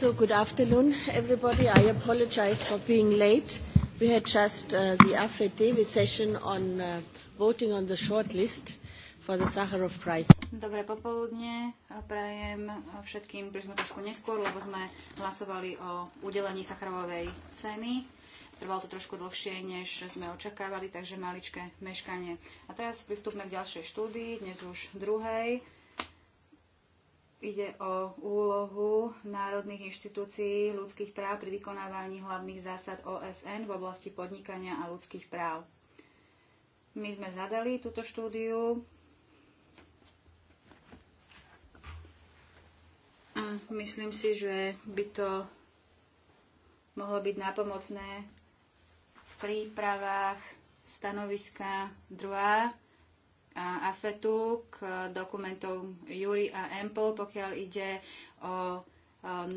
So good afternoon, everybody. I apologize for being late. We had just uh, the AFED session on uh, voting on the shortlist for the Sakharov Prize. Dobré popoludne prajem všetkým. Prišli sme trošku neskôr, lebo sme hlasovali o udelení Sacharovej ceny. Trvalo to trošku dlhšie, než sme očakávali, takže maličké meškanie. A teraz pristúpme k ďalšej štúdii, dnes už druhej. Ide o úlohu národných inštitúcií ľudských práv pri vykonávaní hlavných zásad OSN v oblasti podnikania a ľudských práv. My sme zadali túto štúdiu a myslím si, že by to mohlo byť nápomocné v prípravách stanoviska 2 a AFETu k dokumentov Júri a Empel, pokiaľ ide o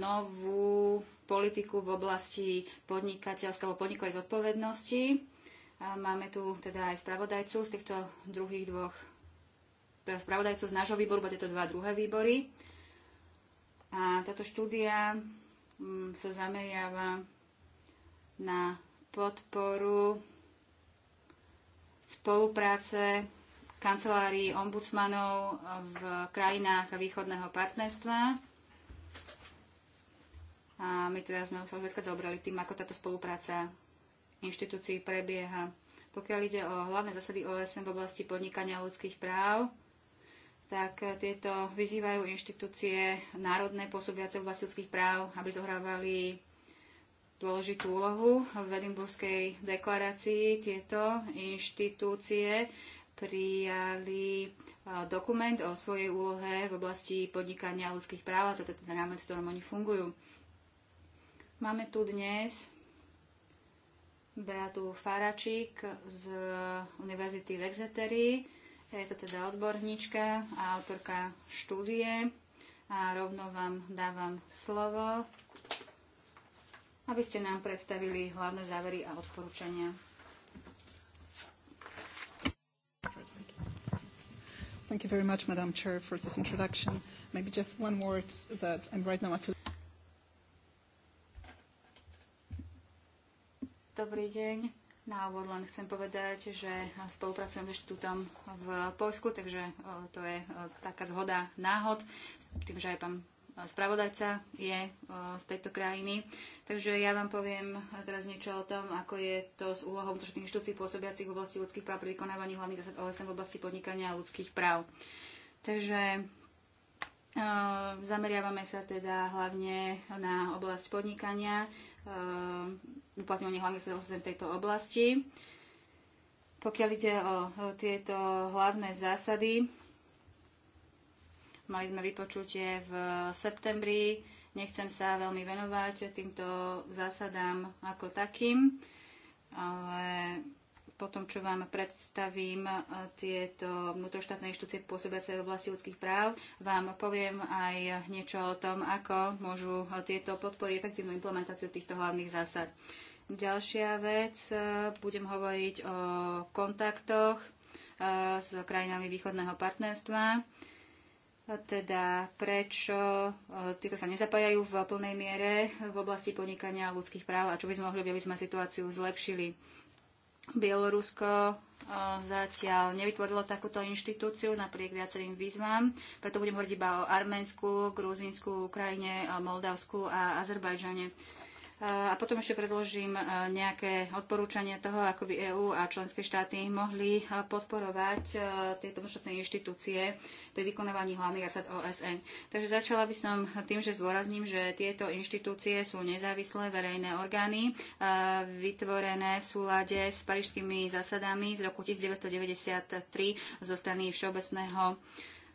novú politiku v oblasti podnikateľskej alebo podnikovej zodpovednosti. A máme tu teda aj spravodajcu z týchto druhých dvoch, teda spravodajcu z nášho výboru, bo tieto dva druhé výbory. A táto štúdia mm, sa zameriava na podporu spolupráce kancelárií ombudsmanov v krajinách východného partnerstva. A my teda sme sa už zaobrali tým, ako táto spolupráca inštitúcií prebieha. Pokiaľ ide o hlavné zásady OSN v oblasti podnikania ľudských práv, tak tieto vyzývajú inštitúcie národné pôsobiace v oblasti ľudských práv, aby zohrávali dôležitú úlohu v Edimburskej deklarácii. Tieto inštitúcie prijali dokument o svojej úlohe v oblasti podnikania ľudských práv a toto je ten rámec, v ktorom oni fungujú. Máme tu dnes Beatu Faračík z Univerzity v Exeteri. Je to teda odborníčka a autorka štúdie. A rovno vám dávam slovo, aby ste nám predstavili hlavné závery a odporúčania. Thank you very much, Madam Chair, for this introduction. Maybe just one word that I'm right now actually... Dobrý deň. Na úvod len chcem povedať, že spolupracujem s inštitútom v Poľsku, takže e, to je e, taká zhoda náhod, tým, že aj pán spravodajca je z tejto krajiny. Takže ja vám poviem teraz niečo o tom, ako je to s úlohou vnútorných inštitúcií pôsobiacich v oblasti ľudských práv pri vykonávaní hlavných zásad OSN v oblasti podnikania a ľudských práv. Takže Zameriavame sa teda hlavne na oblasť podnikania, uplatňovanie hlavne OSN v tejto oblasti. Pokiaľ ide o tieto hlavné zásady, Mali sme vypočutie v septembri. Nechcem sa veľmi venovať týmto zásadám ako takým, ale potom, čo vám predstavím e, tieto vnútroštátne inštitúcie pôsobiace v oblasti ľudských práv, vám poviem aj niečo o tom, ako môžu tieto podporiť efektívnu implementáciu týchto hlavných zásad. Ďalšia vec, e, budem hovoriť o kontaktoch e, s krajinami východného partnerstva teda prečo e, títo sa nezapájajú v plnej miere v oblasti podnikania ľudských práv a čo by sme mohli, aby sme situáciu zlepšili. Bielorusko e, zatiaľ nevytvorilo takúto inštitúciu napriek viacerým výzvam, preto budem hovoriť iba o Arménsku, Gruzínsku, Ukrajine, Moldavsku a Azerbajdžane. A potom ešte predložím nejaké odporúčania toho, ako by EÚ a členské štáty mohli podporovať tieto možné inštitúcie pri vykonávaní hlavných asad OSN. Takže začala by som tým, že zdôrazním, že tieto inštitúcie sú nezávislé verejné orgány, vytvorené v súlade s parížskými zásadami z roku 1993 zo strany Všeobecného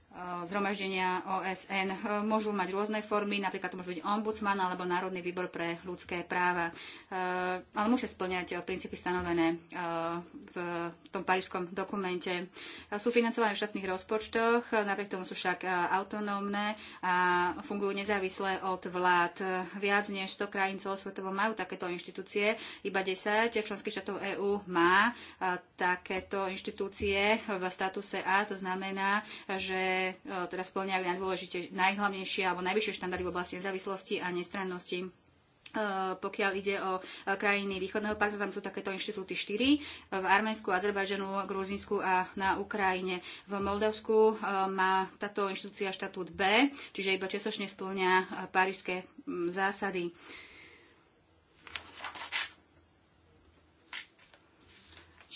Eh, zhromaždenia OSN eh, môžu mať rôzne formy, napríklad to môže byť ombudsman alebo Národný výbor pre ľudské práva, eh, ale musia splňať princípy stanovené v tom parížskom dokumente. Sú financované v štátnych rozpočtoch, napriek tomu sú však autonómne a fungujú nezávisle od vlád. Viac než 100 krajín celosvetovo majú takéto inštitúcie, iba 10 členských štátov EÚ má takéto inštitúcie v statuse A, to znamená, že E, teda splňajú najdôležite, najhlavnejšie alebo najvyššie štandardy v oblasti nezávislosti a nestrannosti e, pokiaľ ide o e, krajiny východného partnerstva, tam sú takéto inštitúty 4 v Arménsku, Azerbajdžanu, Gruzínsku a na Ukrajine. V Moldavsku má táto inštitúcia štatút B, čiže iba česočne splňa parížské zásady.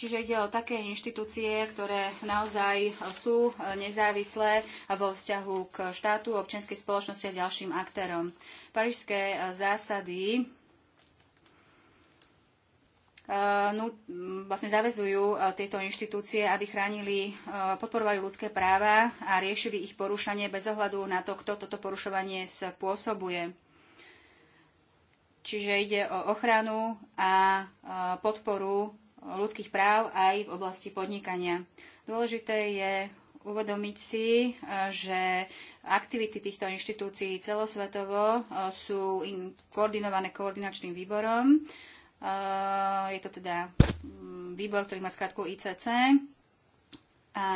Čiže ide o také inštitúcie, ktoré naozaj sú e, nezávislé vo vzťahu k štátu, občianskej spoločnosti a ďalším aktérom. Parížské e, zásady no, vlastne zavezujú tieto inštitúcie, aby chránili, podporovali ľudské práva a riešili ich porušanie bez ohľadu na to, kto toto porušovanie spôsobuje. Čiže ide o ochranu a podporu ľudských práv aj v oblasti podnikania. Dôležité je uvedomiť si, že aktivity týchto inštitúcií celosvetovo e, sú koordinované koordinačným výborom. E, je to teda mm, výbor, ktorý má skratku ICC. A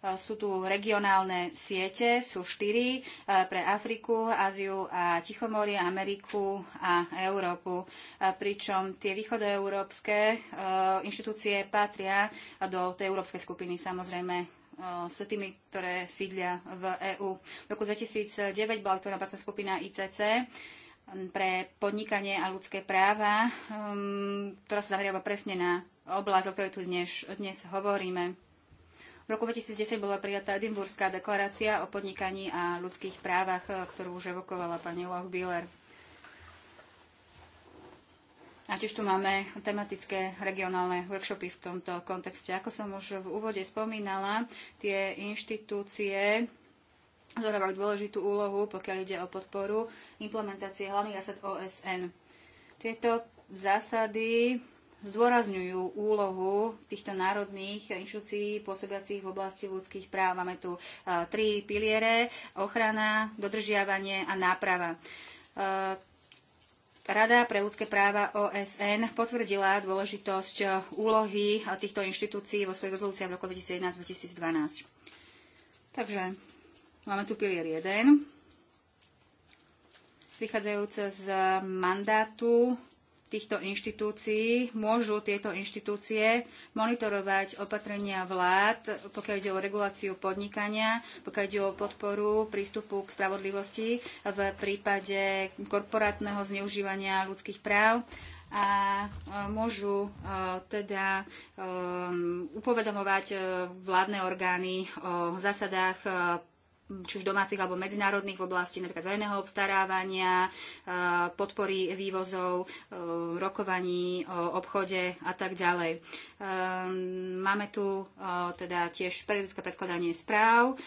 E, sú tu regionálne siete, sú štyri e, pre Afriku, Áziu a Tichomorie, Ameriku a Európu. E, pričom tie východoeurópske inštitúcie patria do tej európskej skupiny samozrejme s tými, ktoré sídlia v EÚ. V roku 2009 bola vytvorená pracovná skupina ICC pre podnikanie a ľudské práva, um, ktorá sa zameriava presne na oblasť, o ktorej tu dnes, dnes hovoríme. V roku 2010 bola prijatá Edimburská deklarácia o podnikaní a ľudských právach, e, ktorú už evokovala pani Lochbiller. A tiež tu máme tematické regionálne workshopy v tomto kontexte. Ako som už v úvode spomínala, tie inštitúcie zohrávajú dôležitú úlohu, pokiaľ ide o podporu implementácie hlavných asad OSN. Tieto zásady zdôrazňujú úlohu týchto národných inštitúcií pôsobiacich v oblasti ľudských práv. Máme tu e, tri piliere, ochrana, dodržiavanie a náprava. E, Rada pre ľudské práva OSN potvrdila dôležitosť úlohy týchto inštitúcií vo svojich rezolúciách v roku 2011-2012. Takže máme tu pilier 1, vychádzajúce z mandátu týchto inštitúcií. Môžu tieto inštitúcie monitorovať opatrenia vlád, pokiaľ ide o reguláciu podnikania, pokiaľ ide o podporu prístupu k spravodlivosti v prípade korporátneho zneužívania ľudských práv a e, môžu e, teda e, upovedomovať vládne orgány o zásadách či už domácich alebo medzinárodných v oblasti napríklad verejného obstarávania, e, podpory vývozov, e, rokovaní o obchode a tak ďalej. E, máme tu teda tiež periodické predkladanie správ,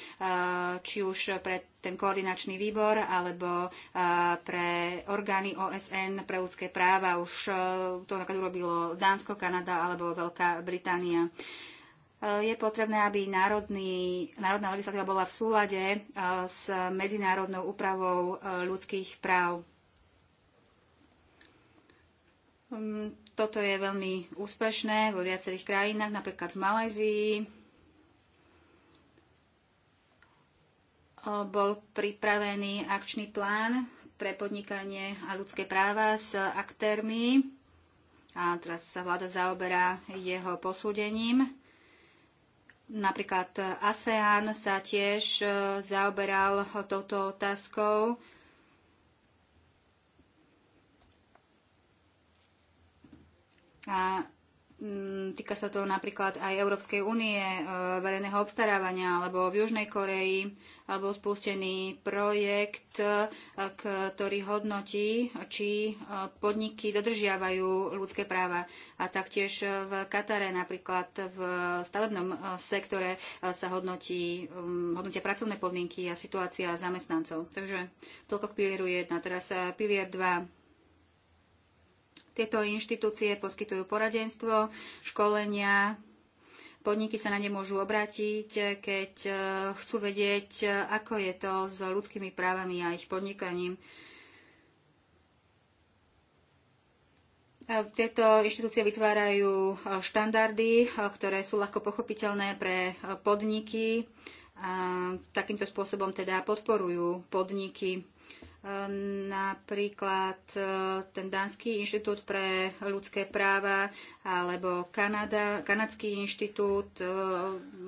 či už pre ten koordinačný výbor alebo pre orgány OSN pre ľudské práva. Už to urobilo Dánsko, Kanada alebo Veľká Británia. Eh, je potrebné, aby národný, národná legislatíva bola v súlade eh, s medzinárodnou úpravou eh, ľudských práv. Mm, toto je veľmi úspešné vo viacerých krajinách, napríklad v Malézii. Bol pripravený akčný plán pre podnikanie a ľudské práva s aktérmi a teraz sa vláda zaoberá jeho posúdením Napríklad ASEAN sa tiež e, zaoberal touto otázkou. A mm, týka sa to napríklad aj Európskej únie, e, verejného obstarávania alebo v Južnej Koreji bol spustený projekt, e, ktorý hodnotí, či e, podniky dodržiavajú ľudské práva. A taktiež e, v Katare napríklad v stavebnom sektore sa hodnotí, mm, hodnotia pracovné podmienky a situácia zamestnancov. Takže toľko k pilieru 1. Teraz pilier 2. Tieto inštitúcie poskytujú poradenstvo, školenia, Podniky sa na ne môžu obrátiť, keď e, chcú vedieť, e, ako je to s ľudskými právami a ich podnikaním. E, tieto inštitúcie vytvárajú štandardy, ktoré sú ľahko pochopiteľné pre podniky. A takýmto spôsobom teda podporujú podniky napríklad e, ten Dánsky inštitút pre ľudské práva alebo Kanada, Kanadský inštitút e,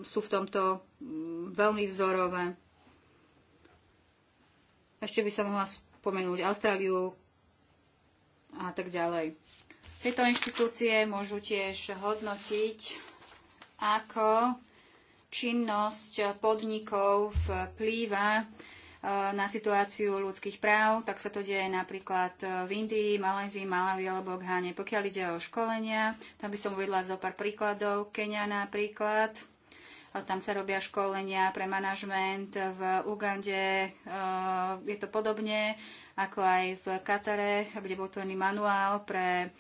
sú v tomto mm, veľmi vzorové. Ešte by som mohla spomenúť Austráliu a tak ďalej. Tieto inštitúcie môžu tiež hodnotiť, ako činnosť podnikov vplýva E, na situáciu ľudských práv, tak sa to deje napríklad e, v Indii, Malézii, malavi alebo Gháne. Pokiaľ ide o školenia, tam by som uvedla zo pár príkladov. Kenia napríklad, e, tam sa robia školenia pre manažment v Ugande, je to podobne ako aj v Katare, kde bol tvorný manuál pre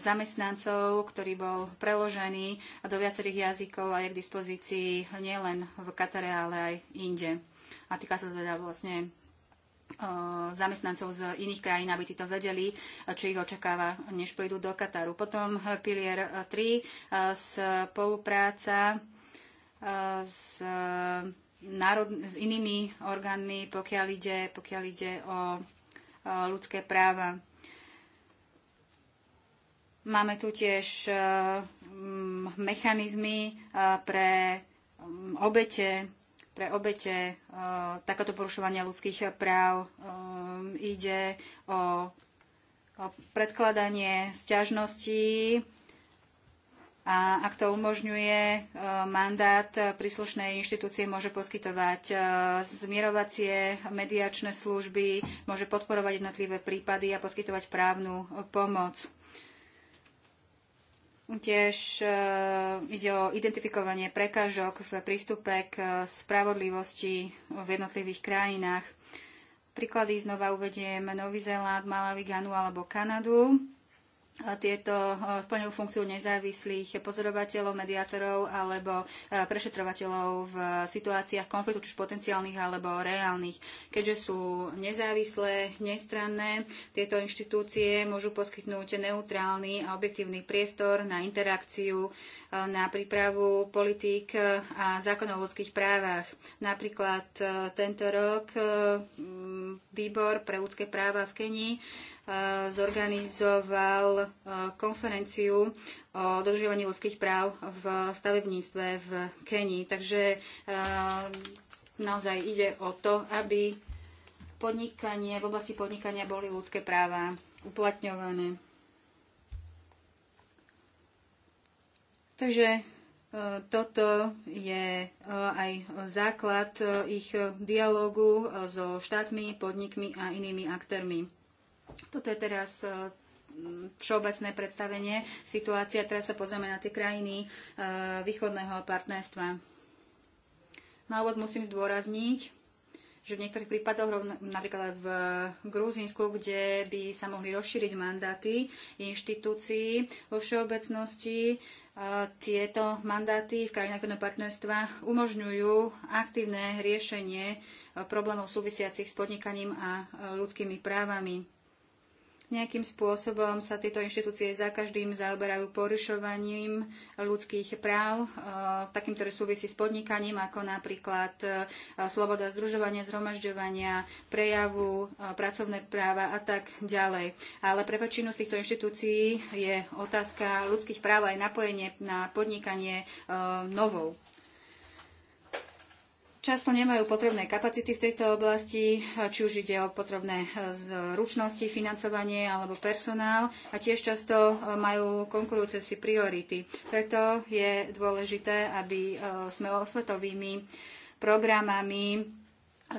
zamestnancov, ktorý bol preložený do viacerých jazykov a je k dispozícii nielen v Katare, ale aj inde a týka sa teda vlastne e, zamestnancov z iných krajín, aby títo vedeli, čo ich očakáva, než prídu do Kataru. Potom e, pilier 3, e, spolupráca s, národ, s inými orgánmi, pokiaľ ide, pokiaľ ide o ľudské práva. Máme tu tiež mechanizmy pre obete pre obete e, takéto porušovania ľudských práv. E, ide o predkladanie sťažností a ak to umožňuje e, mandát príslušnej inštitúcie, môže poskytovať zmierovacie mediačné služby, môže podporovať jednotlivé prípady a poskytovať právnu pomoc. Tiež e, ide o identifikovanie prekážok v prístupe k spravodlivosti v jednotlivých krajinách. Príklady znova uvediem Nový Zéland, Malawi, Ganu alebo Kanadu tieto e, plňujú funkciu nezávislých pozorovateľov, mediátorov alebo e, prešetrovateľov v situáciách konfliktu, či už potenciálnych alebo reálnych. Keďže sú nezávislé, nestranné, tieto inštitúcie môžu poskytnúť neutrálny a objektívny priestor na interakciu, e, na prípravu politík a zákonov o ľudských právach. Napríklad tento rok výbor pre ľudské práva v Kenii zorganizoval e, konferenciu o dodržiavaní ľudských práv v stavebníctve v Kenii. Takže e, naozaj ide o to, aby podnikanie, v oblasti podnikania boli ľudské práva uplatňované. Takže e, toto je aj základ ich dialogu so štátmi, podnikmi a inými aktérmi. Toto je teraz e, všeobecné predstavenie situácie. Teraz sa pozrieme na tie krajiny e, východného partnerstva. Na úvod musím zdôrazniť, že v niektorých prípadoch, napríklad v Gruzínsku, kde by sa mohli rozšíriť mandáty inštitúcií vo všeobecnosti, e, tieto mandáty v krajinách jedného partnerstva umožňujú aktívne riešenie problémov súvisiacich s podnikaním a ľudskými právami. Nejakým spôsobom sa tieto inštitúcie za každým zaoberajú porušovaním ľudských práv, e, takým, ktoré súvisí s podnikaním, ako napríklad e, sloboda združovania, zhromažďovania, prejavu, e, pracovné práva a tak ďalej. Ale pre väčšinu z týchto inštitúcií je otázka ľudských práv aj napojenie na podnikanie novou často nemajú potrebné kapacity v tejto oblasti, či už ide o potrebné e, zručnosti, financovanie alebo personál a tiež často e, majú konkurujúce si priority. Preto je dôležité, aby e, sme osvetovými programami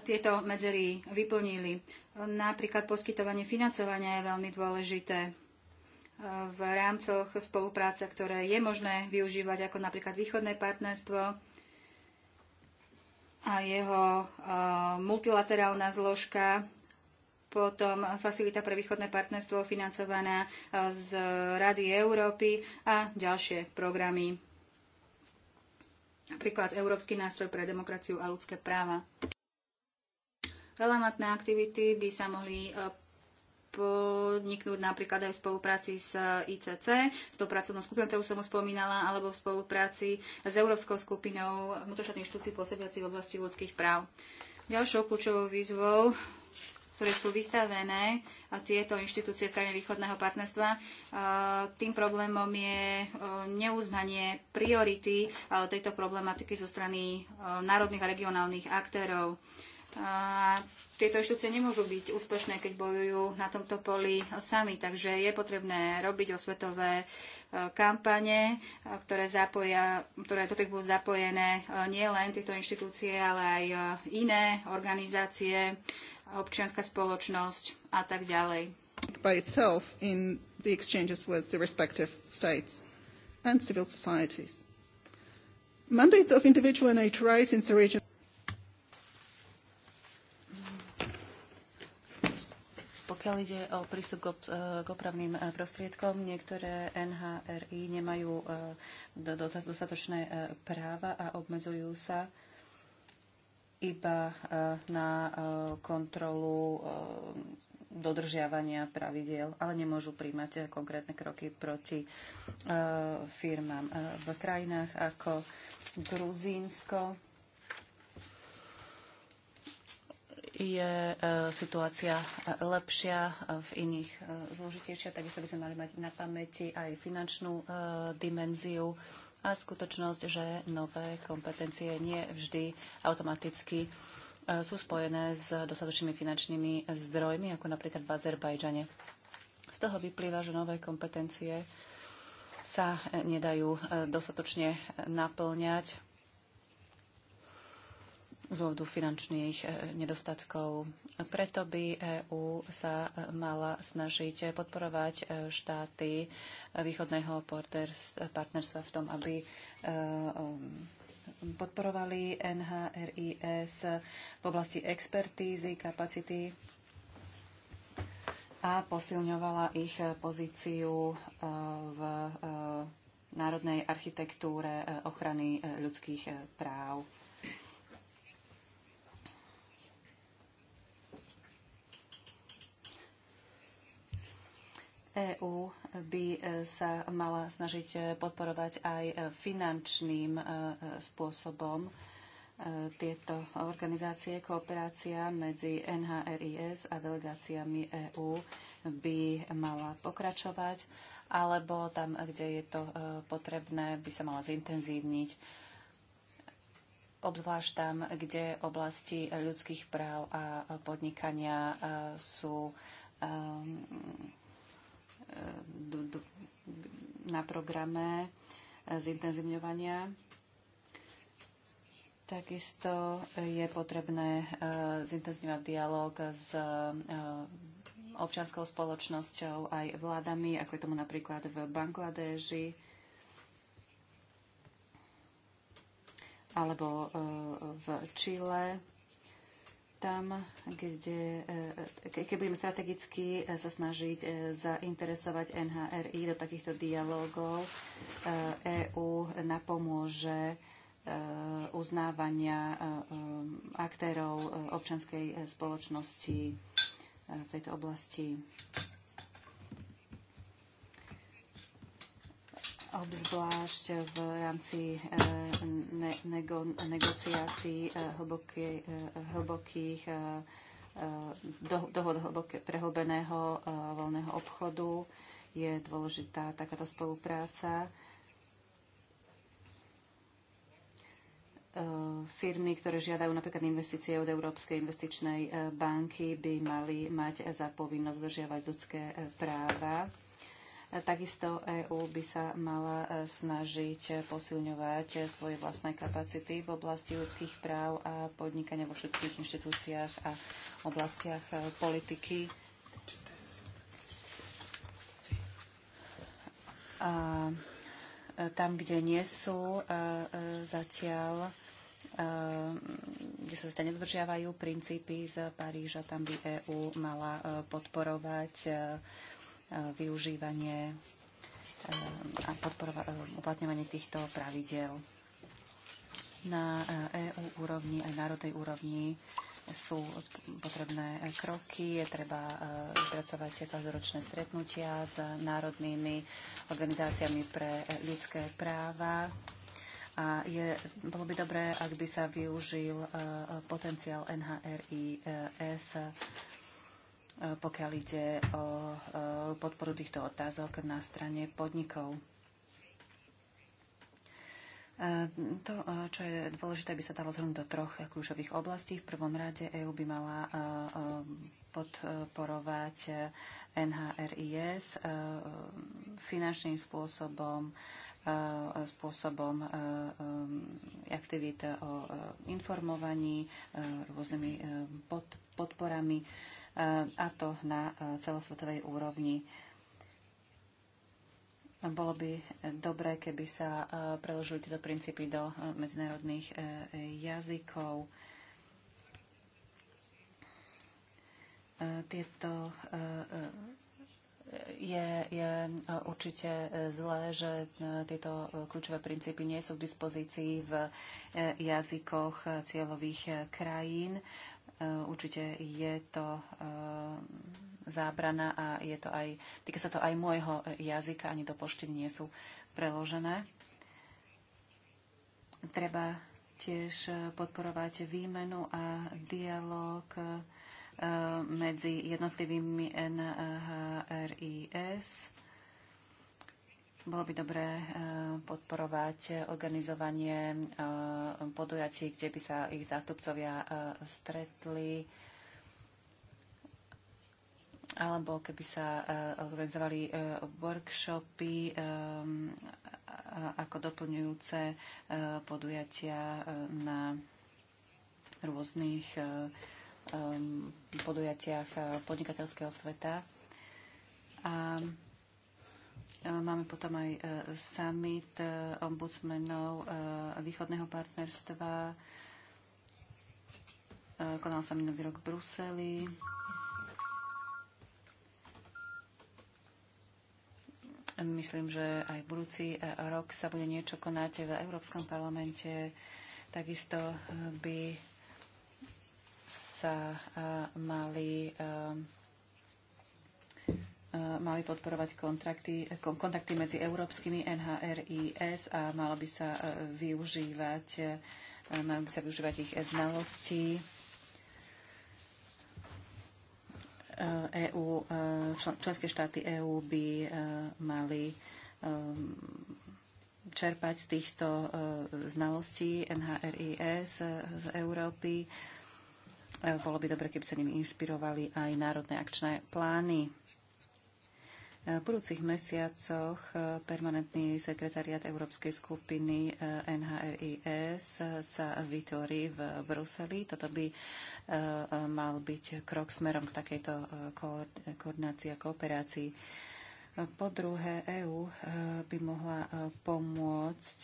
tieto medzery vyplnili. Napríklad poskytovanie financovania je veľmi dôležité v rámcoch spolupráce, ktoré je možné využívať, ako napríklad východné partnerstvo, a jeho e, multilaterálna zložka, potom Facilita pre východné partnerstvo financovaná e, z Rady Európy a ďalšie programy. Napríklad Európsky nástroj pre demokraciu a ľudské práva relevantné aktivity by sa mohli e, podniknúť napríklad aj v spolupráci s ICC, s tou pracovnou skupinou, ktorú som spomínala, alebo v spolupráci s Európskou skupinou vnútroštátnych inštitúcií pôsobiacich v oblasti ľudských práv. Ďalšou kľúčovou výzvou ktoré sú vystavené a tieto inštitúcie v krajine východného partnerstva. Tým problémom je neuznanie priority tejto problematiky zo strany národných a regionálnych aktérov. A tieto inštitúcie nemôžu byť úspešné, keď bojujú na tomto poli sami. Takže je potrebné robiť osvetové e, kampane, e, ktoré, zapoja, ktoré do budú zapojené e, nie len tieto inštitúcie, ale aj iné organizácie, občianská spoločnosť a tak ďalej. By itself in the exchanges with the respective states and civil societies. Mandates of individual and rights in the region Pokiaľ ide o prístup k e, opravným e, prostriedkom, niektoré NHRI nemajú e, dostatočné práva a obmedzujú sa iba na kontrolu dodržiavania pravidiel, ale nemôžu príjmať konkrétne kroky proti firmám v krajinách ako Gruzínsko. je e, situácia e, lepšia, e, v iných zložitejšia. Takisto by sme mali mať na pamäti aj finančnú dimenziu a skutočnosť, že nové kompetencie nie vždy automaticky sú spojené s dostatočnými finančnými zdrojmi, ako napríklad v Azerbajdžane. Z toho vyplýva, že nové kompetencie sa nedajú dostatočne naplňať z dôvodu finančných eh, nedostatkov. Preto by EÚ sa eh, mala snažiť eh, podporovať štáty východného partnerstva v tom, aby podporovali NHRIS v oblasti expertízy, kapacity a posilňovala ich pozíciu v národnej architektúre ochrany ľudských práv. EÚ by e, sa mala snažiť e, podporovať aj e, finančným spôsobom tieto organizácie. Kooperácia medzi NHRIS a delegáciami EÚ by mala pokračovať, alebo tam, kde je to potrebné, by sa mala zintenzívniť obzvlášť tam, kde oblasti ľudských práv a podnikania sú do, do, na programe e, zintenzívňovania. Takisto je potrebné e, zintenzívňovať dialog s e, občanskou spoločnosťou aj vládami, ako je tomu napríklad v Bangladeži, alebo v Čile tam, kde, e, keď budeme strategicky e, sa snažiť e, zainteresovať NHRI do takýchto dialogov, EÚ napomôže uznávania aktérov občanskej spoločnosti v tejto oblasti. obzvlášť v rámci eh, ne, nego, negociácií eh, hlboký, eh, hlbokých dohod hlboké, prehlbeného voľného obchodu je dôležitá takáto spolupráca. firmy, ktoré žiadajú napríklad investície od Európskej investičnej banky, by mali mať za povinnosť dodržiavať ľudské práva. Takisto EÚ by sa mala e, snažiť posilňovať e, svoje vlastné kapacity v oblasti ľudských práv a podnikania vo všetkých inštitúciách a oblastiach e, politiky. A tam, kde nie sú zatiaľ kde sa zatiaľ nedodržiavajú princípy z Paríža, tam by EÚ mala podporovať E, využívanie e, a e, uplatňovanie týchto pravidel. Na EU úrovni aj národnej úrovni sú potrebné kroky, je treba vypracovať každoročné stretnutia s národnými organizáciami pre ľudské práva. A je, bolo by dobré, ak by sa využil potenciál NHRIS E, pokiaľ ide o e, podporu týchto otázok na strane podnikov. E, to, čo je dôležité, by sa dalo zhrnúť do troch kľúčových oblastí. V prvom rade EÚ by mala podporovať NHRIS finančným spôsobom, spôsobom aktivít o informovaní, rôznymi podporami a to na e, celosvetovej úrovni. Bolo by dobré, keby sa e, preložili tieto princípy do e, medzinárodných jazykov. Tieto je, je určite zlé, že tieto kľúčové princípy nie sú k dispozícii v jazykoch cieľových krajín. Eh, určite je to eh, zábrana a je to aj, týka sa to aj môjho jazyka, ani do poštiny nie sú preložené. Treba tiež eh, podporovať výmenu a dialog medzi jednotlivými NHRIS bolo by dobré e, podporovať organizovanie e, podujatí, kde by sa ich zástupcovia e, stretli alebo keby sa organizovali workshopy ako doplňujúce podujatia na rôznych podujatiach podnikateľského sveta. A E, máme potom aj e, summit e, ombudsmenov východného partnerstva. Konal sa minulý rok v Bruseli. Myslím, že aj budúci rok sa bude niečo konať v Európskom parlamente. Takisto by sa mali Eh, mali podporovať kontrakty, eh, kontakty medzi európskymi NHRIS a malo by sa eh, využívať, mali by sa využívať ich znalosti. EU, e členské štáty EÚ by mali čerpať z týchto znalostí NHRIS z Európy. Bolo by dobre, keby sa nimi inšpirovali aj národné akčné plány. V budúcich mesiacoch eh, permanentný sekretariat Európskej skupiny eh, NHRIS eh, sa vytvorí v Bruseli. Toto by mal byť krok smerom k takejto koordinácii a kooperácii. Po druhé, EÚ by mohla pomôcť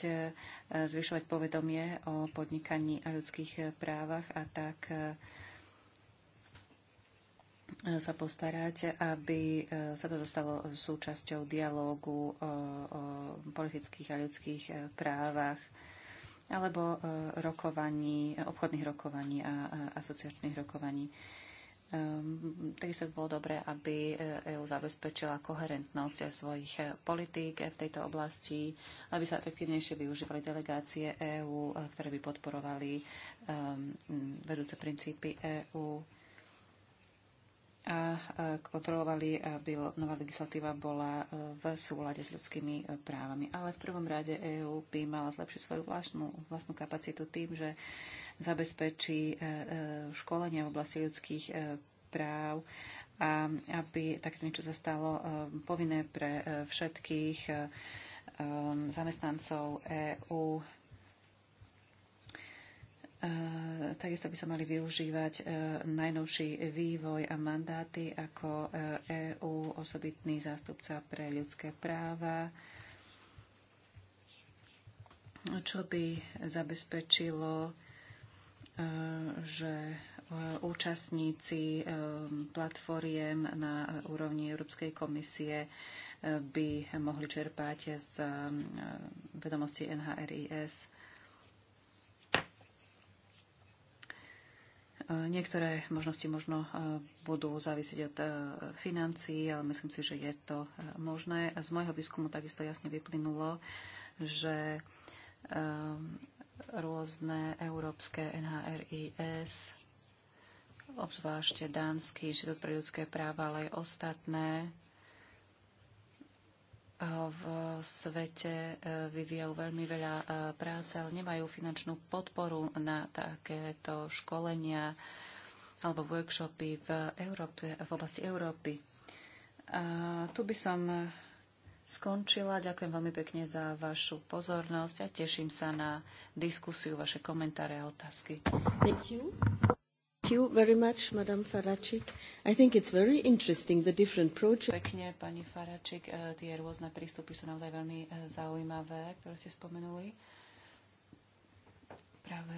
zvyšovať povedomie o podnikaní a ľudských právach a tak sa postarať, aby e, sa to dostalo súčasťou dialógu o, e, o politických a ľudských e, právach alebo rokovaní, obchodných rokovaní a asociačných rokovaní. Ehm, takisto by bolo dobré, aby EU zabezpečila koherentnosť svojich politík v tejto oblasti, aby sa efektívnejšie využívali delegácie EÚ, ktoré by podporovali ehm, vedúce princípy EÚ a kontrolovali, aby nová legislatíva bola e, v súlade s ľudskými e, právami. Ale v prvom rade EÚ by mala zlepšiť svoju vlastnú, vlastnú kapacitu tým, že zabezpečí e, školenia v oblasti ľudských práv a aby takéto niečo sa stalo povinné pre všetkých zamestnancov EÚ Eh, takisto by sa mali využívať eh, najnovší vývoj a mandáty ako EÚ, eh, e osobitný zástupca pre ľudské práva, čo by zabezpečilo, že účastníci platformiem na úrovni Európskej komisie by mohli čerpať z vedomostí NHRIS Niektoré možnosti možno e, budú závisieť od e, financií, ale myslím si, že je to e, možné. A z môjho výskumu takisto jasne vyplynulo, že rôzne európske NHRIS, obzvlášť Dánsky inštitút pre ľudské práva, ale aj ostatné, v svete e, vyvíjajú veľmi veľa e, práce, ale nemajú finančnú podporu na takéto školenia alebo workshopy v, Európe, v oblasti Európy. A tu by som skončila. Ďakujem veľmi pekne za vašu pozornosť a teším sa na diskusiu, vaše komentáre a otázky. Thank you. Thank you very much, Madame Faračik. I think it's very interesting, the different projects. Pekne, pani Faračik, e, tie rôzne prístupy sú naozaj veľmi e, zaujímavé, ktoré ste spomenuli. Práve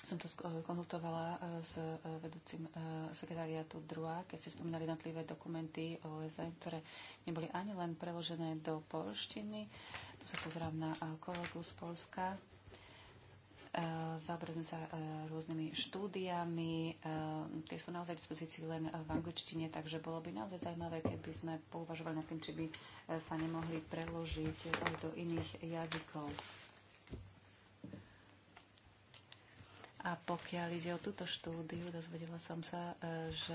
som to e, konzultovala s vedúcim sekretariátu DRUA, keď ste spomínali jednotlivé dokumenty OSN, ktoré neboli ani len preložené do polštiny. Tu sa pozrám na kolegu z Polska. Eh, zaobrednú sa eh, rôznymi štúdiami. Eh, tie sú naozaj v dispozícii len v angličtine, takže bolo by naozaj zaujímavé, keby sme pouvažovali nad tým, či by sa nemohli preložiť aj do iných jazykov. A pokiaľ ide o túto štúdiu, dozvedela som sa, že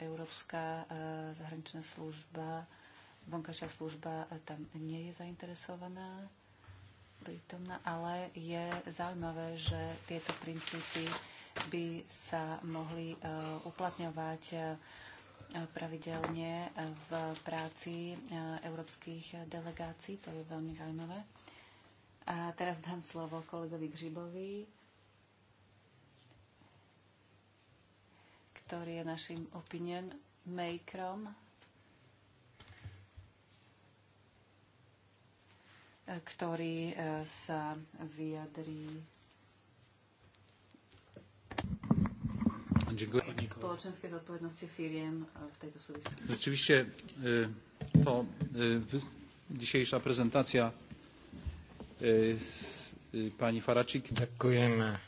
Európska zahraničná služba, vonkajšia služba tam nie je zainteresovaná prítomná, ale je zaujímavé, že tieto princípy by sa mohli e, uplatňovať e, pravidelne v práci e, európskych delegácií. To je veľmi zaujímavé. A teraz dám slovo kolegovi Gžibovi, ktorý je našim opinion makerom ktorý sa vyjadrí spoločenskej zodpovednosti firiem v tejto súvislosti. Rečivište to dzisiejsza prezentacja pani Faraczyk. Ďakujem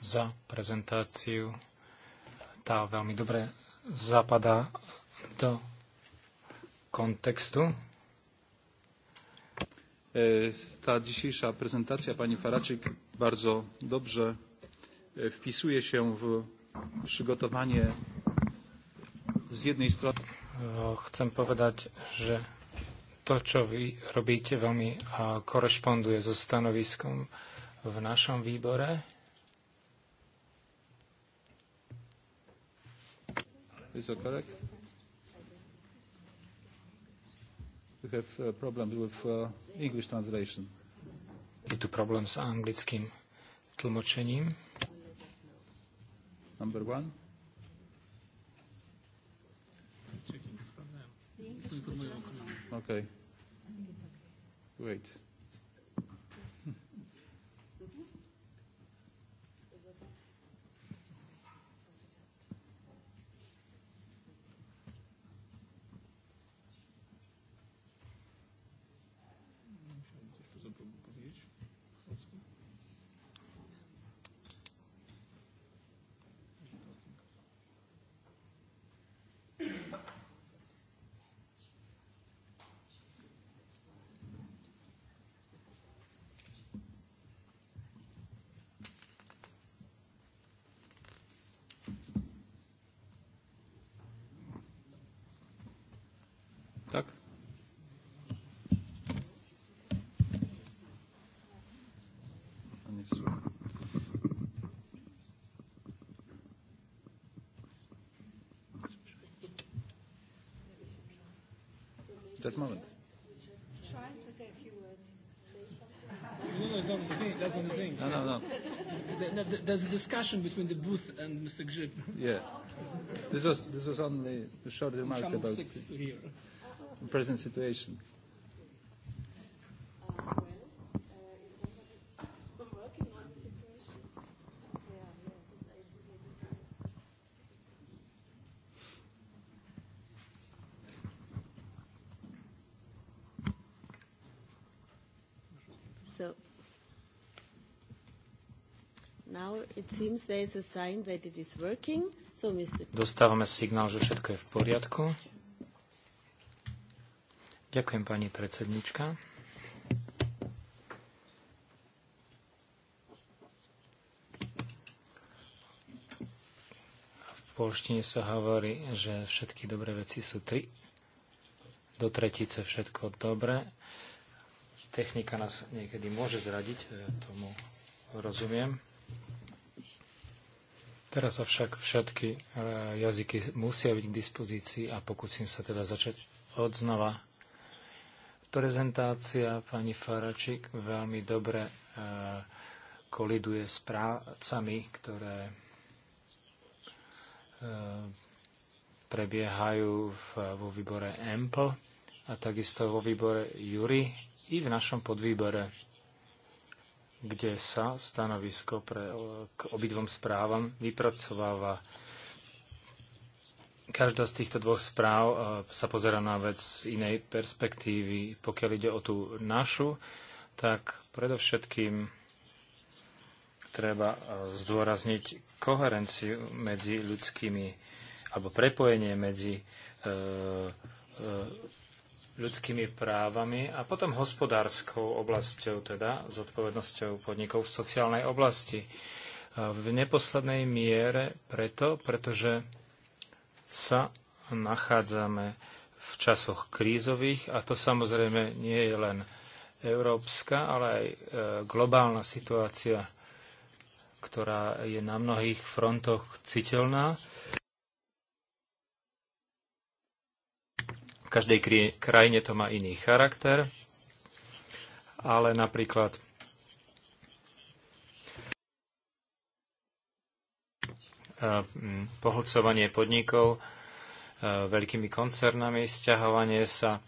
za prezentáciu. Tá veľmi dobre zapadá do kontextu E, ta dzisiejsza prezentacja pani Faraczyk bardzo dobrze e, wpisuje się w przygotowanie z jednej strony. E, chcę powiedzieć że to, co wy robicie, wami koresponduje ze stanowiską w naszym wyborze Is that correct? we have uh, problems with uh, English translation. Je tu problém s anglickým tlmočením. Number one. Okay. Wait. this moment. No, no, it's not the thing. That's not the thing. No, no, no. no there's a discussion between the booth and Mr. Grzyb. Yeah. This was, this was only a short remark about the present situation. Dostávame signál, že všetko je v poriadku. Ďakujem, pani predsednička. polštine sa hovorí, že všetky dobré veci sú tri. Do tretice všetko dobré. Technika nás niekedy môže zradiť, tomu rozumiem. Teraz avšak všetky e, jazyky musia byť k dispozícii a pokúsim sa teda začať od znova. Prezentácia pani Faračik veľmi dobre e, koliduje s prácami, ktoré e, prebiehajú vo výbore EMPL a takisto vo výbore JURY i v našom podvýbore kde sa stanovisko pre, k obidvom správam vypracováva. Každá z týchto dvoch správ e, sa pozera na vec z inej perspektívy. Pokiaľ ide o tú našu, tak predovšetkým treba e, zdôrazniť koherenciu medzi ľudskými alebo prepojenie medzi e, e, ľudskými právami a potom hospodárskou oblasťou, teda s odpovednosťou podnikov v sociálnej oblasti. E, v neposlednej miere preto, pretože sa nachádzame v časoch krízových a to samozrejme nie je len európska, ale aj e, globálna situácia, ktorá je na mnohých frontoch citeľná každej krajine to má iný charakter, ale napríklad e, pohľcovanie podnikov e, veľkými koncernami, sťahovanie sa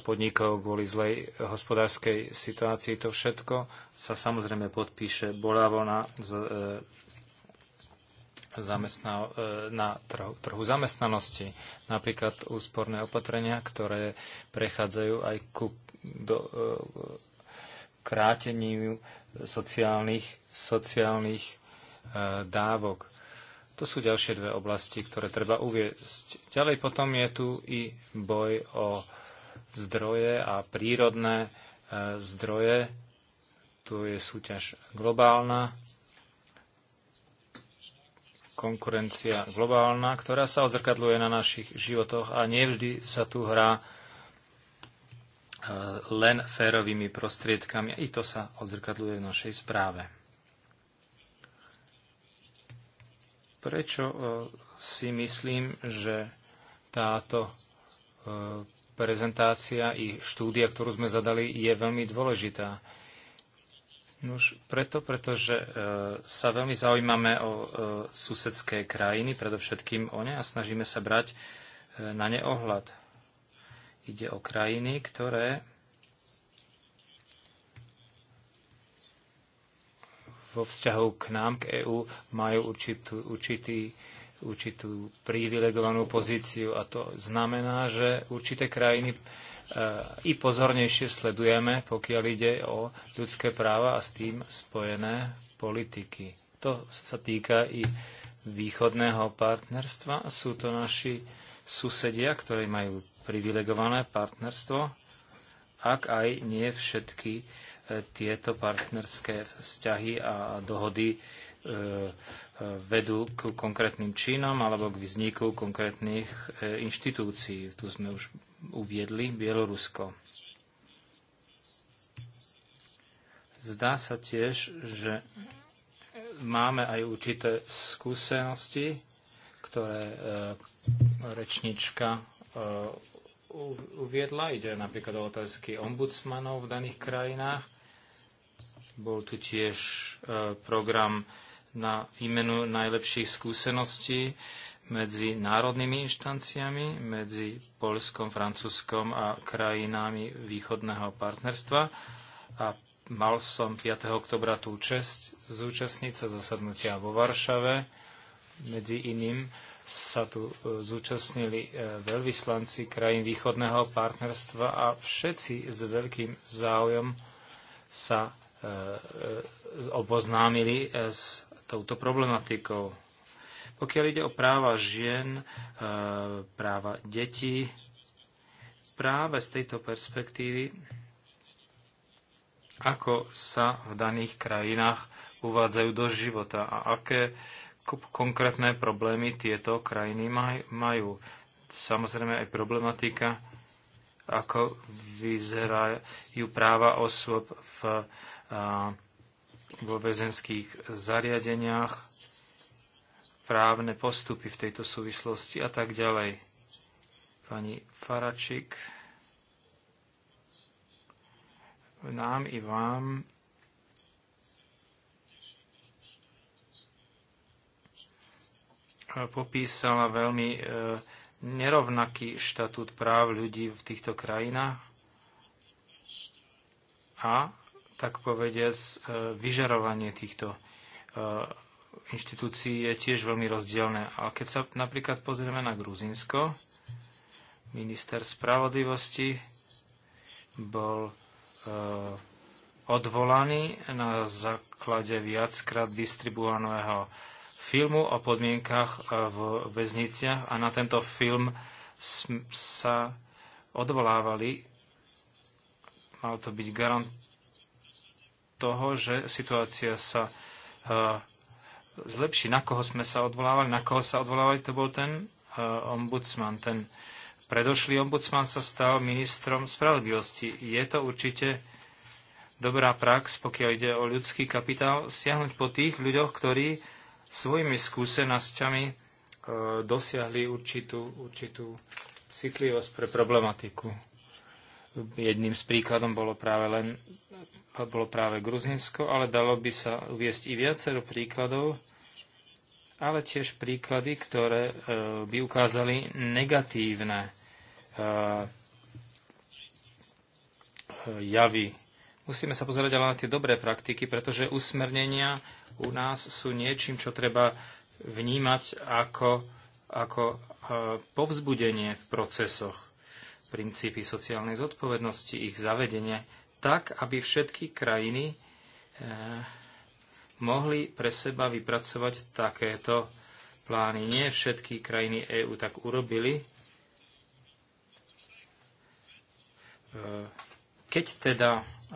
podnikov kvôli zlej hospodárskej situácii, to všetko sa samozrejme podpíše bolavo na e, zamestná, e, na trhu, trhu zamestnanosti. Napríklad úsporné opatrenia, ktoré prechádzajú aj ku do, e, kráteniu sociálnych, sociálnych e, dávok. To sú ďalšie dve oblasti, ktoré treba uviezť. Ďalej potom je tu i boj o zdroje a prírodné zdroje. Tu je súťaž globálna, konkurencia globálna, ktorá sa odzrkadluje na našich životoch a nevždy sa tu hrá e, len férovými prostriedkami. I to sa odzrkadluje v našej správe. Prečo e, si myslím, že táto e, prezentácia i štúdia, ktorú sme zadali, je veľmi dôležitá už preto, pretože e, sa veľmi zaujímame o e, susedské krajiny, predovšetkým o ne a snažíme sa brať e, na ne ohľad. Ide o krajiny, ktoré vo vzťahu k nám, k EÚ, majú určitú, určitý, určitú privilegovanú pozíciu a to znamená, že určité krajiny i pozornejšie sledujeme, pokiaľ ide o ľudské práva a s tým spojené politiky. To sa týka i východného partnerstva. Sú to naši susedia, ktorí majú privilegované partnerstvo, ak aj nie všetky e, tieto partnerské vzťahy a dohody e, e, vedú k konkrétnym činom alebo k vzniku konkrétnych inštitúcií. Tu sme už uviedli Bielorusko. Zdá sa tiež, že máme aj určité skúsenosti, ktoré e, rečnička e, uviedla. Ide napríklad o otázky ombudsmanov v daných krajinách. Bol tu tiež e, program na výmenu najlepších skúseností. E, medzi národnými inštanciami, medzi Polskom, Francúzskom a krajinami východného partnerstva. A mal som 5. oktobra tú čest zúčastniť sa zasadnutia vo Varšave. Medzi iným sa tu e, zúčastnili e, veľvyslanci krajín východného partnerstva a všetci s veľkým záujom sa e, oboznámili s touto problematikou pokiaľ ide o práva žien, e, práva detí, práve z tejto perspektívy, ako sa v daných krajinách uvádzajú do života a aké konkrétne problémy tieto krajiny majú. Samozrejme aj problematika, ako vyzerajú práva osôb v, vo väzenských zariadeniach, právne postupy v tejto súvislosti a tak ďalej. Pani Faračik, nám i vám popísala veľmi e, nerovnaký štatút práv ľudí v týchto krajinách a, tak povediac, e, vyžarovanie týchto e, inštitúcií je tiež veľmi rozdielne. A keď sa napríklad pozrieme na Gruzinsko, minister spravodlivosti bol e, odvolaný na základe viackrát distribuovaného filmu o podmienkach eh, v väzniciach a na tento film sa odvolávali. Mal to byť garant toho, že situácia sa eh, zlepší. Na koho sme sa odvolávali, na koho sa odvolávali, to bol ten e, ombudsman. Ten predošlý ombudsman sa stal ministrom spravodlivosti. Je to určite dobrá prax, pokiaľ ide o ľudský kapitál, siahnuť po tých ľuďoch, ktorí svojimi skúsenosťami uh, dosiahli určitú, určitú citlivosť pre problematiku. Jedným z príkladom bolo práve len bolo práve Gruzinsko, ale dalo by sa uviesť i viacero príkladov, ale tiež príklady, ktoré e, by ukázali negatívne e, e, javy. Musíme sa pozerať ale na tie dobré praktiky, pretože usmernenia u nás sú niečím, čo treba vnímať ako, ako povzbudenie v procesoch. Princípy sociálnej zodpovednosti, ich zavedenie, tak, aby všetky krajiny mohli pre seba vypracovať takéto plány. Nie všetky krajiny EÚ tak urobili. E, keď teda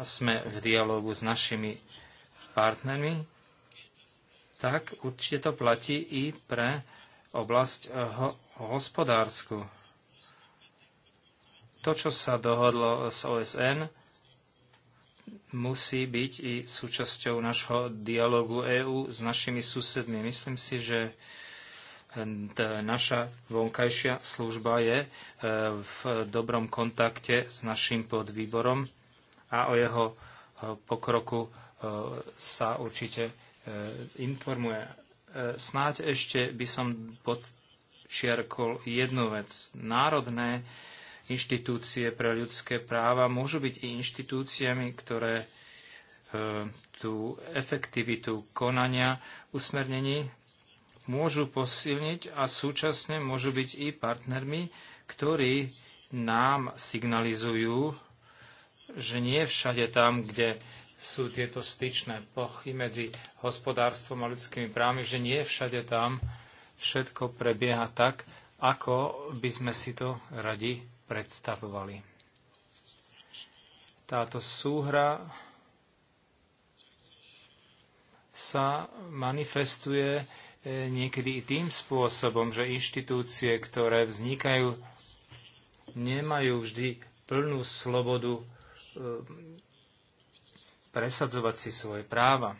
sme v dialogu s našimi partnermi, tak určite to platí i pre oblasť hospodársku. To, čo sa dohodlo s OSN, musí byť i súčasťou našho dialogu EÚ s našimi susedmi. Myslím si, že eh, naša vonkajšia služba je eh, v dobrom kontakte s našim podvýborom a o jeho eh, pokroku sa určite informuje. Snáď ešte by som podčiarkol jednu vec. Národné Inštitúcie pre ľudské práva môžu byť i inštitúciami, ktoré e, tú efektivitu konania usmernení môžu posilniť a súčasne môžu byť i partnermi, ktorí nám signalizujú, že nie všade tam, kde sú tieto styčné plochy medzi hospodárstvom a ľudskými právami, že nie všade tam všetko prebieha tak, ako by sme si to radi predstavovali. Táto súhra sa manifestuje e, niekedy i tým spôsobom, že inštitúcie, ktoré vznikajú, nemajú vždy plnú slobodu e, presadzovať si svoje práva.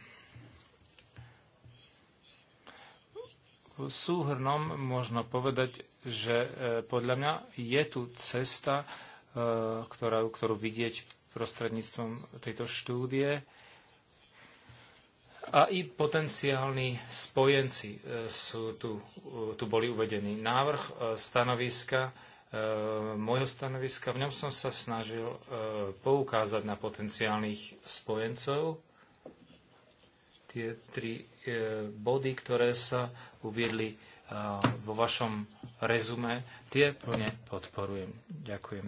súhrnom možno povedať, že e, podľa mňa je tu cesta, e, ktorá, ktorú vidieť prostredníctvom tejto štúdie a i potenciálni spojenci e, sú tu, tu boli uvedení. Návrh stanoviska, môjho stanoviska, v ňom som sa snažil poukázať na potenciálnych spojencov. Tie tri E, body, ktoré sa uviedli e, vo vašom rezume, tie plne podporujem. Ďakujem.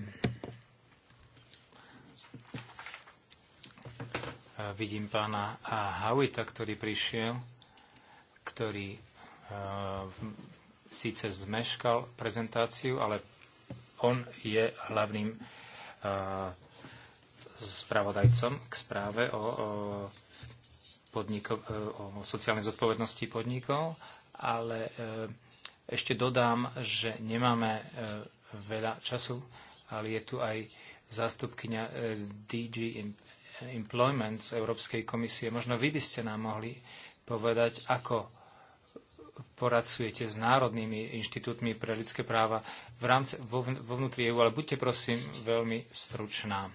Vidím pána Hawita, ktorý prišiel, ktorý e, síce zmeškal prezentáciu, ale on je hlavným spravodajcom k správe o, o podnikov, e, o sociálnej zodpovednosti podnikov, ale e, ešte dodám, že nemáme e, veľa času, ale je tu aj zástupkynia DG Employment z Európskej komisie. Možno vy by ste nám mohli povedať, ako poracujete s národnými inštitútmi pre ľudské práva v rámci, vo, vo vnútri EU, ale buďte prosím veľmi stručná.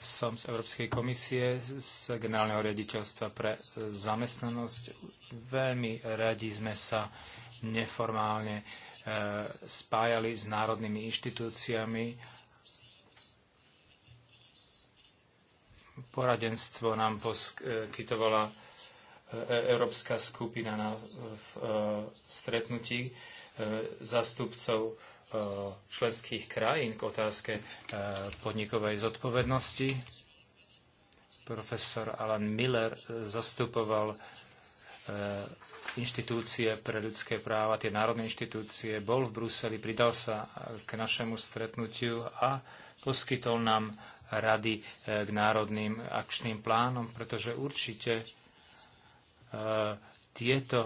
Som z Európskej komisie, z generálneho riaditeľstva pre e, zamestnanosť. Veľmi radi sme sa neformálne e, spájali s národnými inštitúciami poradenstvo nám poskytovala e, Európska skupina na v, v, stretnutí zástupcov E, členských krajín k otázke e, podnikovej zodpovednosti. Profesor Alan Miller e, zastupoval inštitúcie pre ľudské práva, tie národné inštitúcie, bol v Bruseli, pridal sa k našemu stretnutiu a poskytol nám rady k národným akčným plánom, pretože určite tieto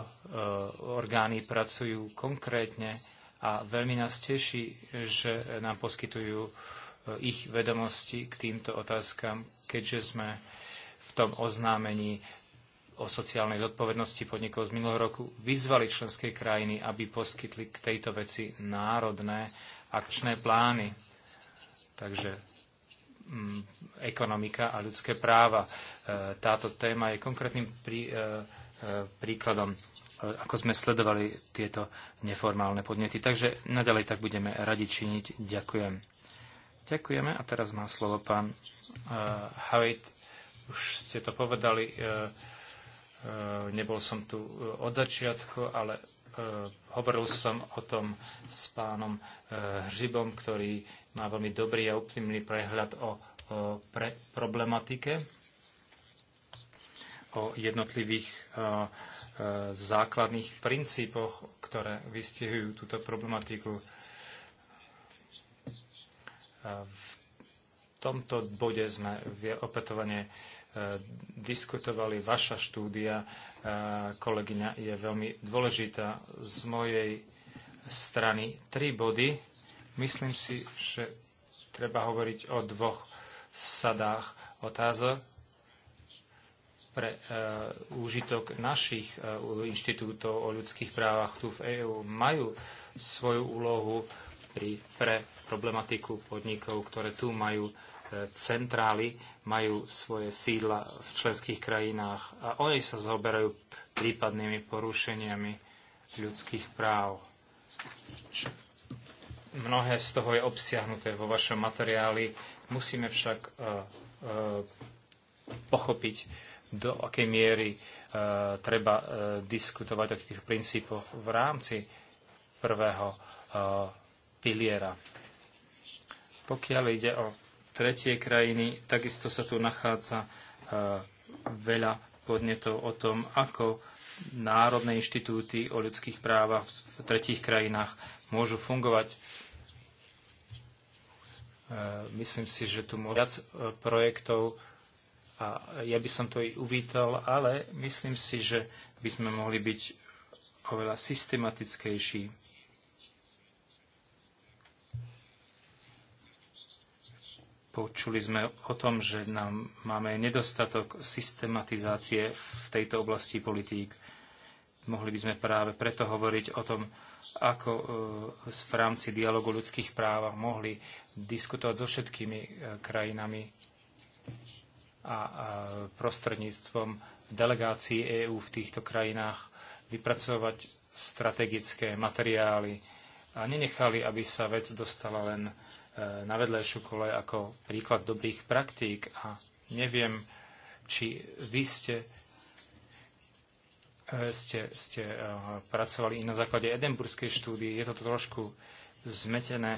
orgány pracujú konkrétne a veľmi nás teší, že nám poskytujú e, ich vedomosti k týmto otázkam, keďže sme v tom oznámení o sociálnej zodpovednosti podnikov z minulého roku vyzvali členské krajiny, aby poskytli k tejto veci národné akčné plány. Takže mm, ekonomika a ľudské práva. E, táto téma je konkrétnym prí, e, e, príkladom ako sme sledovali tieto neformálne podnety. Takže naďalej tak budeme radi činiť. Ďakujem. Ďakujeme a teraz má slovo pán uh, eh, Havit. Už ste to povedali, uh, uh, nebol som tu od začiatku, ale uh, hovoril som o tom s pánom uh, Hřibom, ktorý má veľmi dobrý a optimný prehľad o, o pre problematike, o jednotlivých uh, Eh, základných princípoch, ktoré vystihujú túto problematiku. Eh, v tomto bode sme opätovane eh, diskutovali. Vaša štúdia, kolegyňa, je veľmi dôležitá. Z mojej strany tri body. Myslím si, že treba hovoriť o dvoch sadách otázok pre e, úžitok našich e, inštitútov o ľudských právach tu v EÚ majú svoju úlohu pri, pre problematiku podnikov, ktoré tu majú e, centrály, majú svoje sídla v členských krajinách a oni sa zaoberajú prípadnými porušeniami ľudských práv. Č- mnohé z toho je obsiahnuté vo vašom materiáli. Musíme však e, e, pochopiť, do akej miery e, treba e, diskutovať o tých princípoch v rámci prvého e, piliera. Pokiaľ ide o tretie krajiny, takisto sa tu nachádza veľa podnetov o tom, ako národné inštitúty o ľudských právach v tretích krajinách môžu fungovať. Myslím si, že tu môžu viac projektov a ja by som to i uvítal, ale myslím si, že by sme mohli byť oveľa systematickejší. Počuli sme o tom, že nám máme nedostatok systematizácie v tejto oblasti politík. Mohli by sme práve preto hovoriť o tom, ako e, v rámci dialogu ľudských práv mohli diskutovať so všetkými e, krajinami a, prostredníctvom delegácií EÚ v týchto krajinách vypracovať strategické materiály a nenechali, aby sa vec dostala len e, na vedlejšiu kole ako príklad dobrých praktík a neviem, či vy ste e, ste, ste e, pracovali i na základe Edinburskej štúdie. Je to trošku zmetené.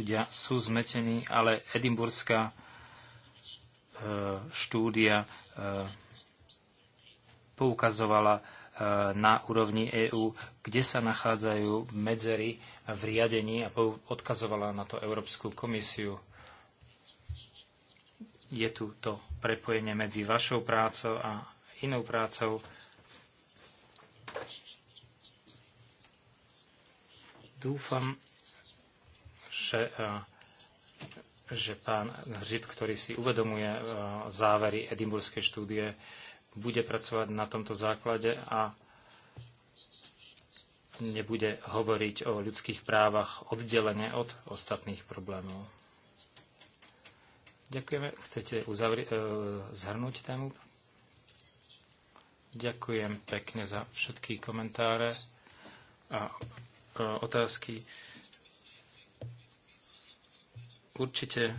ľudia sú zmetení, ale edimburská e, štúdia e, poukazovala e, na úrovni EÚ, kde sa nachádzajú medzery v riadení a odkazovala na to Európsku komisiu. Je tu to prepojenie medzi vašou prácou a inou prácou. Dúfam, že, e, že pán Hřib, ktorý si uvedomuje e, závery edimburskej štúdie, bude pracovať na tomto základe a nebude hovoriť o ľudských právach oddelene od ostatných problémov. Ďakujeme. Chcete uzavri- e, zhrnúť tému? Ďakujem pekne za všetky komentáre a e, otázky. Určite e,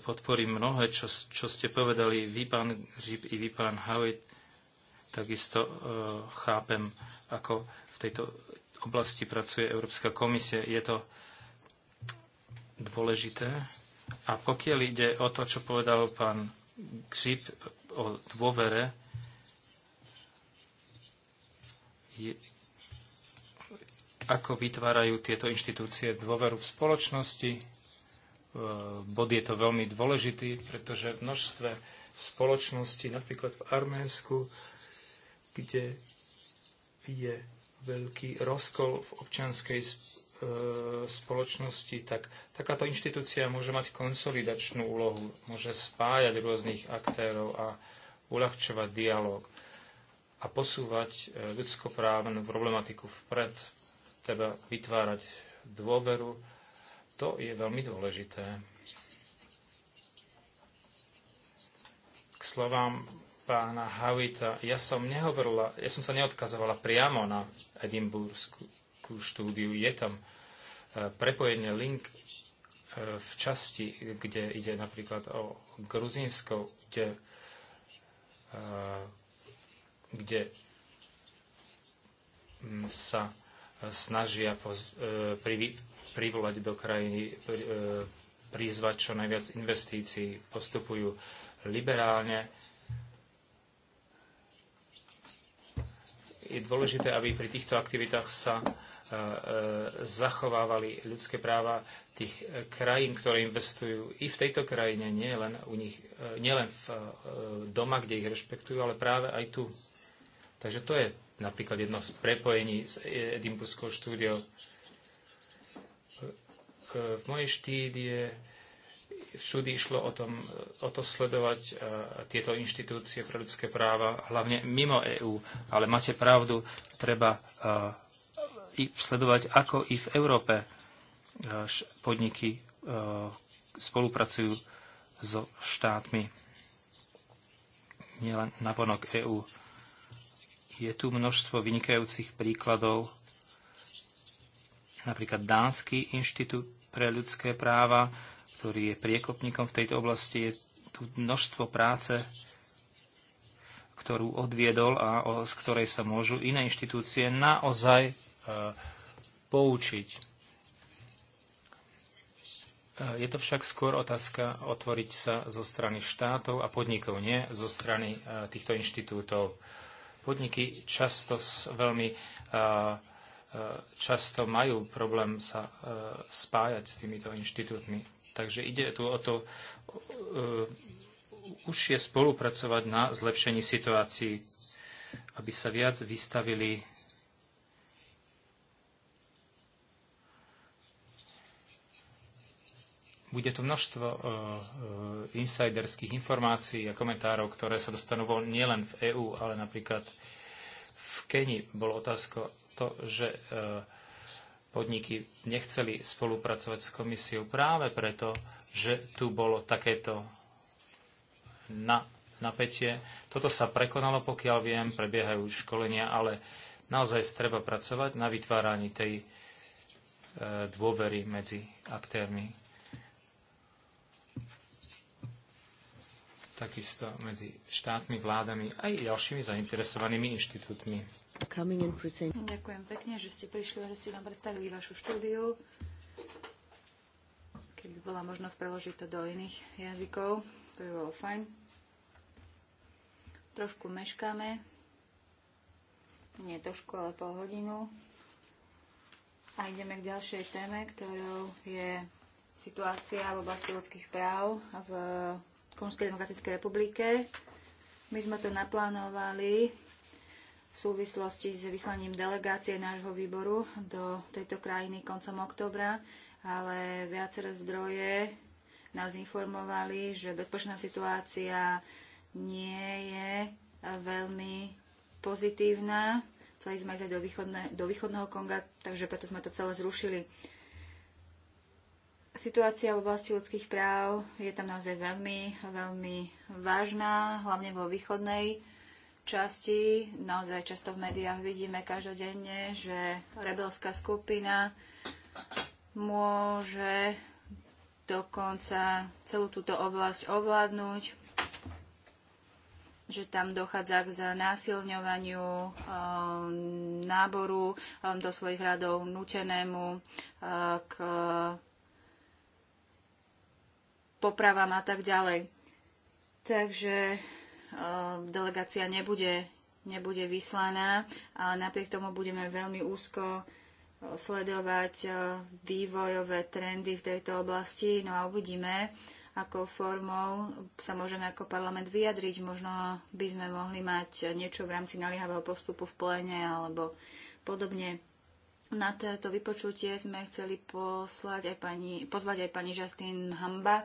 podporím mnohé, čo, čo ste povedali vy, pán Žip, i vy, pán Howitt. Takisto uh, chápem, ako v tejto oblasti pracuje Európska komisia. Je to dôležité. A pokiaľ ide o to, čo povedal pán Žip o dôvere, je, ako vytvárajú tieto inštitúcie dôveru v spoločnosti, Eh, bod je to veľmi dôležitý, pretože v množstve spoločností, napríklad v Arménsku, kde je veľký rozkol v občianskej eh, spoločnosti, tak takáto inštitúcia môže mať konsolidačnú úlohu, môže spájať rôznych aktérov a uľahčovať dialog a posúvať eh, ľudskoprávnu problematiku vpred, teda vytvárať dôveru, to je veľmi dôležité. K slovám pána Havita, ja som nehovorila, ja som sa neodkazovala priamo na edimburskú štúdiu. Je tam e, prepojenie link e, v časti, kde ide napríklad o Gruzínsko, kde, e, kde mm, sa snažia poz, pri privolať do krajiny, e, prizvať čo najviac investícií, postupujú liberálne. Je dôležité, aby pri týchto aktivitách sa e, e, zachovávali ľudské práva tých krajín, ktoré investujú i v tejto krajine, nie len, u nich, nie len v doma, kde ich rešpektujú, ale práve aj tu. Takže to je napríklad jedno z prepojení s Edimburskou štúdiou v mojej štúdie všudy išlo o, tom, o to sledovať e, tieto inštitúcie pre ľudské práva, hlavne mimo EÚ. Ale máte pravdu, treba e, sledovať, ako i v Európe e, podniky spolupracujú so štátmi, nielen na vonok EÚ. Je tu množstvo vynikajúcich príkladov Napríklad Dánsky inštitút pre ľudské práva, ktorý je priekopníkom v tejto oblasti, je tu množstvo práce, ktorú odviedol a o, z ktorej sa môžu iné inštitúcie naozaj e, poučiť. E, je to však skôr otázka otvoriť sa zo strany štátov a podnikov, nie zo strany e, týchto inštitútov. Podniky často s, veľmi e, E, často majú problém sa e, spájať s týmito inštitútmi. Takže ide tu o to e, už je spolupracovať na zlepšení situácií, aby sa viac vystavili Bude tu množstvo uh, insiderských informácií a komentárov, ktoré sa dostanú nielen v EÚ, ale napríklad v Keni bolo otázko, to, že e, podniky nechceli spolupracovať s komisiou práve preto, že tu bolo takéto napätie. Toto sa prekonalo, pokiaľ viem, prebiehajú školenia, ale naozaj treba pracovať na vytváraní tej e, dôvery medzi aktérmi. Takisto medzi štátmi, vládami aj ďalšími zainteresovanými inštitútmi. Ďakujem pekne, že ste prišli a že ste nám predstavili vašu štúdiu. Keby bola možnosť preložiť to do iných jazykov, to by bolo fajn. Trošku meškáme. Nie trošku, ale pol hodinu. A ideme k ďalšej téme, ktorou je situácia v oblasti ľudských práv v Konžskej demokratickej republike. My sme to naplánovali v súvislosti s vyslaním delegácie nášho výboru do tejto krajiny koncom oktobra, ale viaceré zdroje nás informovali, že bezpečná situácia nie je veľmi pozitívna. Chceli sme ísť aj do, východne, do východného Konga, takže preto sme to celé zrušili. Situácia v oblasti ľudských práv je tam naozaj veľmi, veľmi vážna, hlavne vo východnej časti. Naozaj často v médiách vidíme každodenne, že rebelská skupina môže dokonca celú túto oblasť ovládnuť, že tam dochádza k znásilňovaniu um, náboru um, do svojich radov nutenému uh, k popravám a tak ďalej. Takže Eh, delegácia nebude, nebude vyslaná. A napriek tomu budeme veľmi úzko eh, sledovať eh, vývojové trendy v tejto oblasti. No a uvidíme, akou formou sa môžeme ako parlament vyjadriť. Možno by sme mohli mať niečo v rámci naliehavého postupu v plene alebo podobne. Na toto vypočutie sme chceli poslať aj pani, pozvať aj pani Justin Hamba,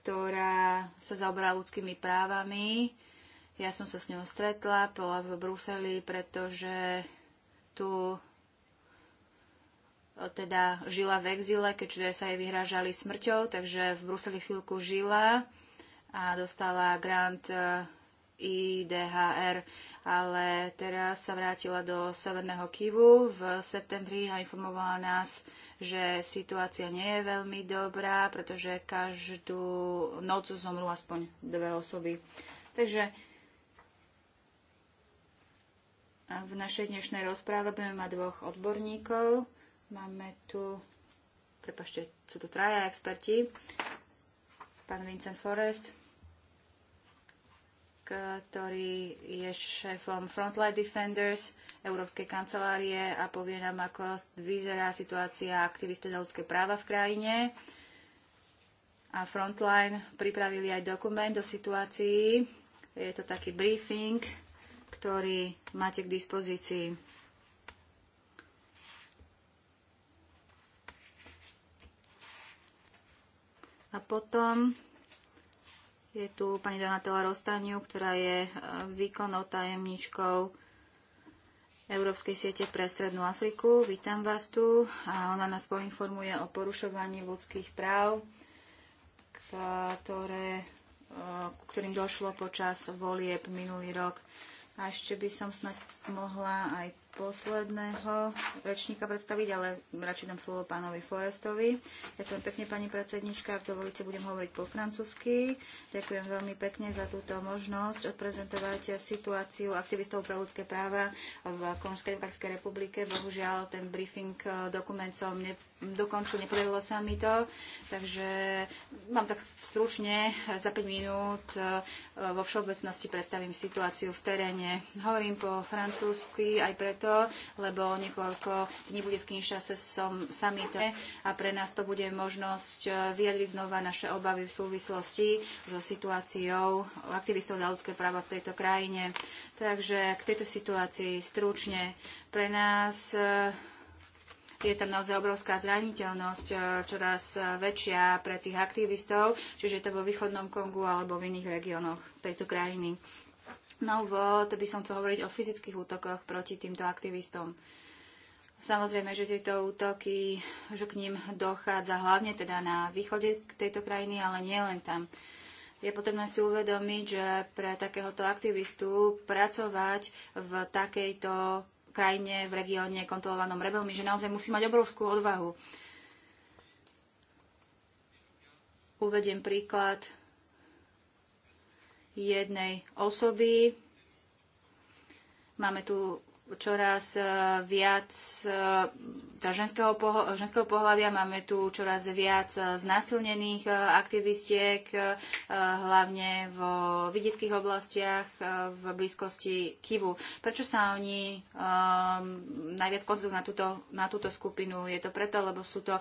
ktorá sa zaoberá ľudskými právami. Ja som sa s ňou stretla, bola v Bruseli, pretože tu e, teda žila v exile, keďže sa jej vyhrážali smrťou, takže v Bruseli chvíľku žila a dostala grant e, IDHR, ale teraz sa vrátila do Severného Kivu v septembri a informovala nás, že situácia nie je veľmi dobrá, pretože každú noc zomrú aspoň dve osoby. Takže v našej dnešnej rozpráve budeme mať dvoch odborníkov. Máme tu, prepašte, sú tu traja experti. Pán Vincent Forrest, ktorý je šéfom Frontline Defenders, Európskej kancelárie a povie nám, ako vyzerá situácia aktivistov za ľudské práva v krajine. A Frontline pripravili aj dokument o do situácii. Je to taký briefing, ktorý máte k dispozícii. A potom je tu pani Donatela Rostaniu, ktorá je e, výkonnou tajemničkou Európskej siete pre Strednú Afriku. Vítam vás tu a ona nás poinformuje o porušovaní ľudských práv, ktoré, e, ktorým došlo počas volieb minulý rok. A ešte by som snad mohla aj posledného rečníka predstaviť, ale radšej dám slovo pánovi Forestovi. Ďakujem pekne, pani predsednička, ak dovolíte, budem hovoriť po francúzsky. Ďakujem veľmi pekne za túto možnosť odprezentovať situáciu aktivistov pre ľudské práva v Konžskej demokratickej republike. Bohužiaľ, ten briefing eh, dokument som ne dokončil, nepodarilo sa mi to, takže mám tak stručne za 5 minút e, vo všeobecnosti predstavím situáciu v teréne. Hovorím po francúzsky aj preto, lebo niekoľko dní bude v Kinshase som samite a pre nás to bude možnosť e, vyjadriť znova naše obavy v súvislosti so situáciou aktivistov za ľudské práva v tejto krajine. Takže k tejto situácii stručne pre nás e, je tam naozaj obrovská zraniteľnosť, e, čoraz e, väčšia pre tých aktivistov, čiže je to vo východnom Kongu alebo v iných regiónoch tejto krajiny. Na to by som chcel hovoriť o fyzických útokoch proti týmto aktivistom. Samozrejme, že tieto útoky, že k ním dochádza hlavne teda na východe tejto krajiny, ale nie len tam. Je potrebné si uvedomiť, že pre takéhoto aktivistu pracovať v takejto krajine, v regióne kontrolovanom rebelmi, že naozaj musí mať obrovskú odvahu. Uvediem príklad jednej osoby. Máme tu čoraz eh, viac eh, teda ženského, poho- ženského pohľavia, máme tu čoraz viac eh, znásilnených aktivistiek, hlavne v vidických oblastiach v blízkosti Kivu. Prečo sa oni um, najviac koncentrujú na túto, na túto skupinu? Je to preto, lebo sú to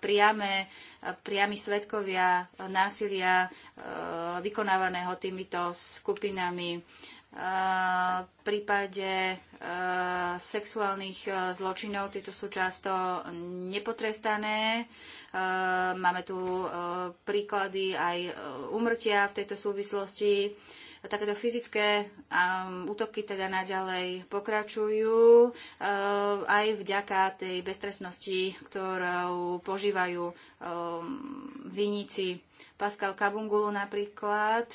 priame, priami svetkovia násilia uh, vykonávaného týmito skupinami v prípade e, sexuálnych e, zločinov tieto sú často nepotrestané. E, máme tu príklady aj umrtia v tejto súvislosti. Takéto fyzické útoky teda naďalej pokračujú aj vďaka tej beztrestnosti, ktorú požívajú viníci. Pascal Kabungulu napríklad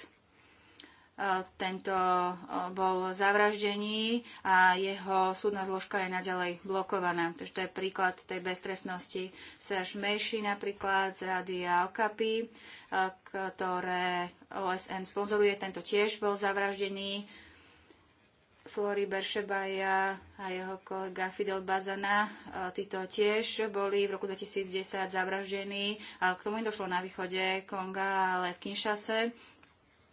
E, tento e, bol zavraždený a jeho súdna zložka je naďalej blokovaná. Takže to je príklad tej beztrestnosti. Serge Mejši napríklad z rádia Okapi, e, ktoré OSN sponzoruje, tento tiež bol zavraždený. Flori Beršebaja a jeho kolega Fidel Bazana. Títo tiež boli v roku 2010 zavraždení. A k tomu im došlo na východe Konga, ale v Kinshase.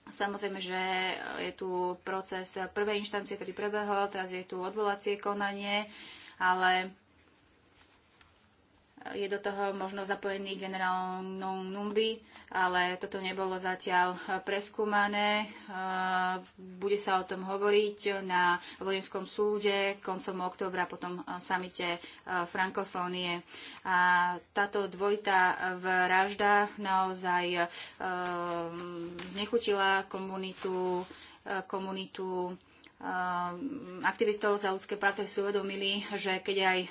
Samozrejme, že e, je tu proces prvej inštancie, ktorý prebehol, teraz je tu odvolacie konanie, ale e, je do toho možno zapojený generál Numbi, ale toto nebolo zatiaľ eh, preskúmané. Eh, bude sa o tom hovoriť na Vojenskom súde koncom októbra, potom eh, samite frankofónie. A táto dvojitá vražda naozaj znechutila komunitu komunitu Ehm, aktivistov za ľudské práva, ktorí si uvedomili, že keď aj ehm,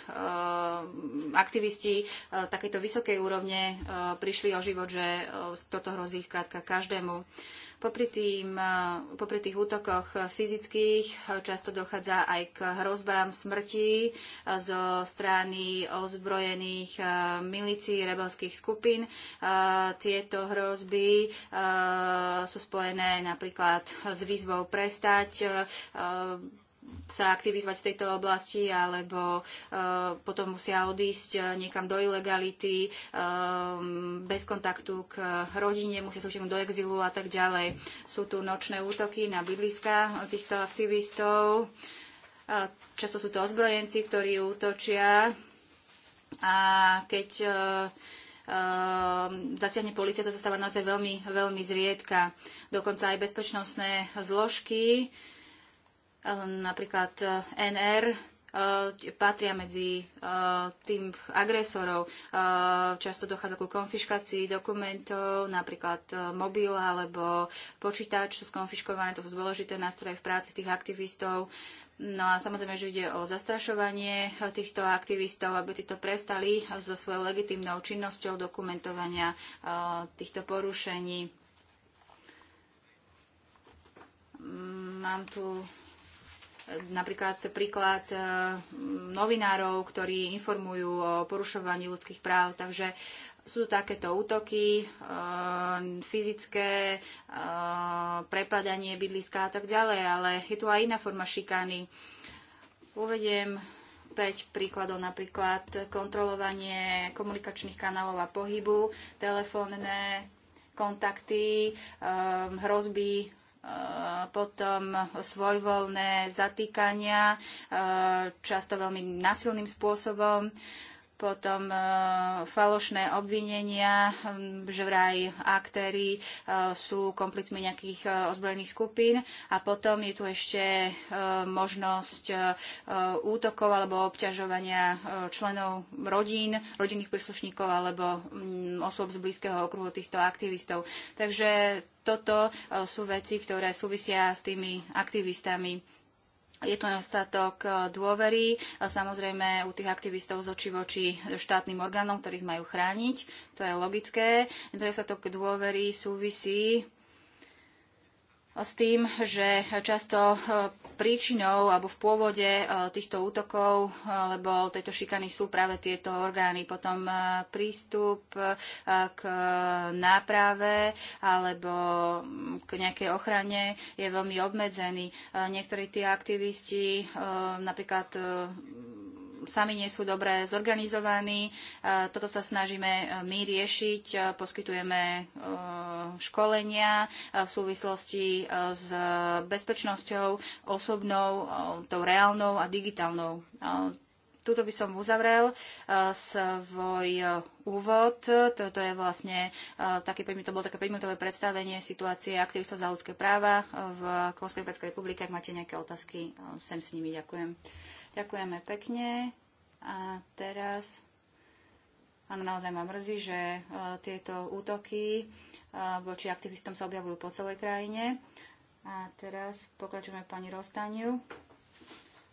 aktivisti e, takéto vysokej úrovne e, prišli o život, že e, toto hrozí skrátka každému. Popri, tým, popri tých útokoch fyzických často dochádza aj k hrozbám smrti zo strany ozbrojených milícií rebelských skupín. Tieto hrozby sú spojené napríklad s výzvou prestať sa aktivizovať v tejto oblasti, alebo e, potom musia odísť e, niekam do ilegality, e, bez kontaktu k rodine, musia sa do exilu a tak ďalej. Sú tu nočné útoky na bydliska týchto aktivistov. Často sú to ozbrojenci, ktorí útočia. A keď zasiahne policia, to sa stáva naozaj veľmi, veľmi zriedka. Dokonca aj bezpečnostné zložky Eh, napríklad eh, NR, eh, patria medzi tým agresorov. Často dochádza ku konfiškácii dokumentov, napríklad mobil alebo počítač sú skonfiškované, to sú dôležité nástroje v práci tých aktivistov. No a samozrejme, že ide o zastrašovanie týchto aktivistov, aby títo prestali so svojou legitimnou činnosťou dokumentovania týchto porušení. Mm, mám tu Napríklad príklad e, novinárov, ktorí informujú o porušovaní ľudských práv. Takže sú takéto útoky, e, fyzické, e, prepadanie bydliska a tak ďalej, ale je tu aj iná forma šikány. Uvediem 5 príkladov, napríklad kontrolovanie komunikačných kanálov a pohybu, telefónne kontakty, hrozby potom svojvoľné zatýkania, e, často veľmi násilným spôsobom potom e, falošné obvinenia, že vraj aktéry e, sú komplicmi nejakých e, ozbrojených skupín a potom je tu ešte možnosť útokov alebo obťažovania členov rodín, rodinných príslušníkov alebo osôb z blízkeho okruhu týchto aktivistov. Takže toto sú veci, ktoré súvisia s tými aktivistami je tu nedostatok e, dôvery, e, samozrejme u tých aktivistov z oči voči štátnym orgánom, ktorých majú chrániť. To je logické. Nedostatok dôvery súvisí s tým, že často e, príčinou alebo v pôvode e, týchto útokov e, alebo tejto šikany sú práve tieto orgány. Potom prístup k náprave alebo k nejakej ochrane je veľmi obmedzený. Niektorí tí aktivisti napríklad sami nie sú dobre zorganizovaní. E, toto sa snažíme e, my riešiť. E, poskytujeme školenia v súvislosti s bezpečnosťou osobnou, tou reálnou a digitálnou Tuto by som uzavrel eh, svoj eh, úvod. Toto je vlastne eh, také, to bolo také 5-minútové predstavenie situácie aktivistov za ľudské práva v Konskej republike. Ak máte nejaké otázky, sem s nimi ďakujem. Ďakujeme pekne. A teraz... Áno, naozaj ma mrzí, že tieto útoky voči aktivistom sa objavujú po celej krajine. A teraz pokračujeme pani Rostaniu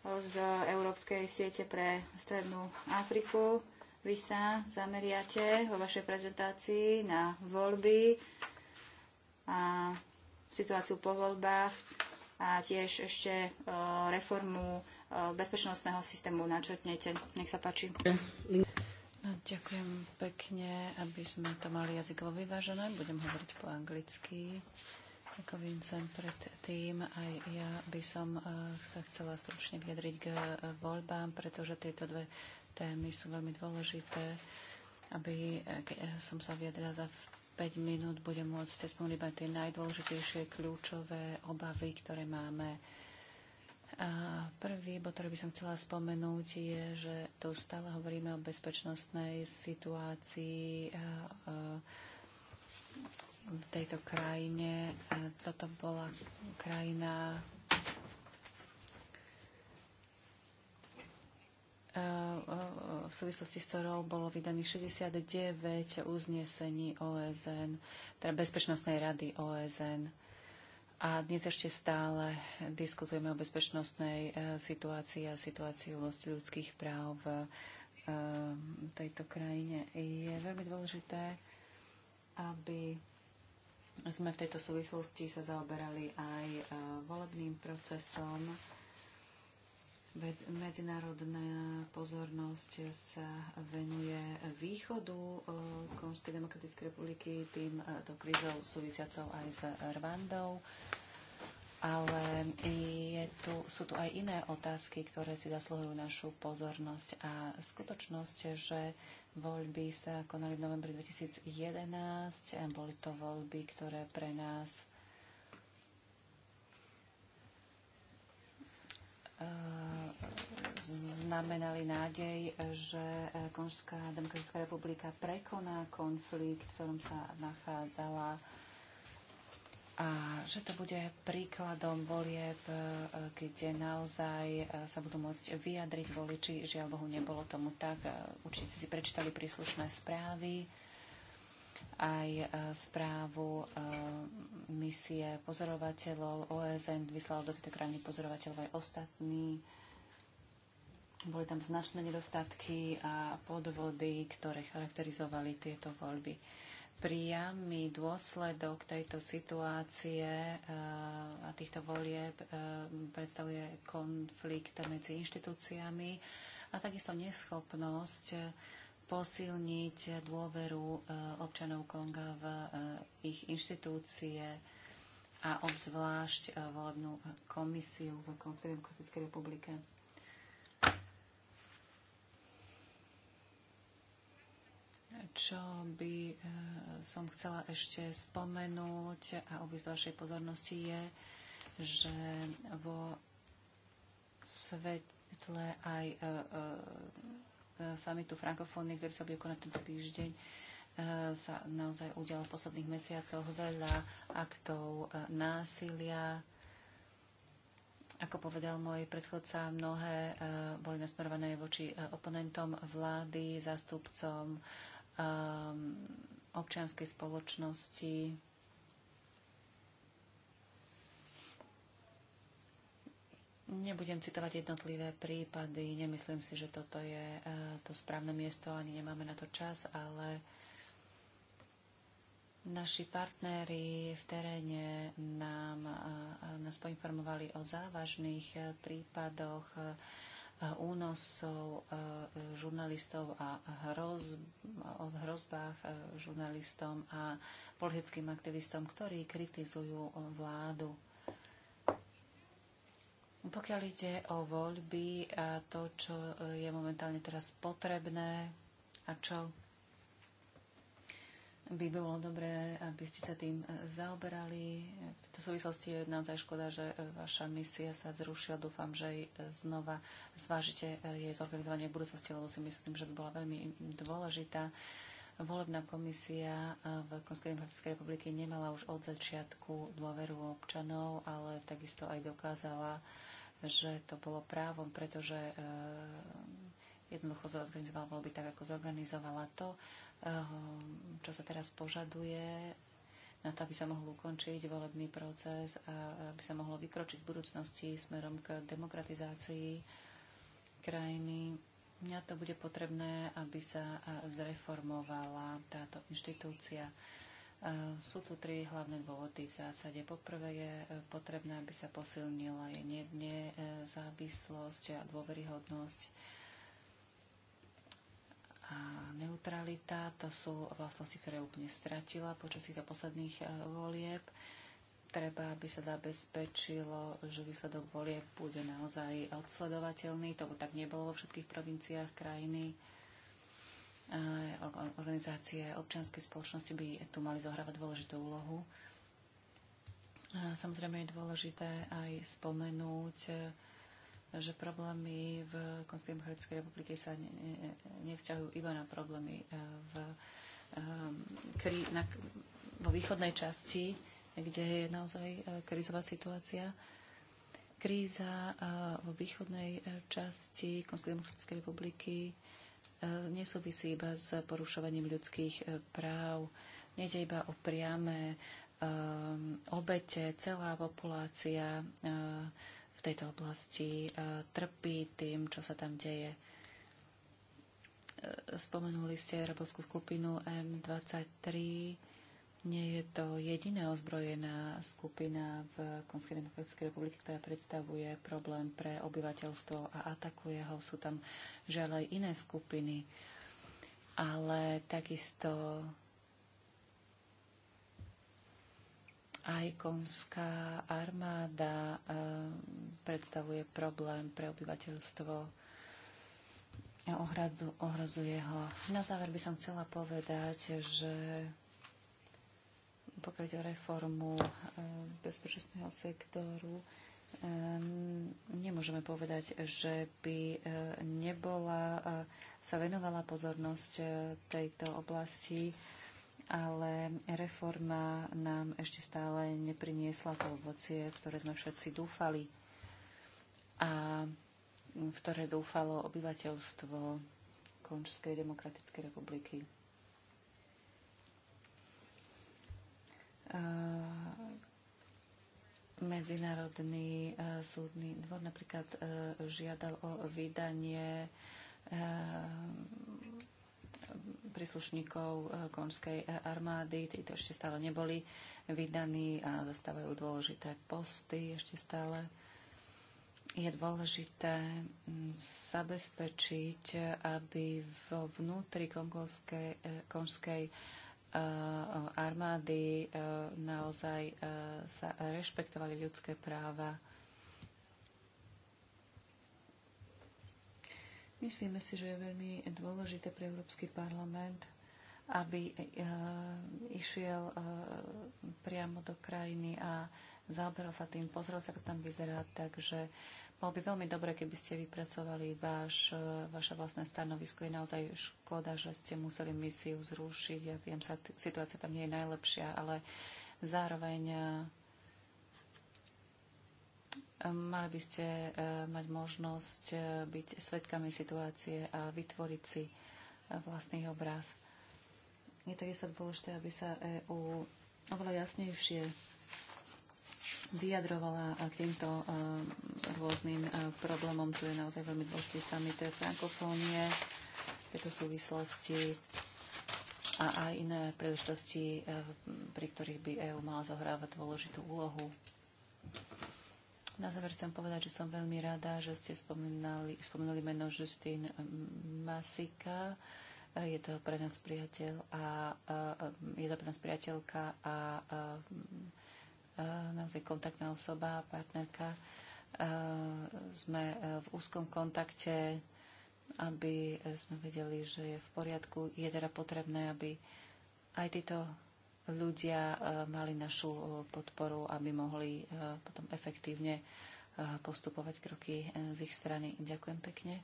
z Európskej siete pre Strednú Afriku. Vy sa zameriate vo vašej prezentácii na voľby a situáciu po voľbách a tiež ešte e, reformu e, bezpečnostného systému načrtnete. Nech sa páči. No, ďakujem pekne, aby sme to mali jazykovo vyvážené. Budem hovoriť po anglicky ako Vincent tým aj ja by som eh, sa chcela stručne vyjadriť k eh, voľbám, pretože tieto dve témy sú veľmi dôležité. Aby, eh, keď som sa vyjadrila za 5 minút, budem môcť spomenúť iba tie najdôležitejšie kľúčové obavy, ktoré máme. A prvý bo ktorý by som chcela spomenúť, je, že tu stále hovoríme o bezpečnostnej situácii v tejto krajine. Toto bola krajina e, e, v súvislosti s ktorou bolo vydaných 69 uznesení OSN, teda Bezpečnostnej rady OSN. A dnes ešte stále diskutujeme o bezpečnostnej e, situácii a situácii v ľudských práv v tejto krajine. Je veľmi dôležité, aby sme v tejto súvislosti sa zaoberali aj e, volebným procesom. Medzinárodná pozornosť sa venuje východu e, Konskej demokratickej republiky, tým e, to krizou súvisiacou aj s Rwandou. Ale je tu, sú tu aj iné otázky, ktoré si zasluhujú našu pozornosť a skutočnosť, že Voľby sa konali v novembri 2011 a boli to voľby, ktoré pre nás eh, znamenali nádej, že eh, Konžská demokratická republika prekoná konflikt, v ktorom sa nachádzala a že to bude príkladom volieb, e, kde naozaj e, sa budú môcť vyjadriť voliči. Žiaľ Bohu, nebolo tomu tak. E, určite si prečítali príslušné správy, aj správu misie pozorovateľov OSN vyslal do tejto krajiny pozorovateľov aj ostatní. Boli tam značné nedostatky a podvody, ktoré charakterizovali tieto voľby priamy dôsledok tejto situácie eh, a týchto volieb eh, predstavuje konflikt medzi inštitúciami a takisto neschopnosť eh, posilniť dôveru občanov Konga v ich inštitúcie a obzvlášť volebnú komisiu v Demokratickej republike. čo by e, som chcela ešte spomenúť a obísť vašej pozornosti je, že vo svetle aj v e, e, samitu frankofónie, ktorý sa bude konať tento týždeň, sa naozaj udial v posledných mesiacoch veľa aktov násilia. Ako povedal môj predchodca, mnohé boli nasmerované voči oponentom vlády, zástupcom um, občianskej spoločnosti, Nebudem citovať jednotlivé prípady, nemyslím si, že toto je uh, to správne miesto, ani nemáme na to čas, ale naši partnery v teréne nám, uh, nás poinformovali o závažných uh, prípadoch únosov e, žurnalistov a hroz, o hrozbách e, žurnalistom a politickým aktivistom, ktorí kritizujú e, vládu. Pokiaľ ide o voľby a to, čo je momentálne teraz potrebné a čo by bolo dobré, aby ste sa tým e, zaoberali. V tejto súvislosti je naozaj škoda, že e, vaša misia sa zrušila. Dúfam, že jej e, znova zvážite jej zorganizovanie v budúcnosti, lebo si myslím, že by bola veľmi dôležitá. Volebná komisia v Konskej demokratickej republiky nemala už od začiatku dôveru občanov, ale takisto aj dokázala, že to bolo právom, pretože jednoducho zorganizovala voľby tak, ako zorganizovala to Ehm, čo sa teraz požaduje na to, aby sa mohol ukončiť volebný proces a aby sa mohlo vykročiť v budúcnosti smerom k demokratizácii krajiny. Na to bude potrebné, aby sa zreformovala táto inštitúcia. Ehm, sú tu tri hlavné dôvody v zásade. Poprvé je e, potrebné, aby sa posilnila jej nezávislosť e, a dôveryhodnosť a neutralita, to sú vlastnosti, ktoré úplne stratila počas týchto posledných e, volieb. Treba, aby sa zabezpečilo, že výsledok volieb bude naozaj odsledovateľný. To tak nebolo vo všetkých provinciách krajiny. Organizácie občianskej spoločnosti by tu mali zohrávať dôležitú úlohu. samozrejme je dôležité aj spomenúť že problémy v Konskej demokratickej republike sa ne, ne, nevzťahujú iba na problémy eh, v, eh, kri, na, vo východnej časti, kde je naozaj eh, krizová situácia. Kríza vo východnej časti Konskej demokratickej republiky nesúvisí iba s porušovaním ľudských práv. Nede iba o priame obete, celá populácia tejto oblasti e, trpí tým, čo sa tam deje. E, spomenuli ste rebelskú skupinu M23. Nie je to jediná ozbrojená skupina v Konskej demokratickej republike, ktorá predstavuje problém pre obyvateľstvo a atakuje ho. Sú tam žiaľ aj iné skupiny, ale takisto Ajkonská armáda eh, predstavuje problém pre obyvateľstvo a ohradzu, ohrozuje ho. Na záver by som chcela povedať, že pokiaľ o reformu eh, bezpečnostného sektoru, eh, nemôžeme povedať, že by nebola, sa venovala pozornosť tejto oblasti ale reforma nám ešte stále nepriniesla to ovocie, v ktoré sme všetci dúfali a v ktoré dúfalo obyvateľstvo Končskej demokratickej republiky. Medzinárodný e, súdny dvor napríklad e, žiadal o vydanie e, príslušníkov eh, konskej eh, armády. Títo ešte stále neboli vydaní a zastávajú dôležité posty ešte stále. Je dôležité mm, zabezpečiť, aby vo vnútri kongolskej, eh, konskej armády naozaj sa rešpektovali ľudské práva Myslíme si, že je veľmi dôležité pre Európsky parlament, aby e, išiel e, priamo do krajiny a zaoberal sa tým, pozrel sa, ako tam vyzerá, takže bol by veľmi dobré, keby ste vypracovali váš, e, vaše vlastné stanovisko. Je naozaj škoda, že ste museli misiu zrušiť. Ja viem, sa, situácia tam nie je najlepšia, ale zároveň Mali by ste e, mať možnosť e, byť svetkami situácie a vytvoriť si e, vlastný obraz. Je takisto dôležité, aby sa EÚ oveľa jasnejšie vyjadrovala k týmto rôznym problémom. Tu je naozaj veľmi dôležitý summit frankofónie tieto súvislosti a aj iné príležitosti, pri ktorých by EU mala zohrávať dôležitú úlohu. Na záver chcem povedať, že som veľmi rada, že ste spomínali spomínali meno Justin Masika. Je to pre nás priateľ a, a je to pre nás priateľka a, a, a naozaj kontaktná osoba, partnerka. A sme v úzkom kontakte, aby sme vedeli, že je v poriadku. Je teda potrebné, aby aj títo ľudia eh, mali našu eh, podporu, aby mohli eh, potom efektívne postupovať kroky z ich strany. Ďakujem pekne.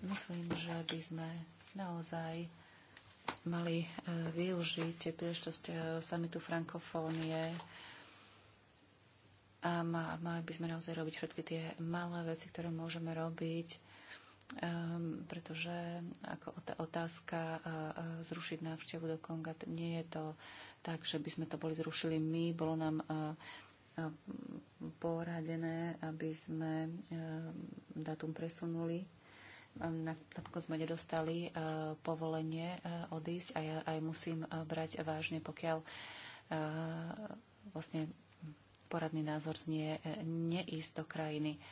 Myslím, že by sme naozaj mali využiť príležitosť samitu frankofónie a mali by sme naozaj robiť všetky tie malé veci, ktoré môžeme robiť Ehm, pretože ako otázka zrušiť návštevu do Konga, nie je to tak, že by sme to boli zrušili my. Bolo nám poradené, aby sme ehm, datum presunuli. Ehm, Napokon sme nedostali e, povolenie e, odísť a ja aj musím e, brať vážne, pokiaľ vlastne poradný názor znie neísť do krajiny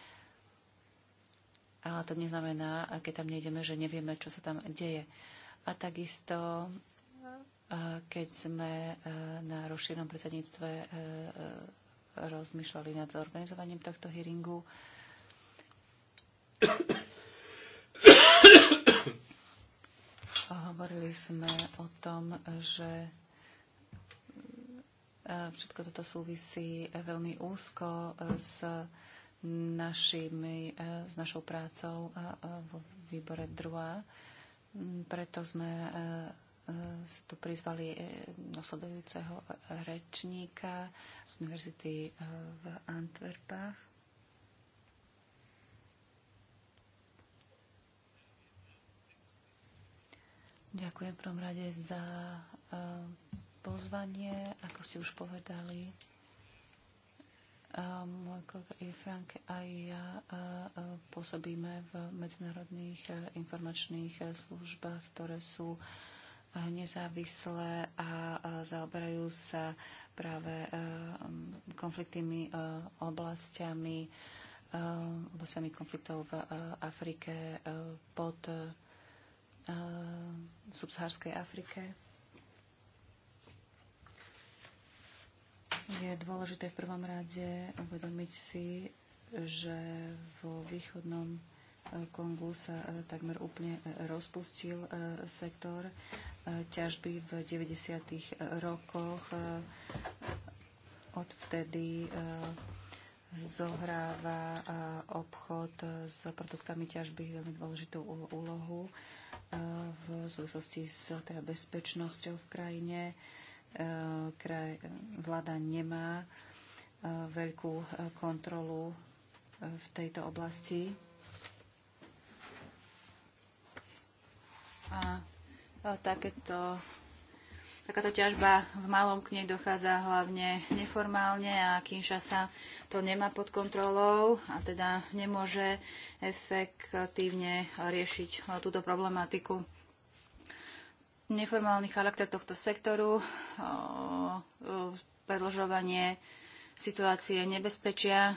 ale to neznamená, keď tam nejdeme, že nevieme, čo sa tam deje. A takisto, keď sme e, na rozšírenom predsedníctve e, e, rozmýšľali nad zorganizovaním tohto hearingu, hovorili sme o tom, že všetko toto súvisí veľmi úzko s našimi, e, s našou prácou v výbore druhá. Mm, preto sme e, e, tu prizvali nasledujúceho rečníka z univerzity v Antwerpách. Ďakujem v prvom rade za pozvanie, ako ste už povedali. Môj kolega I. Frank a ja pôsobíme v medzinárodných e, informačných e, službách, ktoré sú e, nezávislé a zaoberajú sa práve konfliktnými oblastiami, oblastiami konfliktov v Afrike pod v subsahárskej Afrike Je dôležité v prvom rade uvedomiť si, že vo východnom e, Kongu sa e, takmer úplne e, rozpustil sektor ťažby v 90. rokoch. Odvtedy zohráva obchod s produktami ťažby veľmi dôležitú úlohu v súvislosti s teda bezpečnosťou v krajine E, kraj, vláda nemá e, veľkú e, kontrolu v tejto oblasti. A takéto, takáto ťažba v malom k nej dochádza hlavne neformálne a sa to nemá pod kontrolou a teda nemôže efektívne riešiť túto problematiku neformálny charakter tohto sektoru, predlžovanie situácie nebezpečia.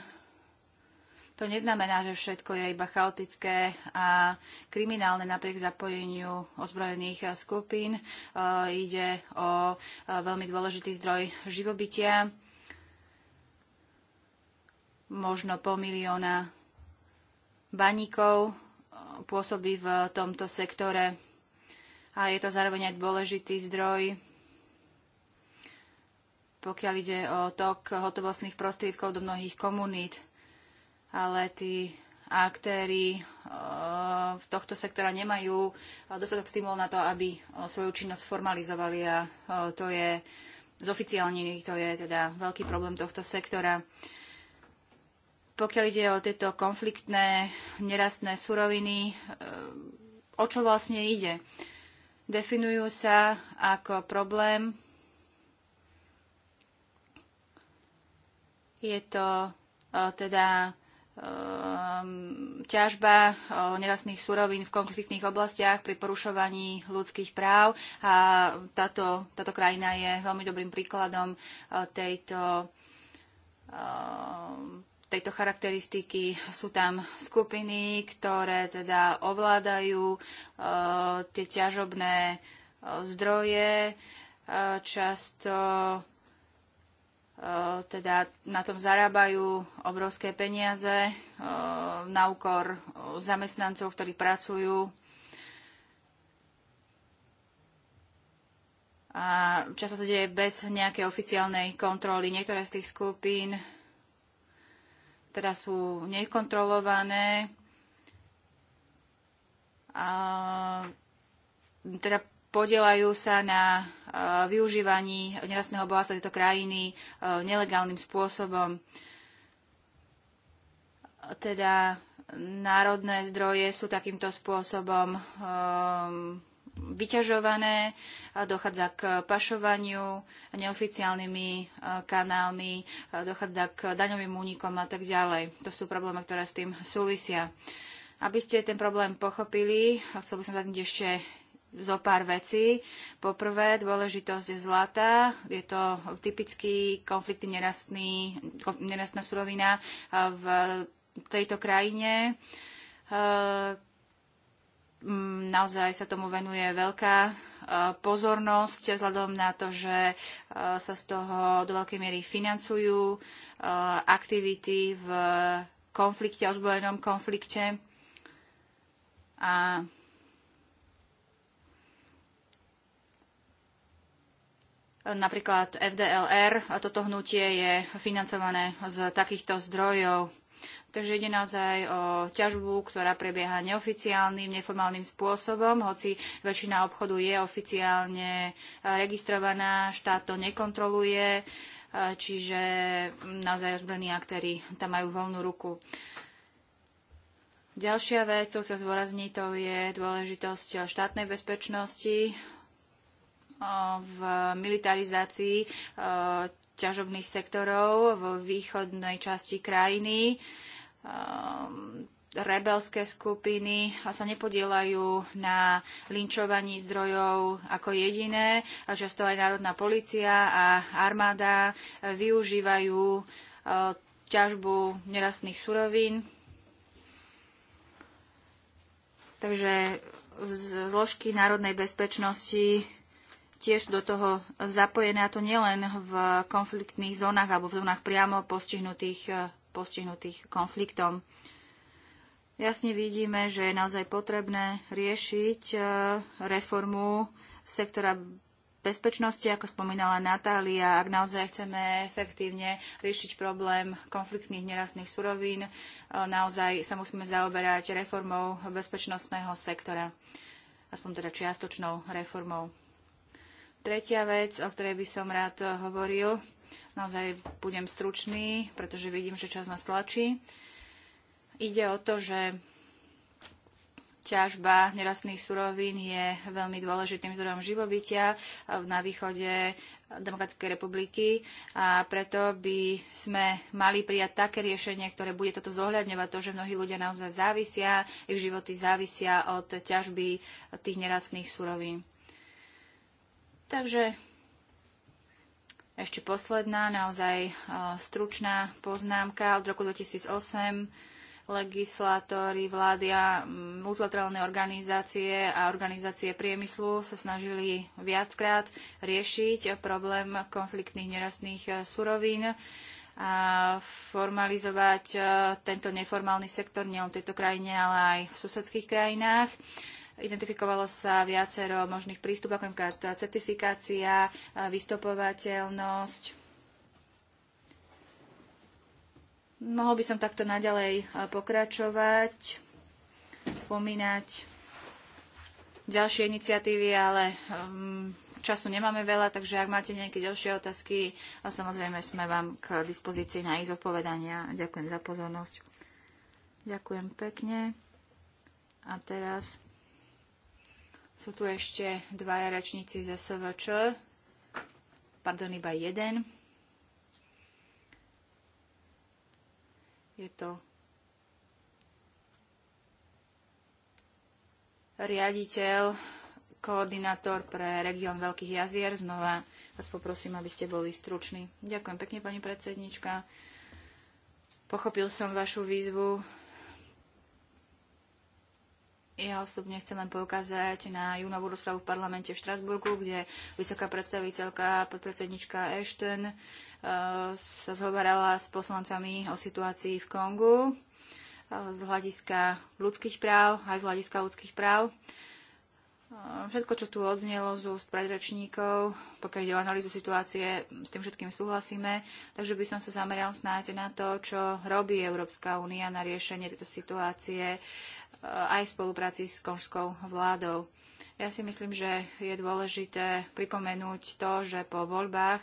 To neznamená, že všetko je iba chaotické a kriminálne napriek zapojeniu ozbrojených skupín. Ide o veľmi dôležitý zdroj živobytia, možno pol milióna baníkov pôsobí v tomto sektore a je to zároveň aj dôležitý zdroj, pokiaľ ide o tok hotovostných prostriedkov do mnohých komunít. Ale tí aktéry e, v tohto sektora nemajú e, dostatok stimul na to, aby e, svoju činnosť formalizovali a to je z oficiálnených, to je teda veľký problém tohto sektora. Pokiaľ ide o tieto konfliktné nerastné suroviny, o čo vlastne ide? Definujú sa ako problém. Je to e, teda e, ťažba e, nerastných surovín v konfliktných oblastiach pri porušovaní ľudských práv. A táto, táto krajina je veľmi dobrým príkladom tejto tejto charakteristiky. Sú tam skupiny, ktoré teda ovládajú e, tie ťažobné e, zdroje, e, často teda na tom zarábajú obrovské peniaze na úkor zamestnancov, ktorí pracujú. A často sa deje bez nejakej oficiálnej kontroly. Niektoré z tých skupín teda sú nekontrolované a teda podielajú sa na využívaní nerastného bohatstva tejto krajiny e, nelegálnym spôsobom. Teda národné zdroje sú takýmto spôsobom um, vyťažované, dochádza k pašovaniu neoficiálnymi e, kanálmi, e, dochádza k daňovým únikom a tak ďalej. To sú problémy, ktoré s tým súvisia. Aby ste ten problém pochopili, chcel by som zadniť ešte zo pár vecí. Poprvé, dôležitosť je zlata. Je to typický konflikty nerastný, nerastná surovina e, v tejto krajine. Mm, naozaj sa tomu venuje veľká e, pozornosť, vzhľadom na to, že e, sa z toho do veľkej miery financujú e, aktivity v konflikte, ozbrojenom konflikte. A napríklad FDLR, toto hnutie je financované z takýchto zdrojov. Takže ide naozaj o ťažbu, ktorá prebieha neoficiálnym, neformálnym spôsobom, hoci väčšina obchodu je oficiálne eh, registrovaná, štát to nekontroluje, eh, čiže hm, naozaj ozbrojení aktéry tam majú voľnú ruku. Ďalšia vec, ktorú sa zvorazní, to je dôležitosť štátnej bezpečnosti eh, v militarizácii ťažobných sektorov v východnej časti krajiny um, rebelské skupiny a sa nepodielajú na linčovaní zdrojov ako jediné, a často aj národná policia a armáda eh, využívajú uh, ťažbu nerastných surovín. Takže zložky národnej bezpečnosti tiež do toho zapojené, a to nielen v konfliktných zónach alebo v zónach priamo postihnutých eh, postihnutých konfliktom. Jasne vidíme, že je naozaj potrebné riešiť e, reformu sektora bezpečnosti, ako spomínala Natália, ak naozaj chceme efektívne riešiť problém konfliktných nerastných surovín, e, naozaj sa musíme zaoberať reformou bezpečnostného sektora, aspoň teda čiastočnou reformou. Tretia vec, o ktorej by som rád e, hovoril, Naozaj budem stručný, pretože vidím, že čas nás tlačí. Ide o to, že ťažba nerastných surovín je veľmi dôležitým zdrojom živobytia na východe Demokratickej republiky a preto by sme mali prijať také riešenie, ktoré bude toto zohľadňovať, to, že mnohí ľudia naozaj závisia, ich životy závisia od ťažby tých nerastných surovín. Takže ešte posledná, naozaj stručná poznámka od roku 2008 legislatóri, vlády a mm, multilaterálne organizácie a organizácie priemyslu sa snažili viackrát riešiť problém konfliktných nerastných e, surovín a formalizovať e, tento neformálny sektor len v tejto krajine, ale aj v susedských krajinách. Identifikovalo sa viacero možných prístupov, ako napríklad certifikácia, vystopovateľnosť. Mohol by som takto naďalej pokračovať, spomínať ďalšie iniciatívy, ale um, času nemáme veľa, takže ak máte nejaké ďalšie otázky, a samozrejme sme vám k dispozícii na ich zodpovedania. Ďakujem za pozornosť. Ďakujem pekne. A teraz sú tu ešte dvaja rečníci z SVČ. Pardon, iba jeden. Je to riaditeľ, koordinátor pre región Veľkých jazier. Znova vás poprosím, aby ste boli struční. Ďakujem pekne, pani predsednička. Pochopil som vašu výzvu ja osobne chcem len poukázať na júnovú rozpravu v parlamente v Štrasburgu, kde vysoká predstaviteľka, podpredsednička Ashton uh, sa zhovarala s poslancami o situácii v Kongu uh, z hľadiska ľudských práv, aj z hľadiska ľudských práv. Všetko, čo tu odznelo z úst predrečníkov, pokiaľ ide o analýzu situácie, s tým všetkým súhlasíme. Takže by som sa zameral snáď na to, čo robí Európska únia na riešenie tejto situácie e, aj v spolupráci s konžskou vládou. Ja si myslím, že je dôležité pripomenúť to, že po voľbách,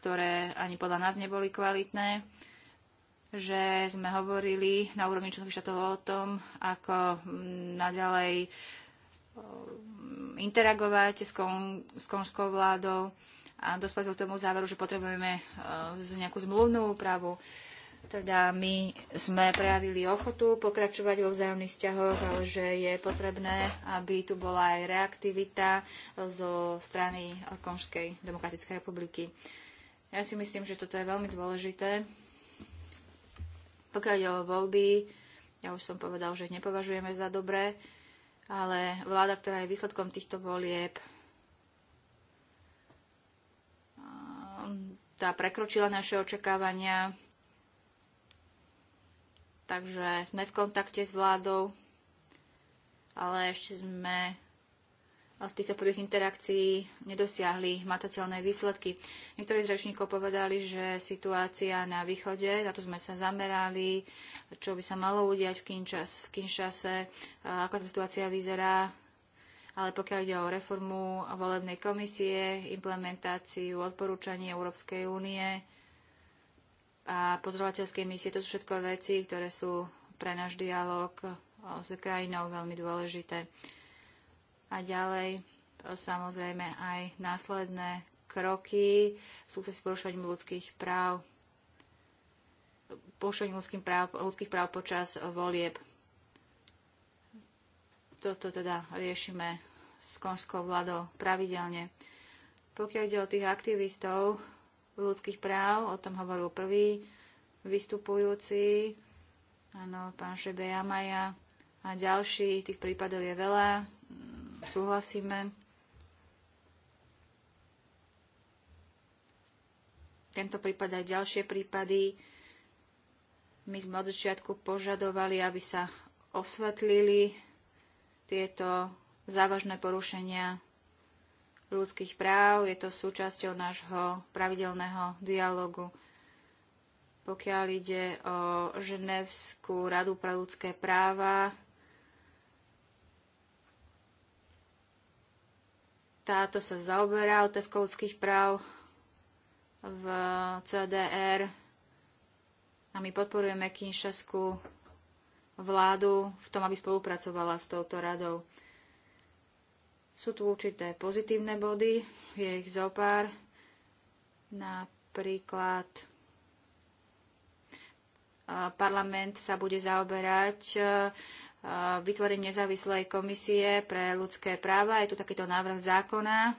ktoré ani podľa nás neboli kvalitné, že sme hovorili na úrovni členských štátov o tom, ako mm, naďalej interagovať s, kon, s konžskou vládou a dospať k tomu záveru, že potrebujeme e, z nejakú zmluvnú úpravu. Teda my sme prejavili ochotu pokračovať vo vzájomných vzťahoch, ale že je potrebné, aby tu bola aj reaktivita zo strany Konžskej demokratickej republiky. Ja si myslím, že toto je veľmi dôležité, pokiaľ ide o voľby, ja už som povedal, že ich nepovažujeme za dobré, ale vláda, ktorá je výsledkom týchto volieb, ehm, tá prekročila naše očakávania. Takže sme v kontakte s vládou, ale ešte sme z týchto prvých interakcií nedosiahli matateľné výsledky. Niektorí z rečníkov povedali, že situácia na východe, na to sme sa zamerali, čo by sa malo udiať v, Kinčas, v Kinšase, ako tá situácia vyzerá, ale pokiaľ ide o reformu volebnej komisie, implementáciu odporúčanie Európskej únie a pozorovateľskej misie, to sú všetko veci, ktoré sú pre náš dialog s krajinou veľmi dôležité a ďalej e, samozrejme aj následné kroky v súcesi porušovaním ľudských práv porušovaním ľudských práv, ľudských práv počas volieb. Toto teda riešime s konžskou vládou pravidelne. Pokiaľ ide o tých aktivistov ľudských práv, o tom hovoril prvý vystupujúci, áno, pán Jamaja a ďalší, tých prípadov je veľa, Súhlasíme. Tento prípad aj ďalšie prípady. My sme od začiatku požadovali, aby sa osvetlili tieto závažné porušenia ľudských práv. Je to súčasťou nášho pravidelného dialogu. Pokiaľ ide o Ženevskú radu pre ľudské práva, Táto sa zaoberá otázkou ľudských práv v CDR a my podporujeme Kinšaskú vládu v tom, aby spolupracovala s touto radou. Sú tu určité pozitívne body, je ich zopár. Napríklad parlament sa bude zaoberať vytvorím nezávislej komisie pre ľudské práva. Je tu takýto návrh zákona.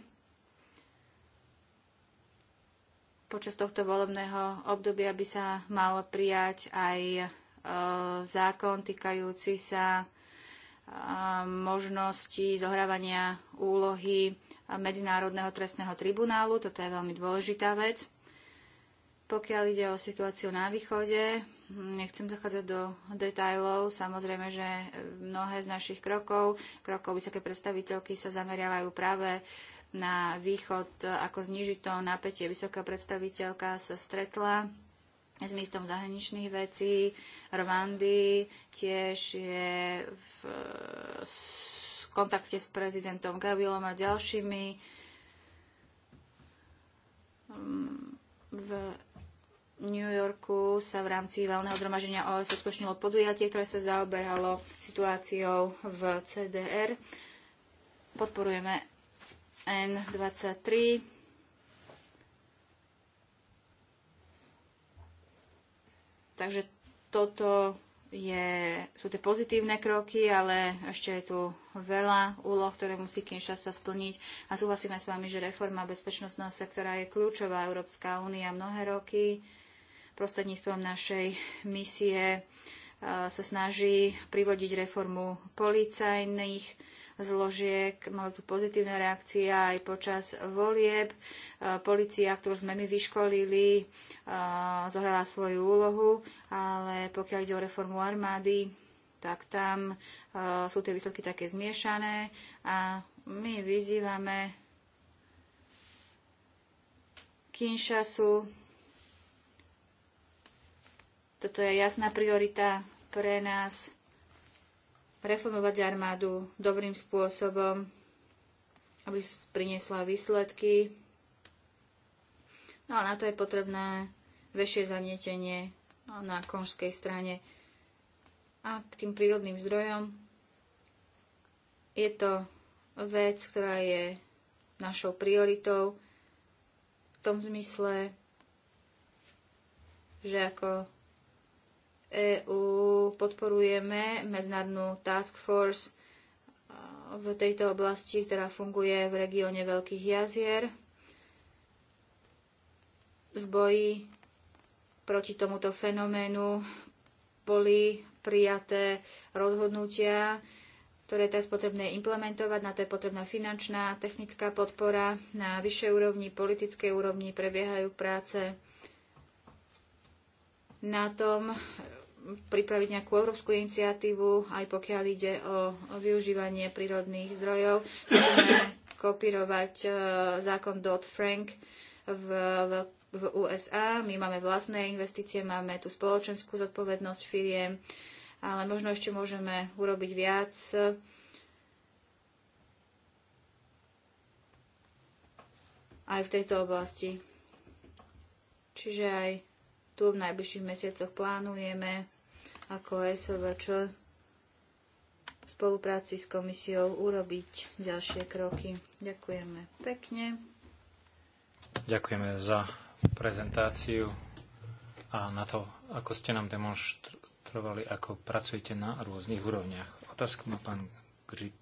Počas tohto volebného obdobia by sa mal prijať aj e, zákon týkajúci sa e, možnosti zohrávania úlohy Medzinárodného trestného tribunálu. Toto je veľmi dôležitá vec. Pokiaľ ide o situáciu na východe, Nechcem zachádzať do detajlov. Samozrejme, že mnohé z našich krokov, krokov vysoké predstaviteľky sa zameriavajú práve na východ, ako znižiť to napätie. Vysoká predstaviteľka sa stretla s místom zahraničných vecí Rwandy, tiež je v, v kontakte s prezidentom Gavilom a ďalšími. V New Yorku sa v rámci valného zhromaženia OS uskutočnilo podujatie, ktoré sa zaoberalo situáciou v CDR. Podporujeme N23. Takže toto je, sú tie pozitívne kroky, ale ešte je tu veľa úloh, ktoré musí Kinshasa splniť. A súhlasíme s vami, že reforma bezpečnostného sektora je kľúčová. Európska únia mnohé roky prostredníctvom našej misie sa snaží privodiť reformu policajných zložiek. mali tu pozitívne reakcie aj počas volieb. Polícia, ktorú sme my vyškolili, zohrala svoju úlohu, ale pokiaľ ide o reformu armády, tak tam sú tie výsledky také zmiešané a my vyzývame Kinshasu, toto je jasná priorita pre nás reformovať armádu dobrým spôsobom, aby priniesla výsledky. No a na to je potrebné väčšie zanietenie na konžskej strane. A k tým prírodným zdrojom je to vec, ktorá je našou prioritou v tom zmysle, že ako EÚ podporujeme medzinárodnú task force e, v tejto oblasti, ktorá funguje v regióne Veľkých jazier v boji proti tomuto fenoménu boli prijaté rozhodnutia, ktoré je teraz potrebné implementovať. Na to je potrebná finančná, technická podpora. Na vyššej úrovni, politickej úrovni prebiehajú práce na tom, pripraviť nejakú európsku iniciatívu, aj pokiaľ ide o, o využívanie prírodných zdrojov. Chceme kopírovať e, zákon Dodd-Frank v, v, v USA. My máme vlastné investície, máme tú spoločenskú zodpovednosť firiem, ale možno ešte môžeme urobiť viac. aj v tejto oblasti. Čiže aj tu v najbližších mesiacoch plánujeme ako SOVČ v spolupráci s komisiou urobiť ďalšie kroky. Ďakujeme pekne. Ďakujeme za prezentáciu a na to, ako ste nám demonstrovali, ako pracujete na rôznych úrovniach. Otázku má pán Grip.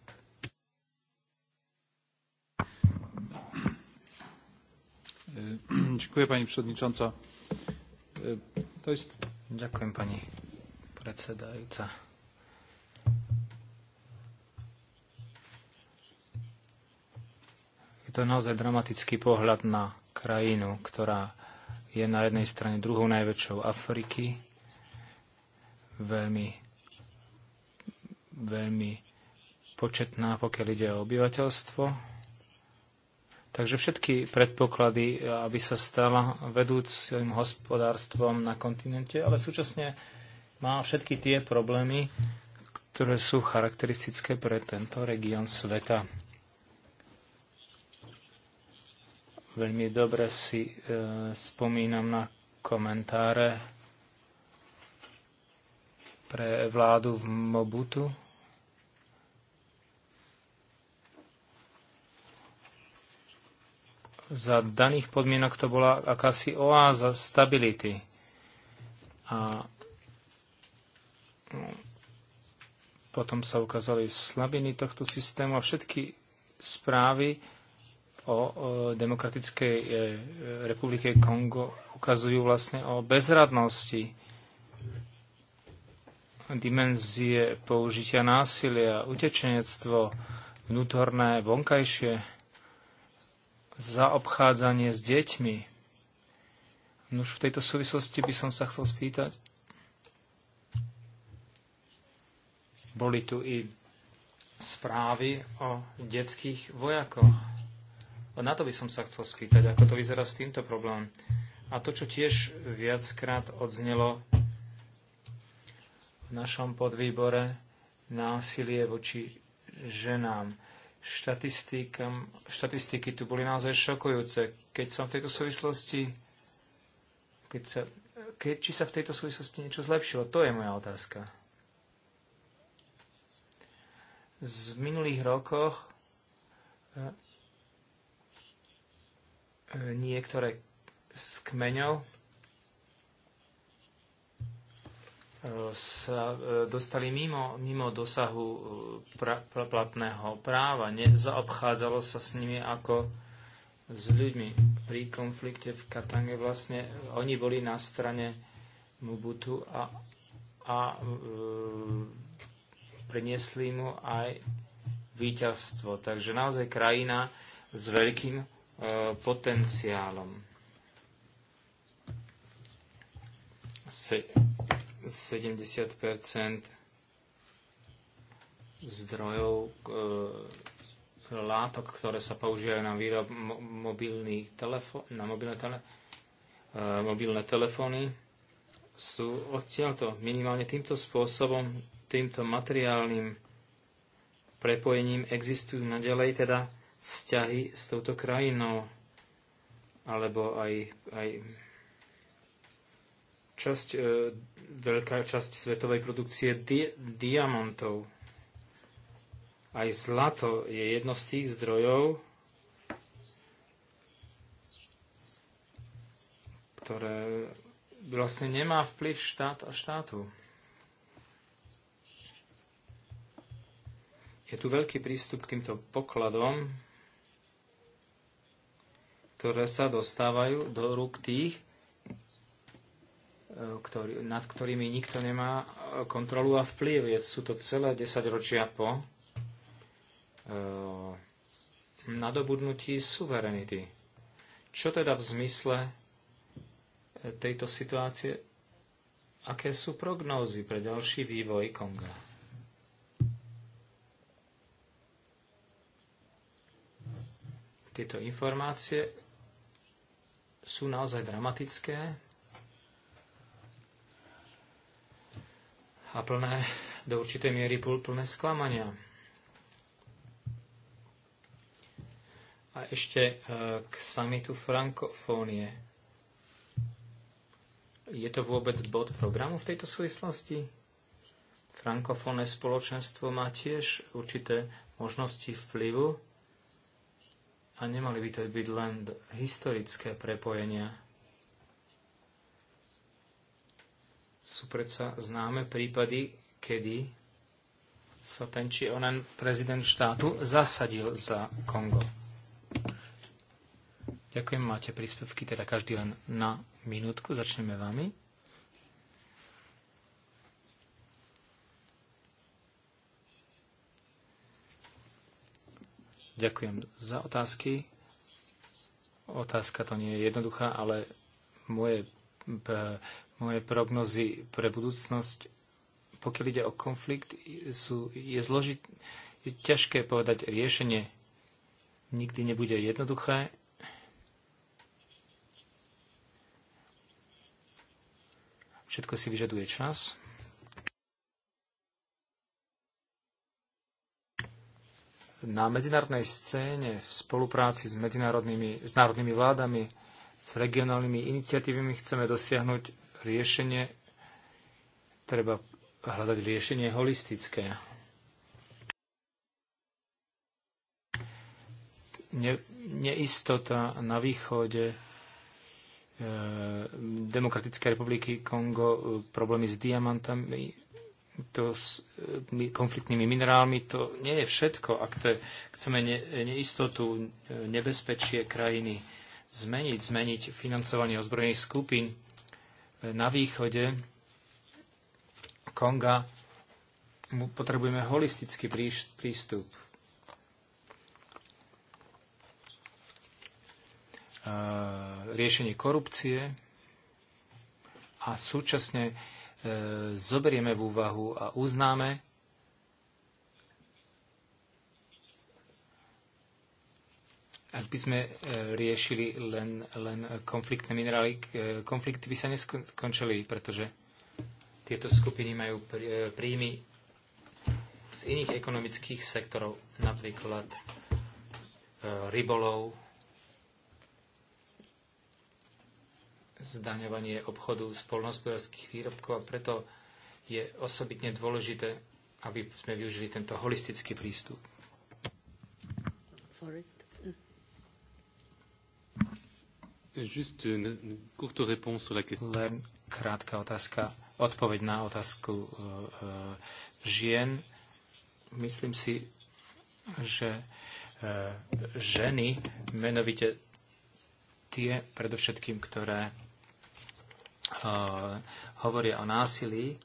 Ďakujem, Pani Przewodnicząca. E, to jest... Ďakujem Pani predsedajúca. Je to naozaj dramatický pohľad na krajinu, ktorá je na jednej strane druhou najväčšou Afriky, veľmi, veľmi početná, pokiaľ ide o obyvateľstvo. Takže všetky predpoklady, aby sa stala vedúcim hospodárstvom na kontinente, ale súčasne má všetky tie problémy, ktoré sú charakteristické pre tento región sveta. Veľmi dobre si e, spomínam na komentáre pre vládu v Mobutu. Za daných podmienok to bola akási oáza stability. A potom sa ukázali slabiny tohto systému a všetky správy o, Demokratickej e, republike Kongo ukazujú vlastne o bezradnosti dimenzie použitia násilia, utečenectvo, vnútorné, vonkajšie, zaobchádzanie s deťmi. už v tejto súvislosti by som sa chcel spýtať, Boli tu i správy o detských vojakoch. Na to by som sa chcel spýtať, ako to vyzerá s týmto problémom. A to, čo tiež viackrát odznelo v našom podvýbore, násilie voči ženám. Štatistiky tu boli naozaj šokujúce. Keď sa v tejto súvislosti keď sa, keď, či sa v tejto súvislosti niečo zlepšilo? To je moja otázka z minulých rokoch e, niektoré z kmeňov e, sa e, dostali mimo, mimo dosahu pra, platného práva. Nezaobchádzalo sa s nimi ako s ľuďmi. Pri konflikte v Katange vlastne oni boli na strane Mubutu a, a priniesli mu aj víťazstvo. Takže naozaj krajina s veľkým e, potenciálom. Se, 70 zdrojov e, látok, ktoré sa používajú na výrob mo, na mobilné, tele, e, mobilné telefóny, sú odtiaľto minimálne týmto spôsobom týmto materiálnym prepojením existujú naďalej teda vzťahy s touto krajinou, alebo aj, aj časť, e, veľká časť svetovej produkcie di, diamantov. Aj zlato je jedno z tých zdrojov, ktoré vlastne nemá vplyv štát a štátu. Je tu veľký prístup k týmto pokladom, ktoré sa dostávajú do rúk tých, e, ktorý, nad ktorými nikto nemá e, kontrolu a vplyv. Sú to celé 10 ročia po e, nadobudnutí suverenity. Čo teda v zmysle e, tejto situácie, aké sú prognózy pre ďalší vývoj Konga? Tieto informácie sú naozaj dramatické a plné, do určitej miery plné sklamania. A ešte e, k samitu frankofónie. Je to vôbec bod programu v tejto súvislosti? Frankofónne spoločenstvo má tiež určité možnosti vplyvu a nemali by to byť len historické prepojenia. Sú predsa známe prípady, kedy sa ten či onen prezident štátu zasadil za Kongo. Ďakujem, máte príspevky, teda každý len na minútku. Začneme vami. Ďakujem za otázky. Otázka to nie je jednoduchá, ale moje, moje prognozy pre budúcnosť, pokiaľ ide o konflikt, sú, je, zložit, je ťažké povedať riešenie. Nikdy nebude jednoduché. Všetko si vyžaduje čas. na medzinárodnej scéne v spolupráci s, medzinárodnými, s národnými vládami, s regionálnymi iniciatívami chceme dosiahnuť riešenie, treba hľadať riešenie holistické. Ne, neistota na východe e, Demokratickej republiky Kongo, e, problémy s diamantami, to s e, konfliktnými minerálmi, to nie je všetko. Ak te, chceme ne, neistotu, e, nebezpečie krajiny zmeniť, zmeniť financovanie ozbrojených skupín e, na východe Konga, potrebujeme holistický prístup. Riešenie korupcie a súčasne E, zoberieme v úvahu a uznáme, ak by sme e, riešili len, len konfliktné minerály, e, konflikty by sa neskončili, pretože tieto skupiny majú príjmy z iných ekonomických sektorov, napríklad rybolov, zdaňovanie obchodu s polnohospodárských výrobkov a preto je osobitne dôležité, aby sme využili tento holistický prístup. Forest. Hm. une, une courte réponse sur la question. Len krátka otázka, odpoveď na otázku uh, uh, žien. Myslím si, že uh, ženy, menovite tie predovšetkým, ktoré Eh, hovoria o násilí,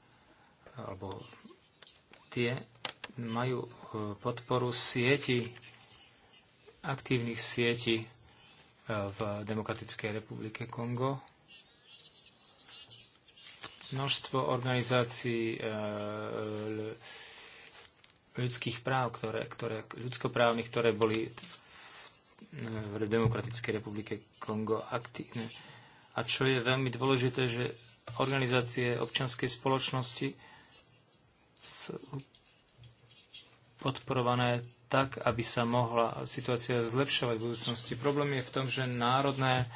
alebo tie majú eh, podporu sieti, aktívnych sieti eh, v Demokratickej republike Kongo. Množstvo organizácií ľudských práv, ktoré, ktoré, ľudskoprávnych, ktoré boli v Demokratickej republike Kongo aktívne a čo je veľmi dôležité, že organizácie občianskej spoločnosti sú podporované tak, aby sa mohla situácia zlepšovať v budúcnosti. Problém je v tom, že národné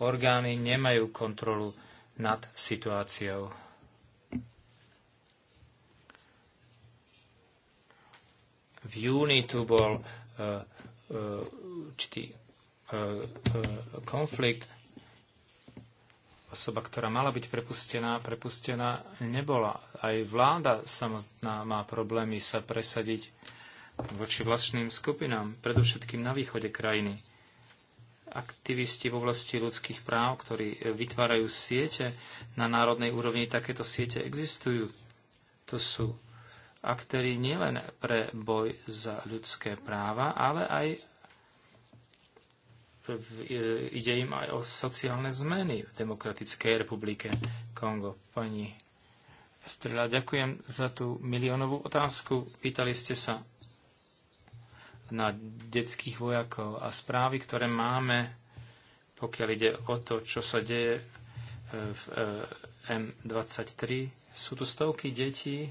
orgány nemajú kontrolu nad situáciou. V júni tu bol eh, eh, určitý uh, uh, uh, konflikt osoba, ktorá mala byť prepustená, prepustená nebola. Aj vláda samotná má problémy sa presadiť voči vlastným skupinám, predovšetkým na východe krajiny. Aktivisti v oblasti ľudských práv, ktorí vytvárajú siete na národnej úrovni, takéto siete existujú. To sú aktéry nielen pre boj za ľudské práva, ale aj E, ide im aj o sociálne zmeny v Demokratickej republike Kongo. Pani Strela, ďakujem za tú miliónovú otázku. Pýtali ste sa na detských vojakov a správy, ktoré máme, pokiaľ ide o to, čo sa deje e, v e, M23. Sú tu stovky detí,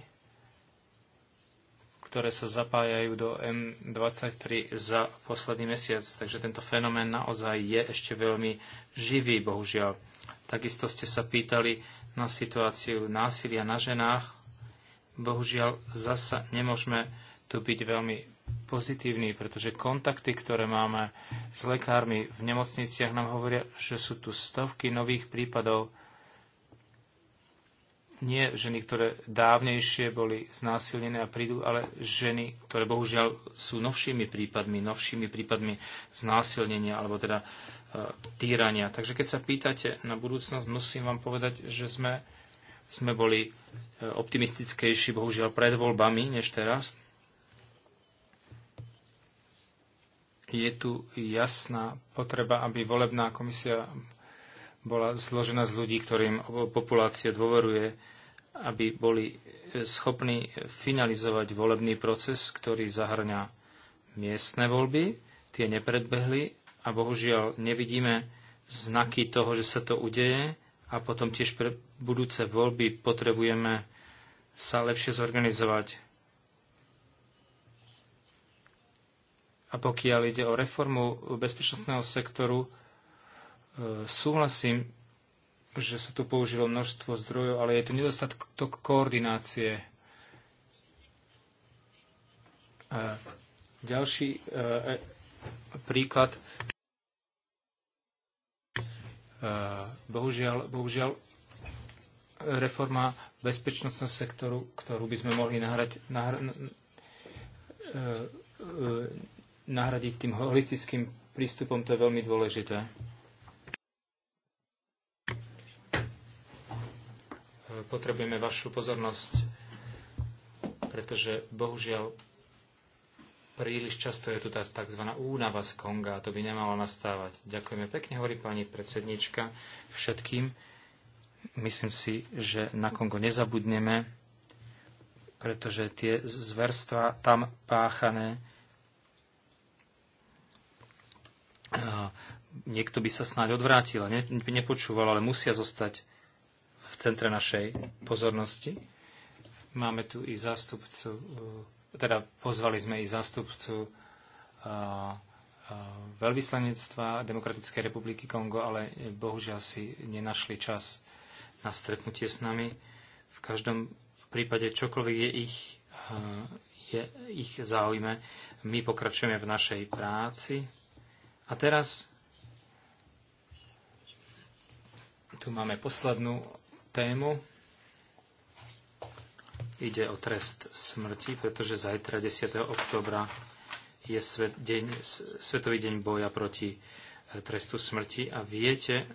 ktoré sa zapájajú do M23 za posledný mesiac. Takže tento fenomén naozaj je ešte veľmi živý, bohužiaľ. Takisto ste sa pýtali na situáciu násilia na ženách. Bohužiaľ, zasa nemôžeme tu byť veľmi pozitívni, pretože kontakty, ktoré máme s lekármi v nemocniciach, nám hovoria, že sú tu stovky nových prípadov nie ženy, ktoré dávnejšie boli znásilnené a prídu, ale ženy, ktoré bohužiaľ sú novšími prípadmi, novšími prípadmi znásilnenia alebo teda e, týrania. Takže keď sa pýtate na budúcnosť, musím vám povedať, že sme, sme boli e, optimistickejší bohužiaľ pred voľbami než teraz. Je tu jasná potreba, aby volebná komisia bola zložená z ľudí, ktorým populácia dôveruje, aby boli e, schopní finalizovať volebný proces, ktorý zahrňa miestne voľby. Tie nepredbehli a bohužiaľ nevidíme znaky toho, že sa to udeje a potom tiež pre budúce voľby potrebujeme sa lepšie zorganizovať. A pokiaľ ide o reformu bezpečnostného sektoru, e, súhlasím že sa tu použilo množstvo zdrojov, ale je tu nedostatok koordinácie. A ďalší e, e príklad. E, bohužiaľ, bohužiaľ, reforma bezpečnostného sektoru, ktorú by sme mohli nahrať, nahr, e, nahradiť tým holistickým prístupom, to je veľmi dôležité. potrebujeme vašu pozornosť, pretože bohužiaľ príliš často je tu tá tzv. únava z Konga a to by nemalo nastávať. Ďakujeme pekne, hovorí pani predsednička všetkým. Myslím si, že na Kongo nezabudneme, pretože tie zverstva tam páchané niekto by sa snáď odvrátil a nepočúval, ale musia zostať v centre našej pozornosti. Máme tu i zástupcu, e, teda pozvali sme i zástupcu e, e, veľvyslanectva Demokratickej republiky Kongo, ale bohužiaľ si nenašli čas na stretnutie s nami. V každom prípade čokoľvek je ich, je ich záujme, my pokračujeme v našej práci. A teraz tu máme poslednú tému. Ide o trest smrti, pretože zajtra 10. oktobra je svet, deň, Svetový deň boja proti e, trestu smrti a viete,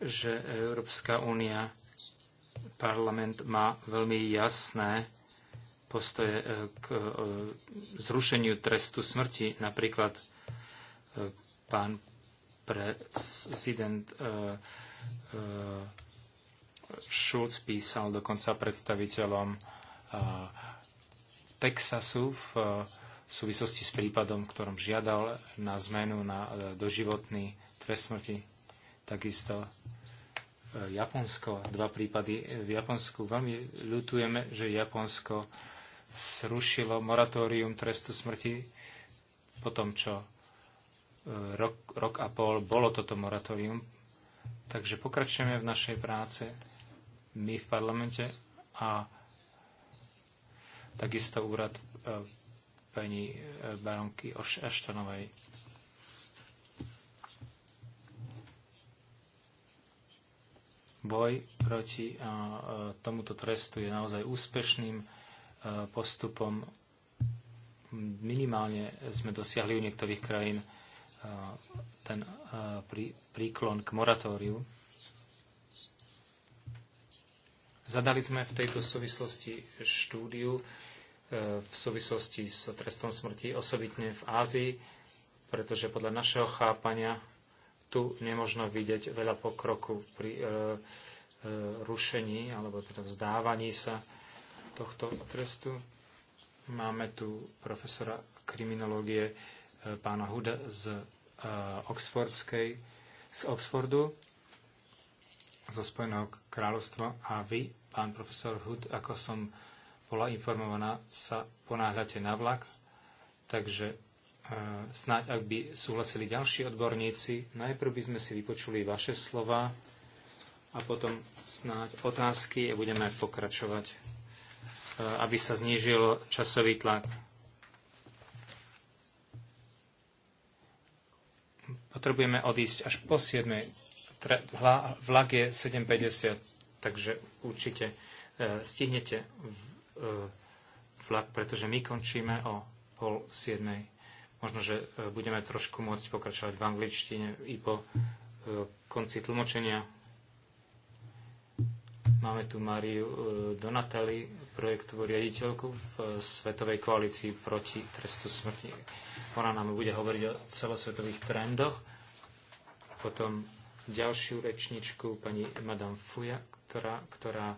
že Európska únia, parlament má veľmi jasné postoje e, k e, zrušeniu trestu smrti. Napríklad pán prezident Schulz písal dokonca predstaviteľom eh, Texasu eh, v súvislosti s prípadom, v ktorom žiadal na zmenu na eh, doživotný trest smrti. Takisto Japonsko, dva prípady v Japonsku. Veľmi ľutujeme, že Japonsko zrušilo moratórium trestu smrti po tom, čo rok, rok a pol bolo toto moratórium. Takže pokračujeme v našej práce my v parlamente a takisto úrad eh, pani eh, baronky Oštanovej. Boj proti eh, tomuto trestu je naozaj úspešným postupom. Minimálne sme dosiahli u niektorých krajín ten príklon k moratóriu. Zadali sme v tejto súvislosti štúdiu e, v súvislosti s trestom smrti, osobitne v Ázii, pretože podľa našeho chápania tu nemožno vidieť veľa pokroku pri e, e, rušení alebo teda vzdávaní sa tohto trestu. Máme tu profesora kriminológie pána Huda z, Oxfordskej, z Oxfordu, zo Spojeného kráľovstva a vy, pán profesor Hood, ako som bola informovaná, sa ponáhľate na vlak, takže e, snáď, ak by súhlasili ďalší odborníci, najprv by sme si vypočuli vaše slova a potom snáď otázky a budeme pokračovať, e, aby sa znížil časový tlak. Potrebujeme odísť až po 7 vlak je 7.50, takže určite e, stihnete e, vlak, pretože my končíme o pol siedmej. Možno, že e, budeme trošku môcť pokračovať v angličtine i po konci tlmočenia. Máme tu Mariu Donatelli, projektovú riaditeľku v Svetovej koalícii proti trestu smrti. Ona nám bude hovoriť o celosvetových trendoch. Potom ďalšiu rečničku, pani Madame Fuja, ktorá, ktorá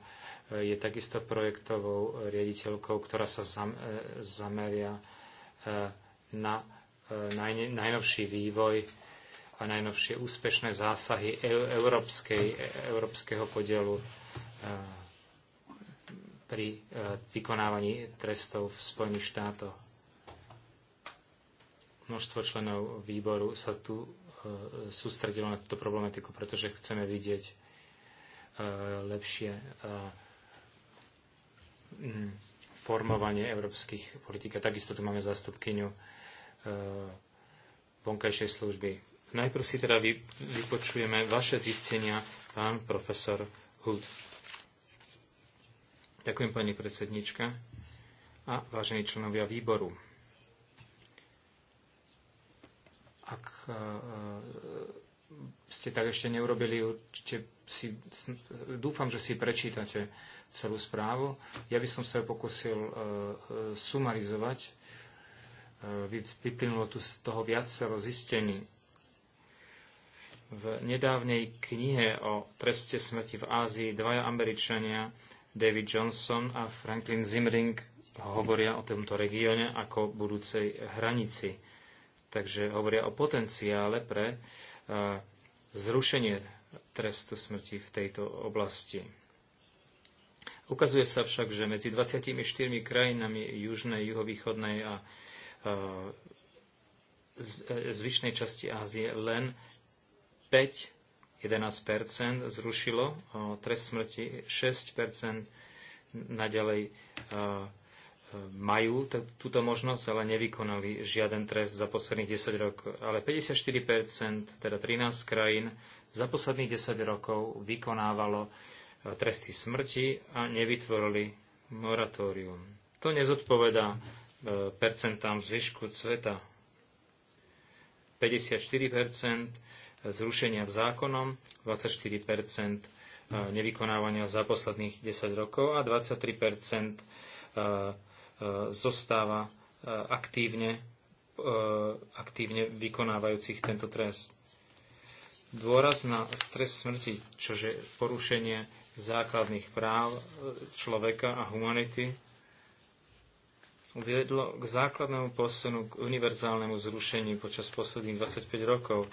e, je takisto projektovou e, riaditeľkou, ktorá sa zam, e, zameria na naj, najnovší vývoj a najnovšie úspešné zásahy európskej, európskeho podielu pri vykonávaní trestov v Spojených štátoch. Množstvo členov výboru sa tu E, sústredilo na túto problematiku, pretože chceme vidieť e, lepšie e, formovanie európskych politik. A takisto tu máme zastupkyňu vonkajšej služby. Najprv si teda vypočujeme vaše zistenia, pán profesor Hood. Ďakujem, pani predsednička a vážení členovia výboru. Ak eh, eh, ste tak ešte neurobili, určite si, dúfam, že si prečítate celú správu. Ja by som sa pokusil eh, sumarizovať. Vyplynulo tu z toho viacero zistení. V nedávnej knihe o treste smrti v Ázii dvaja Američania, David Johnson a Franklin Zimring, hovoria o tomto regióne ako budúcej hranici Takže hovoria o potenciále pre zrušenie trestu smrti v tejto oblasti. Ukazuje sa však, že medzi 24 krajinami južnej, juhovýchodnej a e, zvyšnej časti Ázie len 5, 11 zrušilo trest smrti, 6 naďalej majú túto možnosť, ale nevykonali žiaden trest za posledných 10 rokov. Ale 54%, teda 13 krajín, za posledných 10 rokov vykonávalo e, tresty smrti a nevytvorili moratórium. To nezodpovedá e, percentám zvyšku sveta. 54% e, zrušenia v zákonom, 24% nevykonávania za posledných 10 rokov a 23% zostáva eh, aktívne, eh, aktívne vykonávajúcich tento trest. Dôraz na stres smrti, čože porušenie základných práv eh, človeka a humanity, viedlo k základnému posunu, k univerzálnemu zrušeniu počas posledných 25 rokov.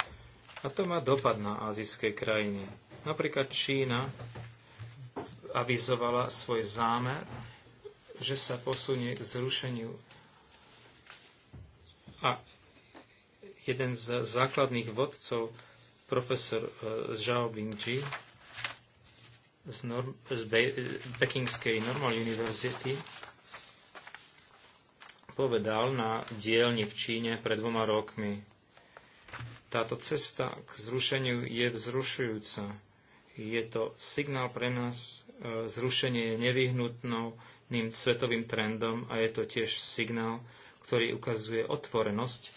A to má dopad na azijské krajiny. Napríklad Čína avizovala svoj zámer že sa posunie k zrušeniu. A jeden z základných vodcov, profesor e, Zhao Bingji z, Nor- z Be- Pekingskej Normal University, povedal na dielni v Číne pred dvoma rokmi. Táto cesta k zrušeniu je vzrušujúca. Je to signál pre nás, e, zrušenie je nevyhnutnou dnešným svetovým trendom a je to tiež signál, ktorý ukazuje otvorenosť e,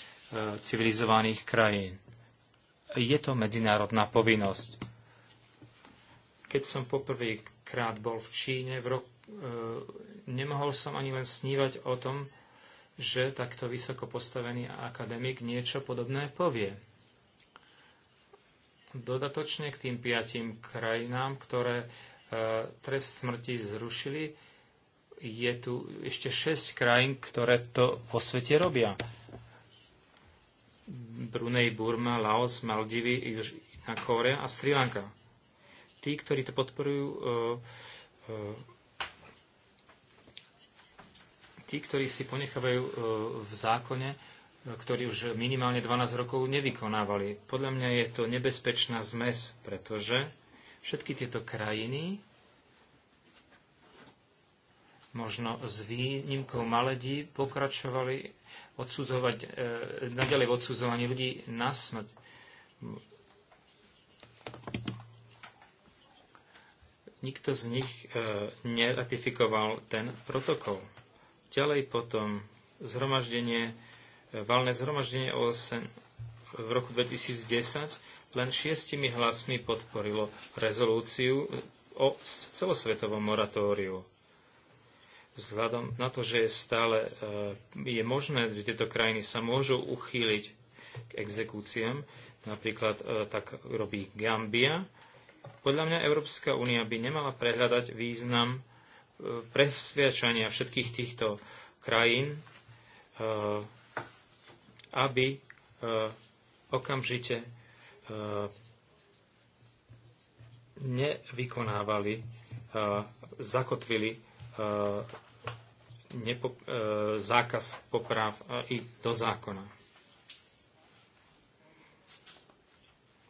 civilizovaných krajín. Je to medzinárodná povinnosť. Keď som poprvýkrát bol v Číne, v roku, e, nemohol som ani len snívať o tom, že takto vysoko postavený akademik niečo podobné povie. Dodatočne k tým piatim krajinám, ktoré e, trest smrti zrušili, je tu ešte 6 krajín, ktoré to vo svete robia. Brunei, Burma, Laos, Maldivy, Južná Korea a Sri Lanka. Tí, ktorí to podporujú, e, e, tí, ktorí si ponechávajú e, v zákone, ktorí už minimálne 12 rokov nevykonávali. Podľa mňa je to nebezpečná zmes, pretože všetky tieto krajiny možno s výnimkou Maledí pokračovali odsudzovať, e, nadalej v odsudzovaní ľudí na smrť. Nikto z nich e, neratifikoval ten protokol. Ďalej potom zhromaždenie, e, valné zhromaždenie OSN v roku 2010 len šiestimi hlasmi podporilo rezolúciu o celosvetovom moratóriu vzhľadom na to, že je stále e, je možné, že tieto krajiny sa môžu uchýliť k exekúciám, napríklad e, tak robí Gambia. Podľa mňa Európska únia by nemala prehľadať význam e, presviačania všetkých týchto krajín, aby okamžite nevykonávali, zakotvili nepo, e, zákaz poprav e, i do zákona.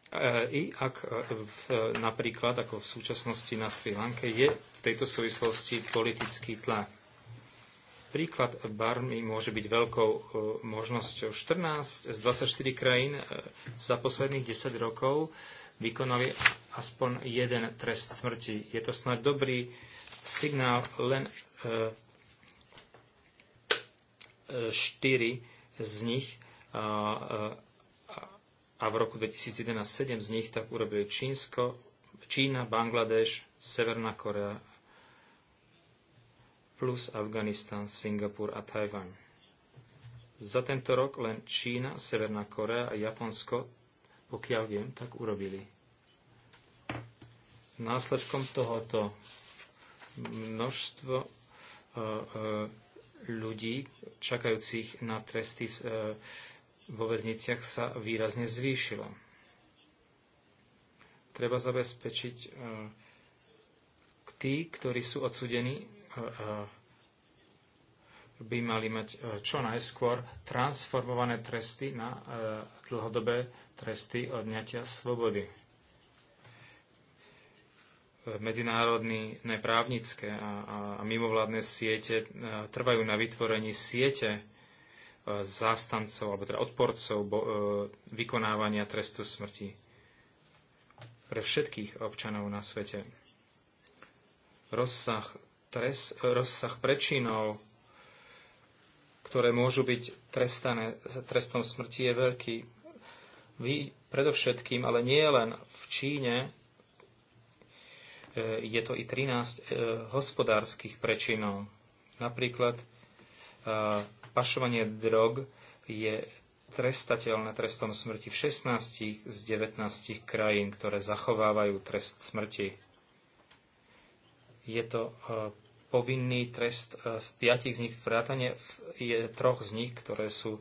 E, I ak e, v, napríklad, ako v súčasnosti na Sri Lanke, je v tejto súvislosti politický tlak. Príklad Barmy môže byť veľkou možnosťou. 14 z 24 krajín za posledných 10 rokov vykonali aspoň jeden trest smrti. Je to snad dobrý signál len e, štyri z nich a, a v roku 2011 7 z nich tak urobili Čínsko, Čína, Bangladeš, Severná Korea plus Afganistan, Singapur a Tajvan. Za tento rok len Čína, Severná Korea a Japonsko, pokiaľ viem, tak urobili. Následkom tohoto množstvo uh, uh, ľudí čakajúcich na tresty e, vo väzniciach sa výrazne zvýšilo. Treba zabezpečiť e, tí, ktorí sú odsudení, e, by mali mať čo najskôr transformované tresty na dlhodobé tresty odňatia slobody medzinárodné právnické a, a, a mimovládne siete e, trvajú na vytvorení siete e, zástancov alebo teda odporcov bo, e, vykonávania trestu smrti pre všetkých občanov na svete. Rozsah, trest, rozsah prečinov, ktoré môžu byť trestané trestom smrti, je veľký. Vy predovšetkým, ale nie len v Číne, E, je to i 13 e, hospodárskych prečinov. Napríklad e, pašovanie drog je trestateľné trestom smrti v 16 z 19 krajín, ktoré zachovávajú trest smrti. Je to povinný trest v piatich z nich vrátane je troch z nich, ktoré sú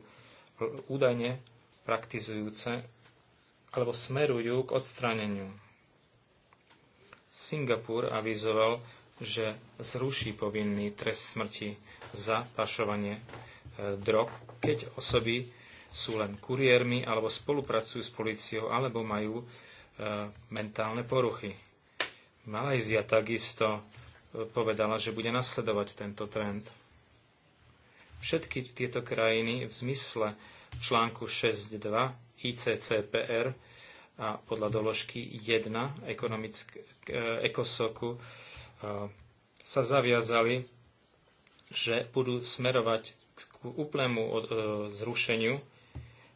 údajne praktizujúce alebo smerujú k odstráneniu Singapur avizoval, že zruší povinný trest smrti za pašovanie e, drog, keď osoby sú len kuriérmi alebo spolupracujú s políciou alebo majú e, mentálne poruchy. Malajzia takisto e, povedala, že bude nasledovať tento trend. Všetky tieto krajiny v zmysle článku 6.2 ICCPR a podľa doložky 1 e, ekosoku e, sa zaviazali, že budú smerovať k úplnému e, zrušeniu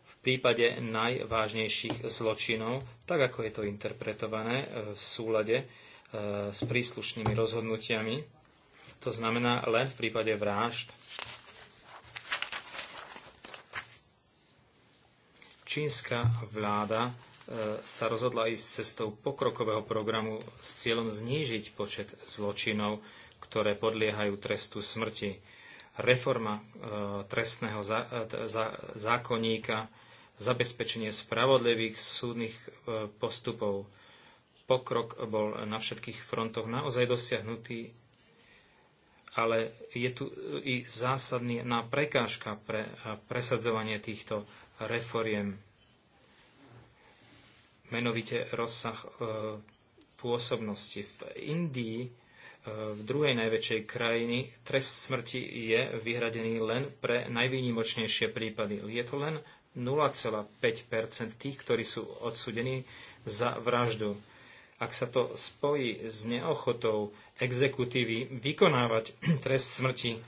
v prípade najvážnejších zločinov, tak ako je to interpretované v súlade s príslušnými rozhodnutiami. To znamená len v prípade vražd. Čínska vláda E, sa rozhodla ísť cestou pokrokového programu s cieľom znížiť počet zločinov, ktoré podliehajú trestu smrti. Reforma e, trestného e, zákonníka, zabezpečenie spravodlivých súdnych postupov. Pokrok bol na všetkých frontoch naozaj dosiahnutý, ale je tu i zásadná prekážka pre presadzovanie týchto reforiem menovite rozsah e, pôsobnosti. V Indii, e, v druhej najväčšej krajiny, trest smrti je vyhradený len pre najvýnimočnejšie prípady. Je to len 0,5 tých, ktorí sú odsudení za vraždu. Ak sa to spojí s neochotou exekutívy vykonávať trest smrti,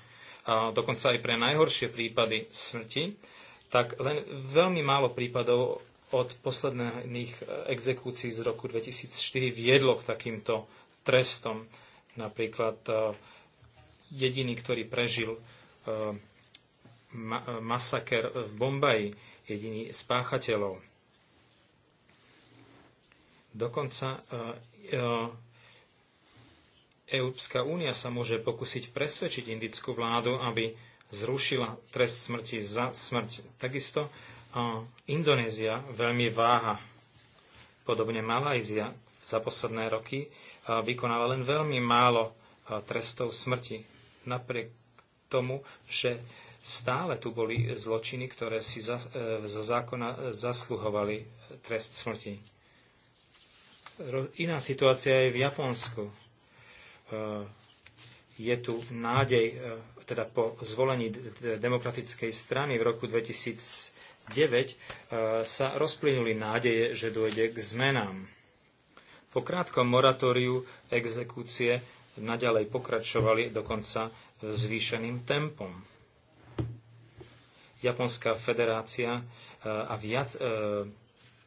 a dokonca aj pre najhoršie prípady smrti, tak len veľmi málo prípadov od posledných e, exekúcií z roku 2004 viedlo k takýmto trestom. Napríklad e, jediný, ktorý prežil e, masaker v Bombaji, jediný z páchateľov. Dokonca Európska únia sa môže pokúsiť presvedčiť indickú vládu, aby zrušila trest smrti za smrť. Takisto Indonézia veľmi váha. Podobne Malajzia za posledné roky vykonala len veľmi málo trestov smrti. Napriek tomu, že stále tu boli zločiny, ktoré si za, e, zo zákona zasluhovali e, trest smrti. Iná situácia je v Japonsku. E, je tu nádej, teda po zvolení demokratickej strany v roku 2007 Eh, sa rozplynuli nádeje, že dojde k zmenám. Po krátkom moratóriu exekúcie naďalej pokračovali dokonca zvýšeným tempom. Japonská federácia eh, a viac, e,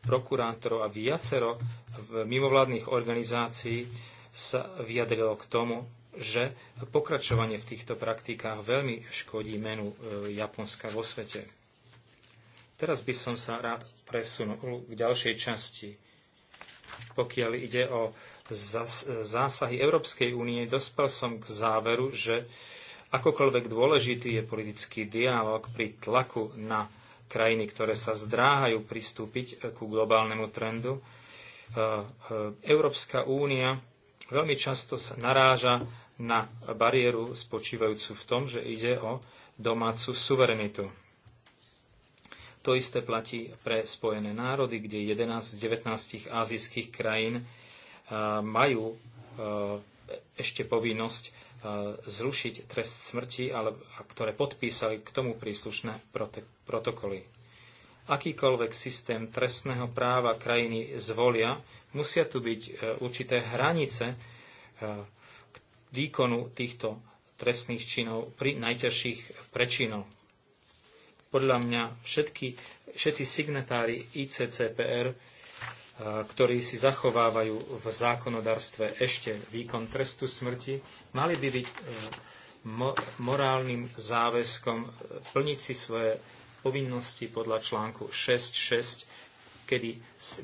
prokurátorov a viacero v mimovládnych organizácií sa vyjadrilo k tomu, že pokračovanie v týchto praktikách veľmi škodí menu Japonska vo svete. Teraz by som sa rád presunul k ďalšej časti. Pokiaľ ide o zásahy Európskej únie, dospel som k záveru, že akokoľvek dôležitý je politický dialog pri tlaku na krajiny, ktoré sa zdráhajú pristúpiť ku globálnemu trendu, e, e, Európska únia veľmi často sa naráža na bariéru spočívajúcu v tom, že ide o domácu suverenitu to isté platí pre Spojené národy, kde 11 z 19 azijských krajín majú ešte povinnosť zrušiť trest smrti, ale, ktoré podpísali k tomu príslušné protokoly. Akýkoľvek systém trestného práva krajiny zvolia, musia tu byť e, určité hranice e, výkonu týchto trestných činov pri najťažších prečinoch podľa mňa všetky, všetci signatári ICCPR, eh, ktorí si zachovávajú v zákonodarstve ešte výkon trestu smrti, mali by byť eh, mo morálnym záväzkom eh, plniť si svoje povinnosti podľa článku 6.6, kedy,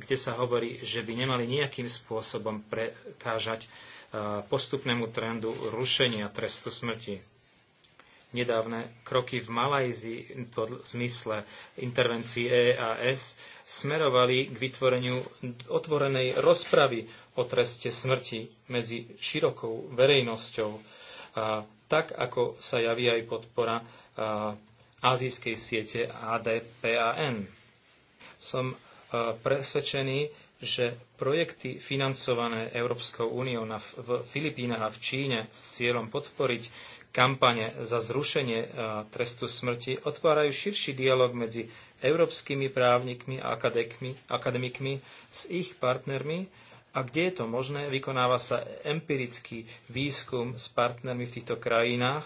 kde sa hovorí, že by nemali nejakým spôsobom prekážať postupnému trendu rušenia trestu smrti nedávne kroky v Malajzii v zmysle intervencií EAS smerovali k vytvoreniu otvorenej rozpravy o treste smrti medzi širokou verejnosťou, a, tak ako sa javí aj podpora a, azijskej siete ADPAN. Som a, presvedčený, že projekty financované Európskou úniou v Filipínach a v Číne s cieľom podporiť kampane za zrušenie e, trestu smrti otvárajú širší dialog medzi európskymi právnikmi a akadékmi, akademikmi s ich partnermi a kde je to možné, vykonáva sa empirický výskum s partnermi v týchto krajinách.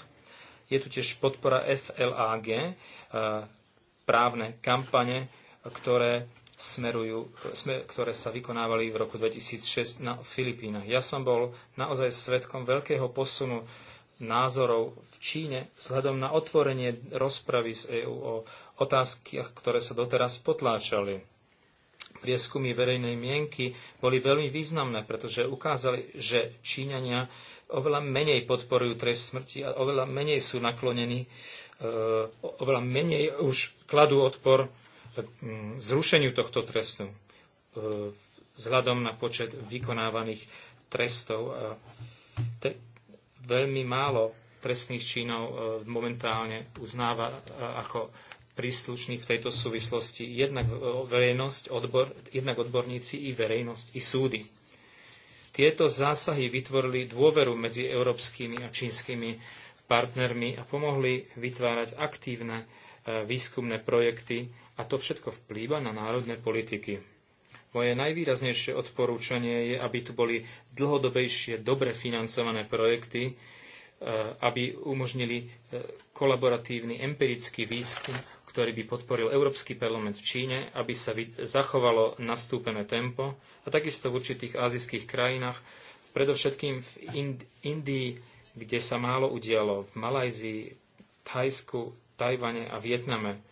Je tu tiež podpora FLAG, e, právne kampane, ktoré smerujú, ktoré sa vykonávali v roku 2006 na Filipínach. Ja som bol naozaj svetkom veľkého posunu názorov v Číne vzhľadom na otvorenie rozpravy z EÚ o otázkach, ktoré sa doteraz potláčali. Prieskumy verejnej mienky boli veľmi významné, pretože ukázali, že Číňania oveľa menej podporujú trest smrti a oveľa menej sú naklonení, e, oveľa menej už kladú odpor e, zrušeniu tohto trestu e, vzhľadom na počet vykonávaných trestov veľmi málo trestných činov e, momentálne uznáva e, ako príslušných v tejto súvislosti jednak e, verejnosť, odbor, jednak odborníci i verejnosť, i súdy. Tieto zásahy vytvorili dôveru medzi európskymi a čínskymi partnermi a pomohli vytvárať aktívne výskumné projekty a to všetko vplýva na národné politiky. Moje najvýraznejšie odporúčanie je, aby tu boli dlhodobejšie, dobre financované projekty, e, aby umožnili e, kolaboratívny empirický výskum, ktorý by podporil Európsky parlament v Číne, aby sa zachovalo nastúpené tempo a takisto v určitých azijských krajinách, predovšetkým v Ind- Indii, kde sa málo udialo, v Malajzii, Thajsku, Tajvane a Vietname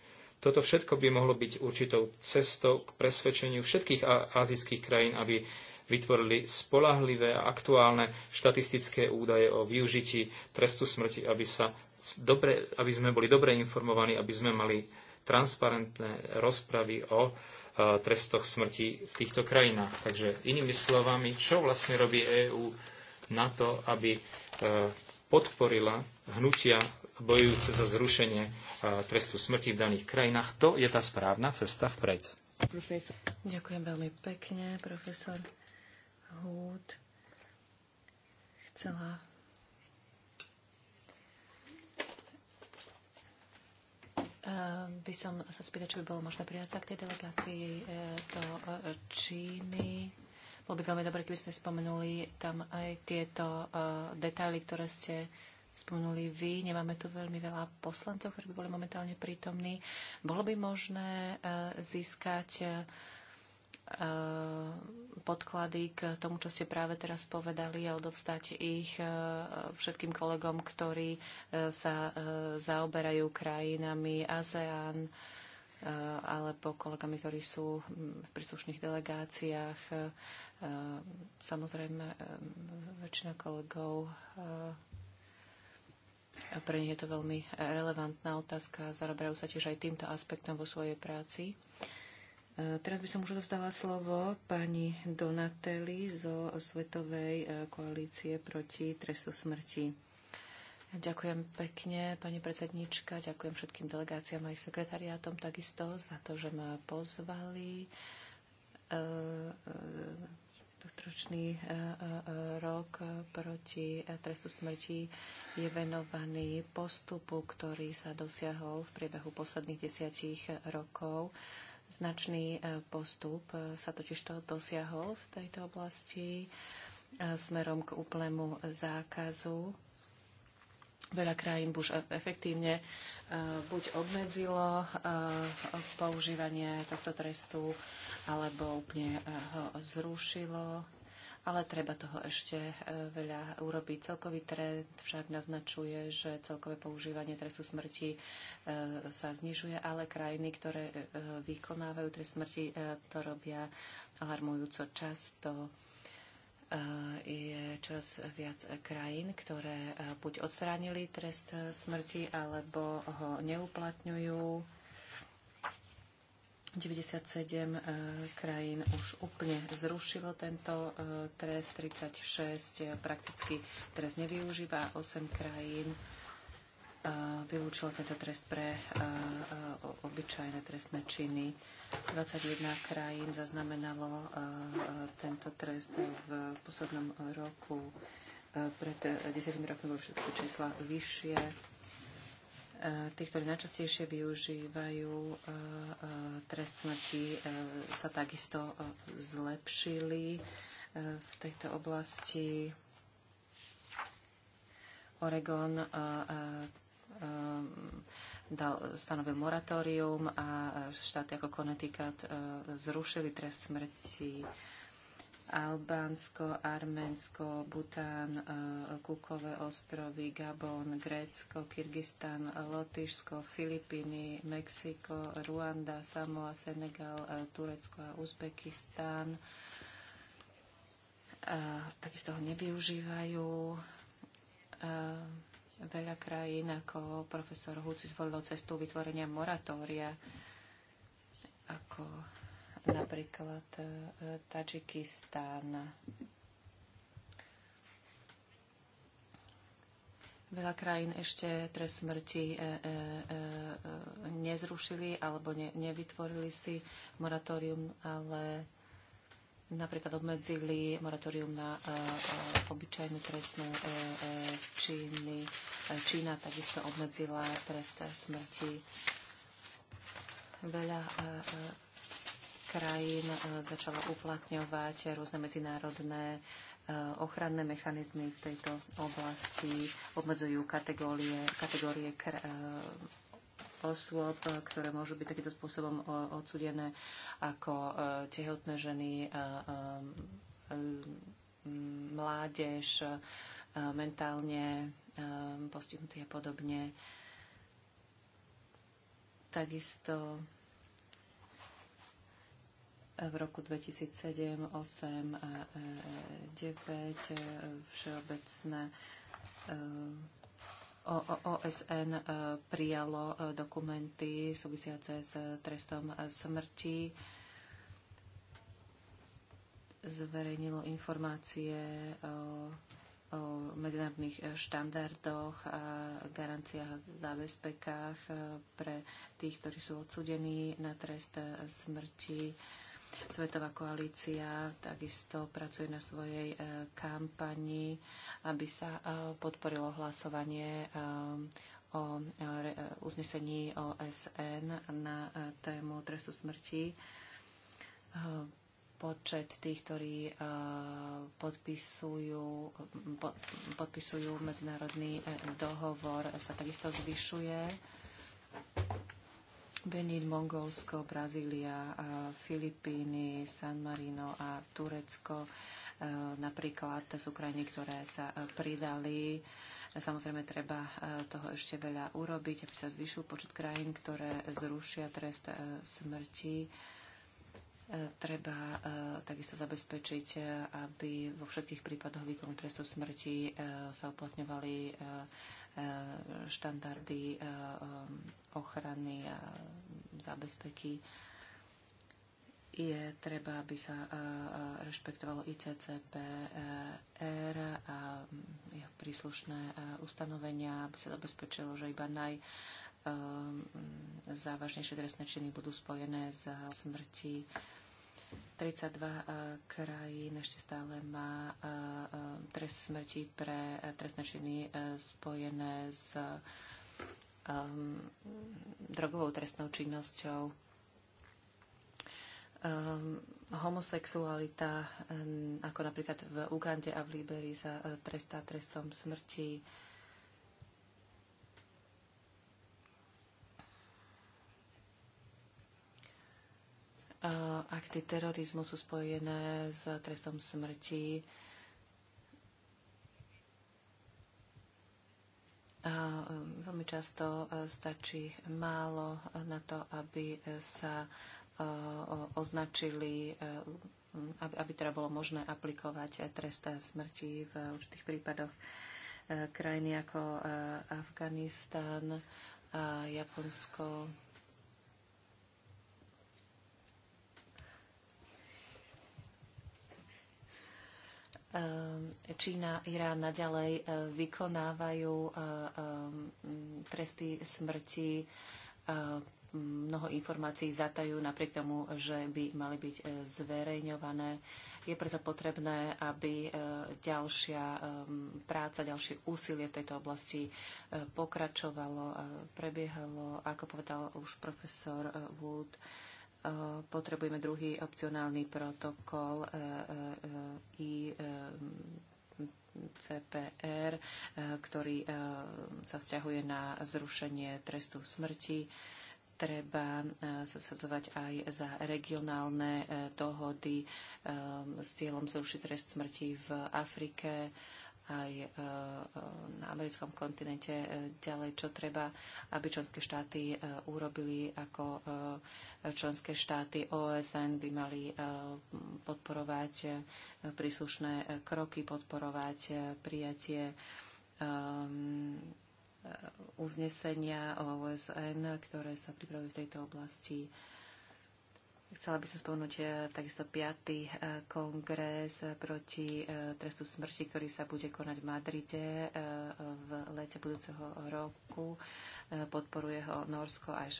toto všetko by mohlo byť určitou cestou k presvedčeniu všetkých azijských krajín, aby vytvorili spolahlivé a aktuálne štatistické údaje o využití trestu smrti, aby, sa dobre, aby sme boli dobre informovaní, aby sme mali transparentné rozpravy o e, trestoch smrti v týchto krajinách. Takže inými slovami, čo vlastne robí EÚ na to, aby e, podporila hnutia bojujúce za zrušenie e, trestu smrti v daných krajinách. To je tá správna cesta vpred. Profesor. Ďakujem veľmi pekne, profesor Húd. Chcela ehm, by som sa spýtať, či by bolo možné prijať sa k tej delegácii e, do e, Číny. Bolo by veľmi dobré, keby sme spomenuli tam aj tieto detaily, ktoré ste spomenuli vy. Nemáme tu veľmi veľa poslancov, ktorí by boli momentálne prítomní. Bolo by možné eh, získať eh, podklady k tomu, čo ste práve teraz povedali a odovstať ich eh, všetkým kolegom, ktorí sa zaoberajú krajinami ASEAN alebo kolegami, ktorí sú hm, v príslušných delegáciách. Samozrejme, väčšina kolegov pre nich je to veľmi relevantná otázka. Zaroberajú sa tiež aj týmto aspektom vo svojej práci. E, teraz by som už odovzdala slovo pani Donateli zo Svetovej e, koalície proti trestu smrti. Ďakujem pekne, pani predsednička, ďakujem všetkým delegáciám aj sekretariátom takisto za to, že ma pozvali e, tohtoročný e, e, rok proti e, trestu smrti je venovaný postupu, ktorý sa dosiahol v priebehu posledných desiatich rokov. Značný postup sa totižto dosiahol v tejto oblasti smerom k úplnému zákazu. Veľa krajín už efektívne Eh, buď obmedzilo eh, používanie tohto trestu, alebo úplne eh, ho zrušilo. Ale treba toho ešte veľa urobiť. Celkový trend však naznačuje, že celkové používanie trestu smrti sa znižuje, ale krajiny, ktoré vykonávajú trest smrti, to robia alarmujúco často. Eh, je čoraz viac krajín, ktoré eh, buď odstránili trest eh, smrti, alebo ho neuplatňujú. 97 krajín už úplne zrušilo tento trest, 36 prakticky trest nevyužíva, 8 krajín vylúčil tento trest pre obyčajné trestné činy. 21 krajín zaznamenalo tento trest v poslednom roku. Pred 10 rokmi boli všetky čísla vyššie. Tí, ktorí najčastejšie využívajú trest smrti, sa takisto zlepšili v tejto oblasti. Oregon Ehm, dal, stanovil moratórium a štáty ako Connecticut ehm, zrušili trest smrti. Albánsko, Arménsko, Bután, ehm, Kukové ostrovy, Gabon, Grécko, Kyrgyzstan, Lotyšsko, Filipíny, Mexiko, Ruanda, Samoa, Senegal, Turecko a Uzbekistán. A takisto ho nevyužívajú. A Veľa krajín, ako profesor Huci, zvolil cestu vytvorenia moratória, ako napríklad e, Tadžikistán. Veľa krajín ešte trest smrti e, e, e, nezrušili alebo ne, nevytvorili si moratórium, ale napríklad obmedzili moratórium na eh, eh, obyčajné trestné eh, činy. Čína takisto obmedzila trest smrti. Veľa krajín začalo uplatňovať rôzne medzinárodné ochranné mechanizmy v tejto oblasti, obmedzujú kategórie, kategórie kr- osôb, ktoré môžu byť takýmto spôsobom odsudené ako e, tehotné ženy, e, e, mládež, mentálne postihnutí a podobne. Takisto v roku 2007, 8 a 9 všeobecné OSN e, prijalo e, dokumenty súvisiace s trestom e, smrti, zverejnilo informácie o, medzinárodných štandardoch a garanciách a zábezpekách pre tých, ktorí sú odsudení na trest smrti Svetová koalícia takisto pracuje na svojej e, kampani, aby sa e, podporilo hlasovanie e, o uznesení OSN na tému trestu smrti počet tých, ktorí podpisujú, podpisujú medzinárodný dohovor, sa takisto zvyšuje. Benin, Mongolsko, Brazília, Filipíny, San Marino a Turecko e, napríklad sú krajiny, ktoré sa e, pridali. Samozrejme, treba e, toho ešte veľa urobiť, aby sa zvyšil počet krajín, ktoré zrušia trest smrti. Treba takisto zabezpečiť, aby vo všetkých prípadoch výkonu trestu smrti sa uplatňovali E, štandardy e, e, ochrany a zabezpeky. Je treba, aby sa rešpektovalo ICCPR a mm, jeho príslušné ustanovenia, aby sa zabezpečilo, že iba naj mm, závažnejšie trestné činy budú spojené s smrti 32 e, krajín ešte stále má e, e, trest smrti pre trestné činy spojené s drogovou trestnou činnosťou. Homosexualita, ako napríklad v Ugande a v Liberii, sa trestá trestom smrti akty terorizmu sú spojené s trestom smrti. A um, veľmi často uh, stačí málo na to, aby sa uh, označili, uh, aby teda bolo možné aplikovať trest smrti v určitých prípadoch krajiny ako Afganistan, Japonsko, Ehm, Čína, Irán naďalej eh, vykonávajú eh, ehm, tresty smrti. Eh, mnoho informácií zatajú napriek tomu, že by mali byť zverejňované. Je preto potrebné, aby ďalšia ehm, práca, ďalšie úsilie v tejto oblasti pokračovalo, prebiehalo, ako povedal už profesor Wood Eh, potrebujeme druhý opcionálny protokol eh, eh, i CPR, ktorý sa vzťahuje na zrušenie trestu smrti. Treba zasadzovať aj za regionálne dohody s cieľom zrušiť trest smrti v Afrike aj e, e, na americkom kontinente e, ďalej, čo treba, aby členské štáty urobili, ako členské štáty OSN by mali podporovať príslušné kroky, podporovať prijatie ehm, uznesenia OSN, ktoré sa pripravujú v tejto oblasti Chcela by som spomenúť e, takisto 5. E, kongres e, proti trestu smrti, ktorý sa bude konať v Madride v lete budúceho roku. Podporuje ho Norsko aj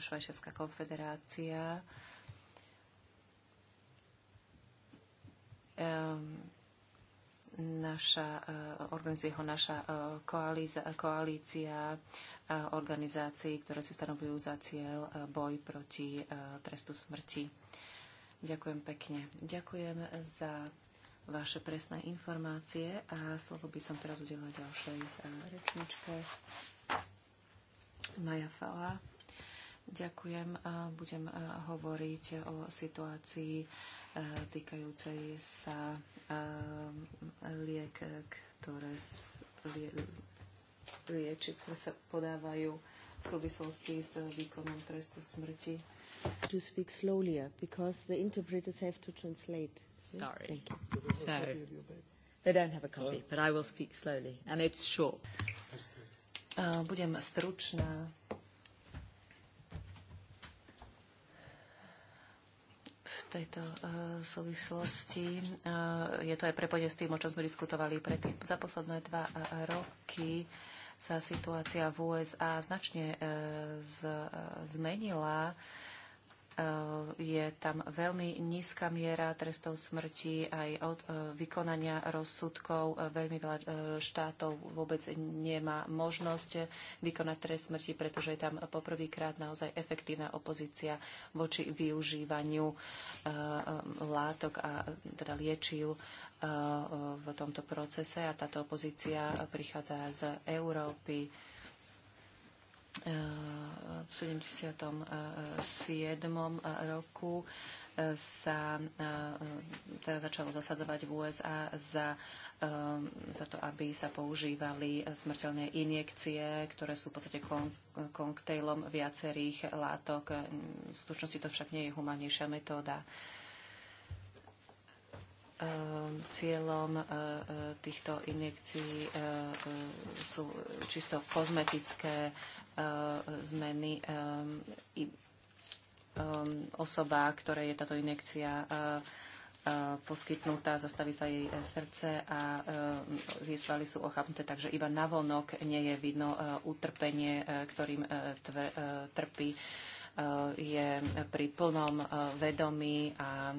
Švajčiarska konfederácia. Ehm, naša, organizuje ho naša koalícia, koalícia Eh, organizácií, ktoré si stanovujú za cieľ eh, boj proti eh, trestu smrti. Ďakujem pekne. Ďakujem za vaše presné informácie a slovo by som teraz udelila ďalšej rečničke. Maja Fala. Ďakujem. Budem hovoriť o situácii týkajúcej sa liek, ktoré, lieči, ktoré sa podávajú v súvislosti s výkonom trestu smrti. To speak slowlier, because the interpreters have to translate. Sorry. Thank you. So, they don't have a copy, but I will speak slowly, and it's short. Uh, budem stručná. V tejto uh, súvislosti. Uh, je to aj prepojenie s tým, o čom sme diskutovali predtým. Za posledné dva uh, roky sa situácia v USA značne e, e, zmenila Eh, je tam veľmi nízka miera trestov smrti, aj od eh, vykonania rozsudkov. Eh, veľmi veľa štátov vôbec nemá možnosť vykonať trest smrti, pretože je tam poprvýkrát naozaj efektívna opozícia voči využívaniu látok a teda liečiv v tomto procese a táto opozícia prichádza z Európy. Eh, v 77. Eh, eh, roku sa teda začalo zasadzovať v USA za, za to, aby sa používali smrteľné injekcie, ktoré sú v podstate koktejlom viacerých látok. V skutočnosti to však nie je humánnejšia metóda. Cieľom týchto injekcií sú čisto kozmetické Eh, zmeny eh, eh, osoba, ktorej je táto injekcia poskytnutá, zastaví sa jej srdce a jej svaly sú ochapnuté, takže iba navonok nie je vidno utrpenie, ktorým trpí. Je pri plnom vedomí a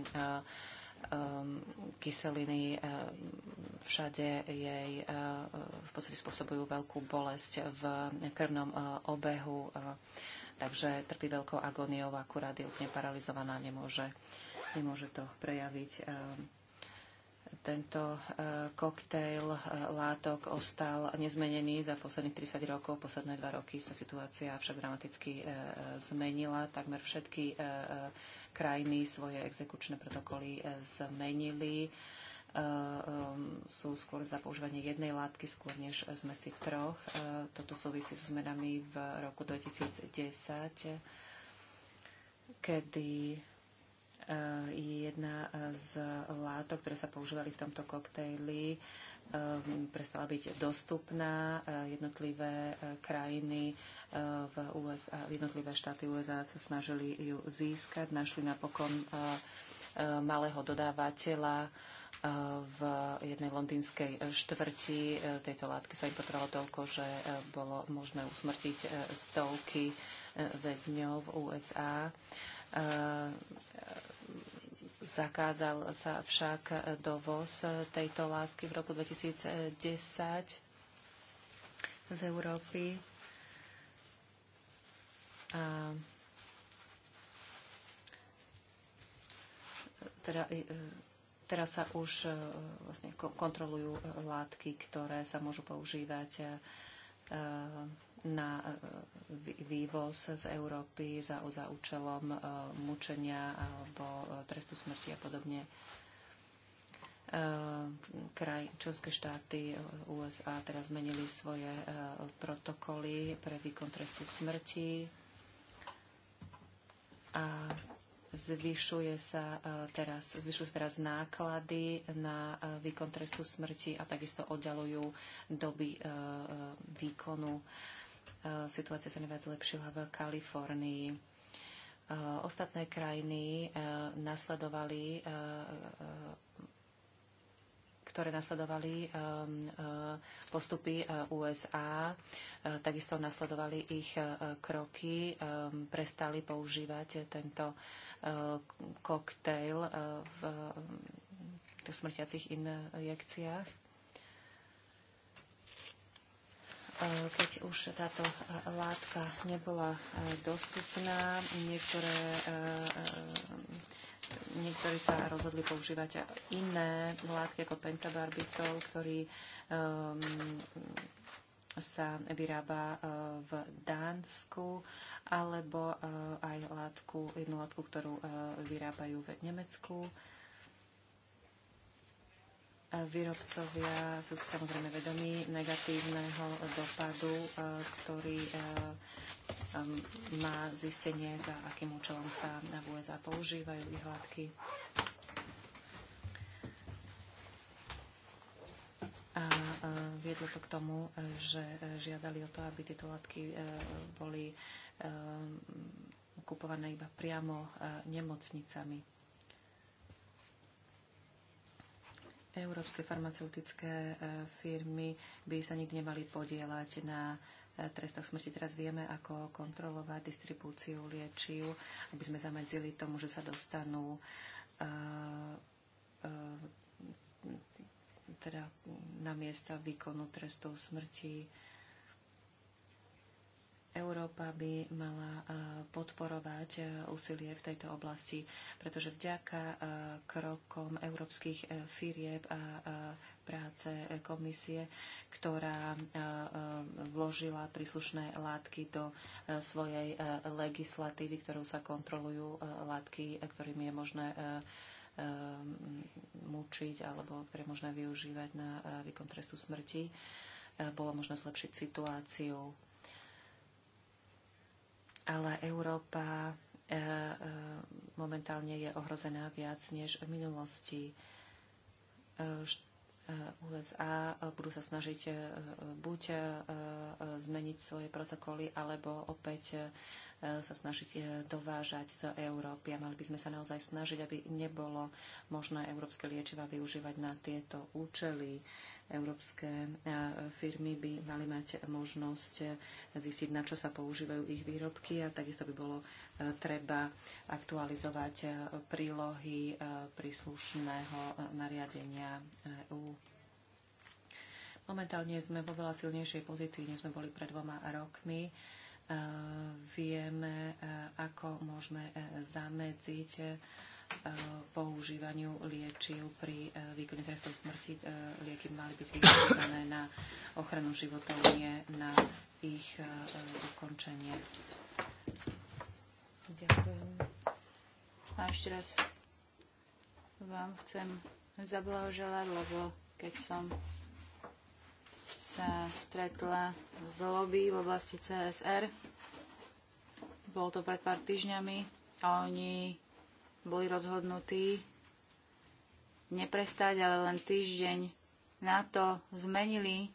Ehm, kyseliny ehm, všade jej ehm, v podstate spôsobujú veľkú bolesť v krvnom obehu, takže trpí veľkou agóniou, akurát je úplne paralizovaná, nemôže, nemôže to prejaviť. Tento koktejl látok ostal nezmenený za posledných 30 rokov. Posledné dva roky sa situácia však dramaticky zmenila. Takmer všetky krajiny svoje exekučné protokoly eh, zmenili. Eh, ehm, sú skôr za používanie jednej látky, skôr než sme si troch. Eh, toto súvisí so zmenami v roku 2010, kedy jedna z látok, ktoré sa používali v tomto koktejli, Um, prestala byť dostupná. Uh, jednotlivé uh, krajiny uh, v USA, jednotlivé štáty USA sa snažili ju získať. Našli napokon malého dodávateľa v jednej londýnskej štvrti. Tejto látky sa potrebovalo toľko, že bolo možné usmrtiť stovky väzňov v USA Zakázal sa však dovoz tejto látky v roku 2010 z Európy. A teda, e, teraz sa už e, vlastne kontrolujú e, látky, ktoré sa môžu používať na e, vývoz z Európy za, za účelom e, mučenia alebo e, trestu smrti a podobne. Kraj, členské štáty USA teraz zmenili svoje protokoly pre výkon trestu smrti a zvyšuje sa teraz, zvyšujú sa teraz náklady na výkon trestu smrti a takisto oddalujú doby výkonu E, situácia sa neviac zlepšila v Kalifornii. E, ostatné krajiny e, nasledovali ktoré nasledovali postupy USA, takisto nasledovali ich kroky, prestali používať tento koktejl v smrtiacich injekciách. Eh, keď už táto eh, látka nebola eh, dostupná, niektoré, niektorí sa rozhodli používať iné látky ako pentabarbitol, ktorý ehm, sa vyrába v Dánsku, alebo aj látku, jednu látku, ktorú vyrábajú v Nemecku. Výrobcovia sú samozrejme vedomí negatívneho dopadu, e, ktorý e, má zistenie, za akým účelom sa na USA používajú látky. A e, viedlo to k tomu, že žiadali o to, aby tieto látky boli kupované iba priamo nemocnicami. Európske farmaceutické e, firmy by sa nikdy nemali podielať na e, trestoch smrti. Teraz vieme, ako kontrolovať distribúciu liečiv, aby sme zamedzili tomu, že sa dostanú e, teda na miesta výkonu trestov smrti Európa by mala e, podporovať e, úsilie v tejto oblasti, pretože vďaka e, krokom európskych firieb a práce komisie, ktorá vložila príslušné látky do svojej legislatívy, ktorou sa kontrolujú látky, ktorými je možné mučiť alebo ktoré je možné využívať na výkon trestu smrti, bolo možné zlepšiť situáciu ale Európa e, e, momentálne je ohrozená viac než v minulosti. E, USA budú sa snažiť buď zmeniť svoje protokoly, alebo opäť sa snažiť dovážať z Európy. A mali by sme sa naozaj snažiť, aby nebolo možné európske liečiva využívať na tieto účely. Európske e, firmy by mali mať možnosť e, zistiť, na čo sa používajú ich výrobky a takisto by bolo e, treba aktualizovať prílohy príslušného nariadenia EU. Momentálne sme vo veľa silnejšej pozícii, než sme boli pred dvoma rokmi. Vieme, ako môžeme zamedziť Eh, používaniu liečiv pri eh, výkone trestov smrti. Eh, lieky mali byť využívané na ochranu životov, nie na ich ukončenie. Ďakujem. A ešte raz vám chcem zablahoželať, lebo keď som sa stretla z lobby v oblasti CSR, bolo to pred pár týždňami a oni boli rozhodnutí neprestať, ale len týždeň na to zmenili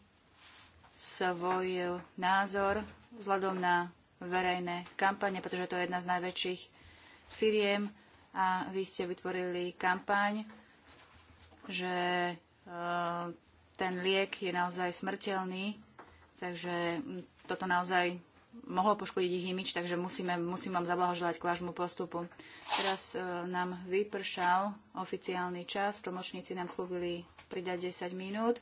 svoj názor vzhľadom na verejné kampane, pretože to je jedna z najväčších firiem a vy ste vytvorili kampaň, že e, ten liek je naozaj smrteľný, takže toto naozaj mohlo poškodiť ich imič, takže musíme, musím vám zablahoželať k vášmu postupu. Teraz e, nám vypršal oficiálny čas, tlmočníci nám slúbili pridať 10 minút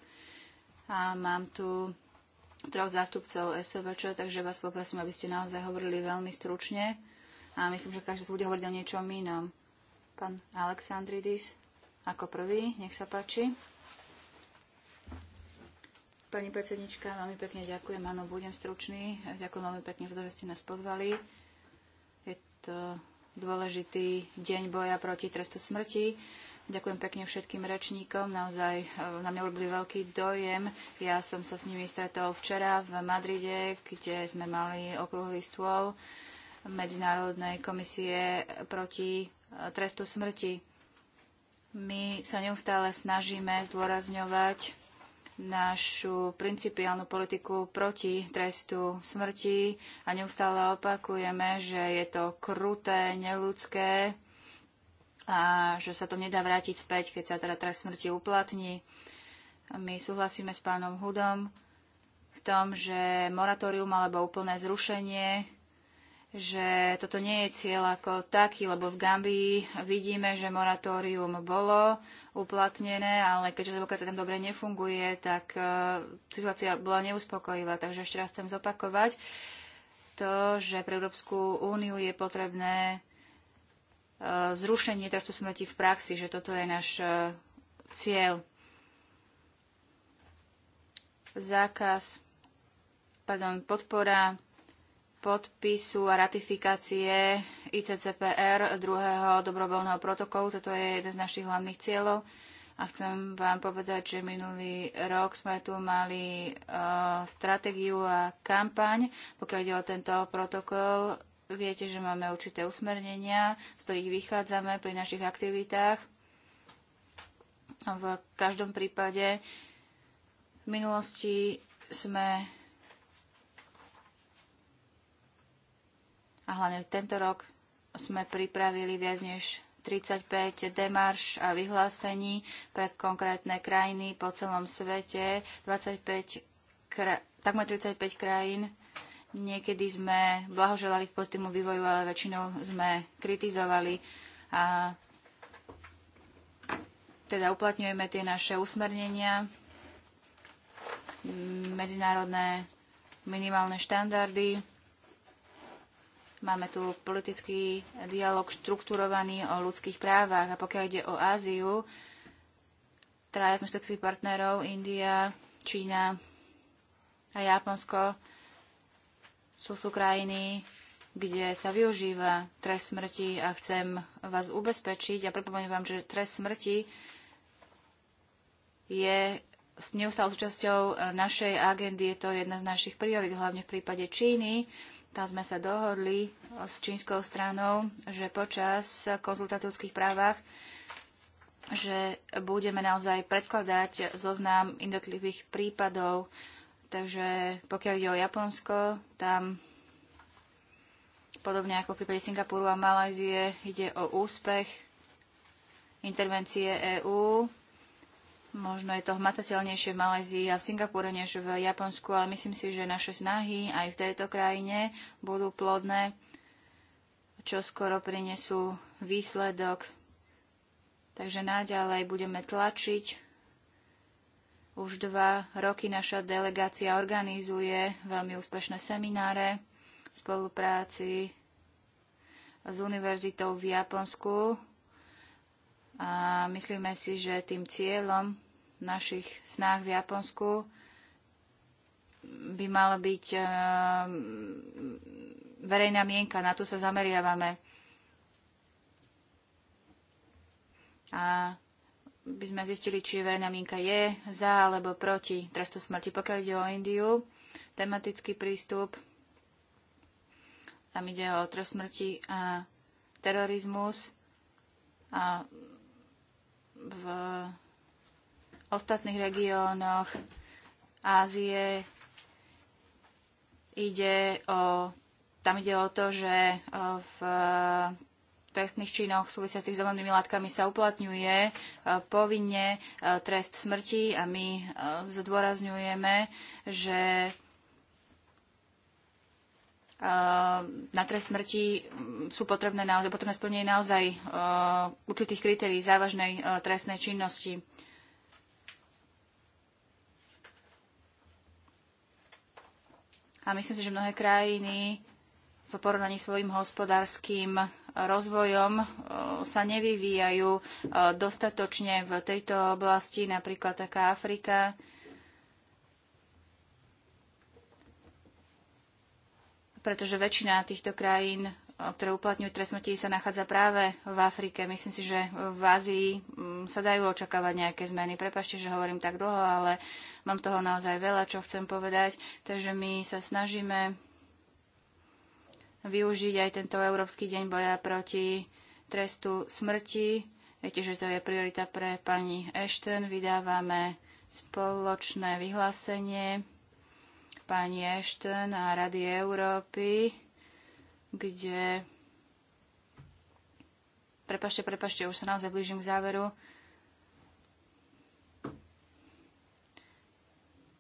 a mám tu troch zástupcov SOVČ, takže vás poprosím, aby ste naozaj hovorili veľmi stručne a myslím, že každý z bude hovoril o niečom inom. Pán Alexandridis ako prvý, nech sa páči. Pani predsednička, veľmi pekne ďakujem. Áno, budem stručný. Ďakujem veľmi pekne za to, že ste nás pozvali. Je to dôležitý deň boja proti trestu smrti. Ďakujem pekne všetkým rečníkom, naozaj eh, na mňa urobili veľký dojem. Ja som sa s nimi stretol včera v Madride, kde sme mali okrúhly stôl Medzinárodnej komisie proti eh, trestu smrti. My sa neustále snažíme zdôrazňovať našu principiálnu politiku proti trestu smrti a neustále opakujeme, že je to kruté, neludské a že sa to nedá vrátiť späť, keď sa teda trest smrti uplatní. My súhlasíme s pánom Hudom v tom, že moratórium alebo úplné zrušenie že toto nie je cieľ ako taký, lebo v Gambii vidíme, že moratórium bolo uplatnené, ale keďže advokácia tam dobre nefunguje, tak uh, situácia bola neuspokojivá. Takže ešte raz chcem zopakovať to, že pre Európsku úniu je potrebné uh, zrušenie trestu smrti v praxi, že toto je náš uh, cieľ. Zákaz, pardon, podpora podpisu a ratifikácie ICCPR druhého dobrovoľného protokolu. Toto je jeden z našich hlavných cieľov. A chcem vám povedať, že minulý rok sme tu mali uh, stratégiu a kampaň, pokiaľ ide o tento protokol. Viete, že máme určité usmernenia, z ktorých vychádzame pri našich aktivitách. V každom prípade v minulosti sme a hlavne tento rok sme pripravili viac než 35 demarš a vyhlásení pre konkrétne krajiny po celom svete. 25 kra- takmer 35 krajín. Niekedy sme blahoželali k pozitívnu vývoju, ale väčšinou sme kritizovali a teda uplatňujeme tie naše usmernenia, medzinárodné minimálne štandardy, Máme tu politický dialog štrukturovaný o ľudských právach. A pokiaľ ide o Áziu, traja z našich partnerov, India, Čína a Japonsko, sú, sú krajiny, kde sa využíva trest smrti a chcem vás ubezpečiť a ja pripomeniem vám, že trest smrti je neustále súčasťou našej agendy, je to jedna z našich priorit, hlavne v prípade Číny. Tam sme sa dohodli s čínskou stranou, že počas konzultatívskych právach že budeme naozaj predkladať zoznam jednotlivých prípadov. Takže pokiaľ ide o Japonsko, tam podobne ako v prípade Singapuru a Malajzie ide o úspech intervencie EÚ Možno je to hmatateľnejšie v Malézii a v Singapúre než v Japonsku, ale myslím si, že naše snahy aj v tejto krajine budú plodné, čo skoro prinesú výsledok. Takže naďalej budeme tlačiť. Už dva roky naša delegácia organizuje veľmi úspešné semináre v spolupráci s univerzitou v Japonsku, a myslíme si, že tým cieľom našich snách v Japonsku by mala byť eh, verejná mienka. Na to sa zameriavame. A by sme zistili, či verejná mienka je za alebo proti trestu smrti. Pokiaľ ide o Indiu, tematický prístup, tam ide o trest smrti a terorizmus a v ostatných regiónoch Ázie ide o, tam ide o to, že e, v trestných činoch súvisiacich s zelených látkami sa uplatňuje e, povinne e, trest smrti a my zdôrazňujeme, že Ehm, na trest smrti mm, sú potrebné, naozaj, potrebné splnenie naozaj ehm, určitých kritérií závažnej ehm, trestnej činnosti. A myslím si, že mnohé krajiny v porovnaní svojim hospodárským rozvojom sa nevyvíjajú dostatočne v tejto oblasti, napríklad taká Afrika, pretože väčšina týchto krajín, eh, ktoré uplatňujú trest smrti, sa nachádza práve v Afrike. Myslím si, že v Ázii mm, sa dajú očakávať nejaké zmeny. Prepašte, že hovorím tak dlho, ale mám toho naozaj veľa, čo chcem povedať. Takže my sa snažíme využiť aj tento Európsky deň boja proti trestu smrti. Viete, že to je priorita pre pani Ashton. Vydávame spoločné vyhlásenie pani Ešten a Rady Európy, kde prepašte, prepašte, už sa naozaj blížim k záveru.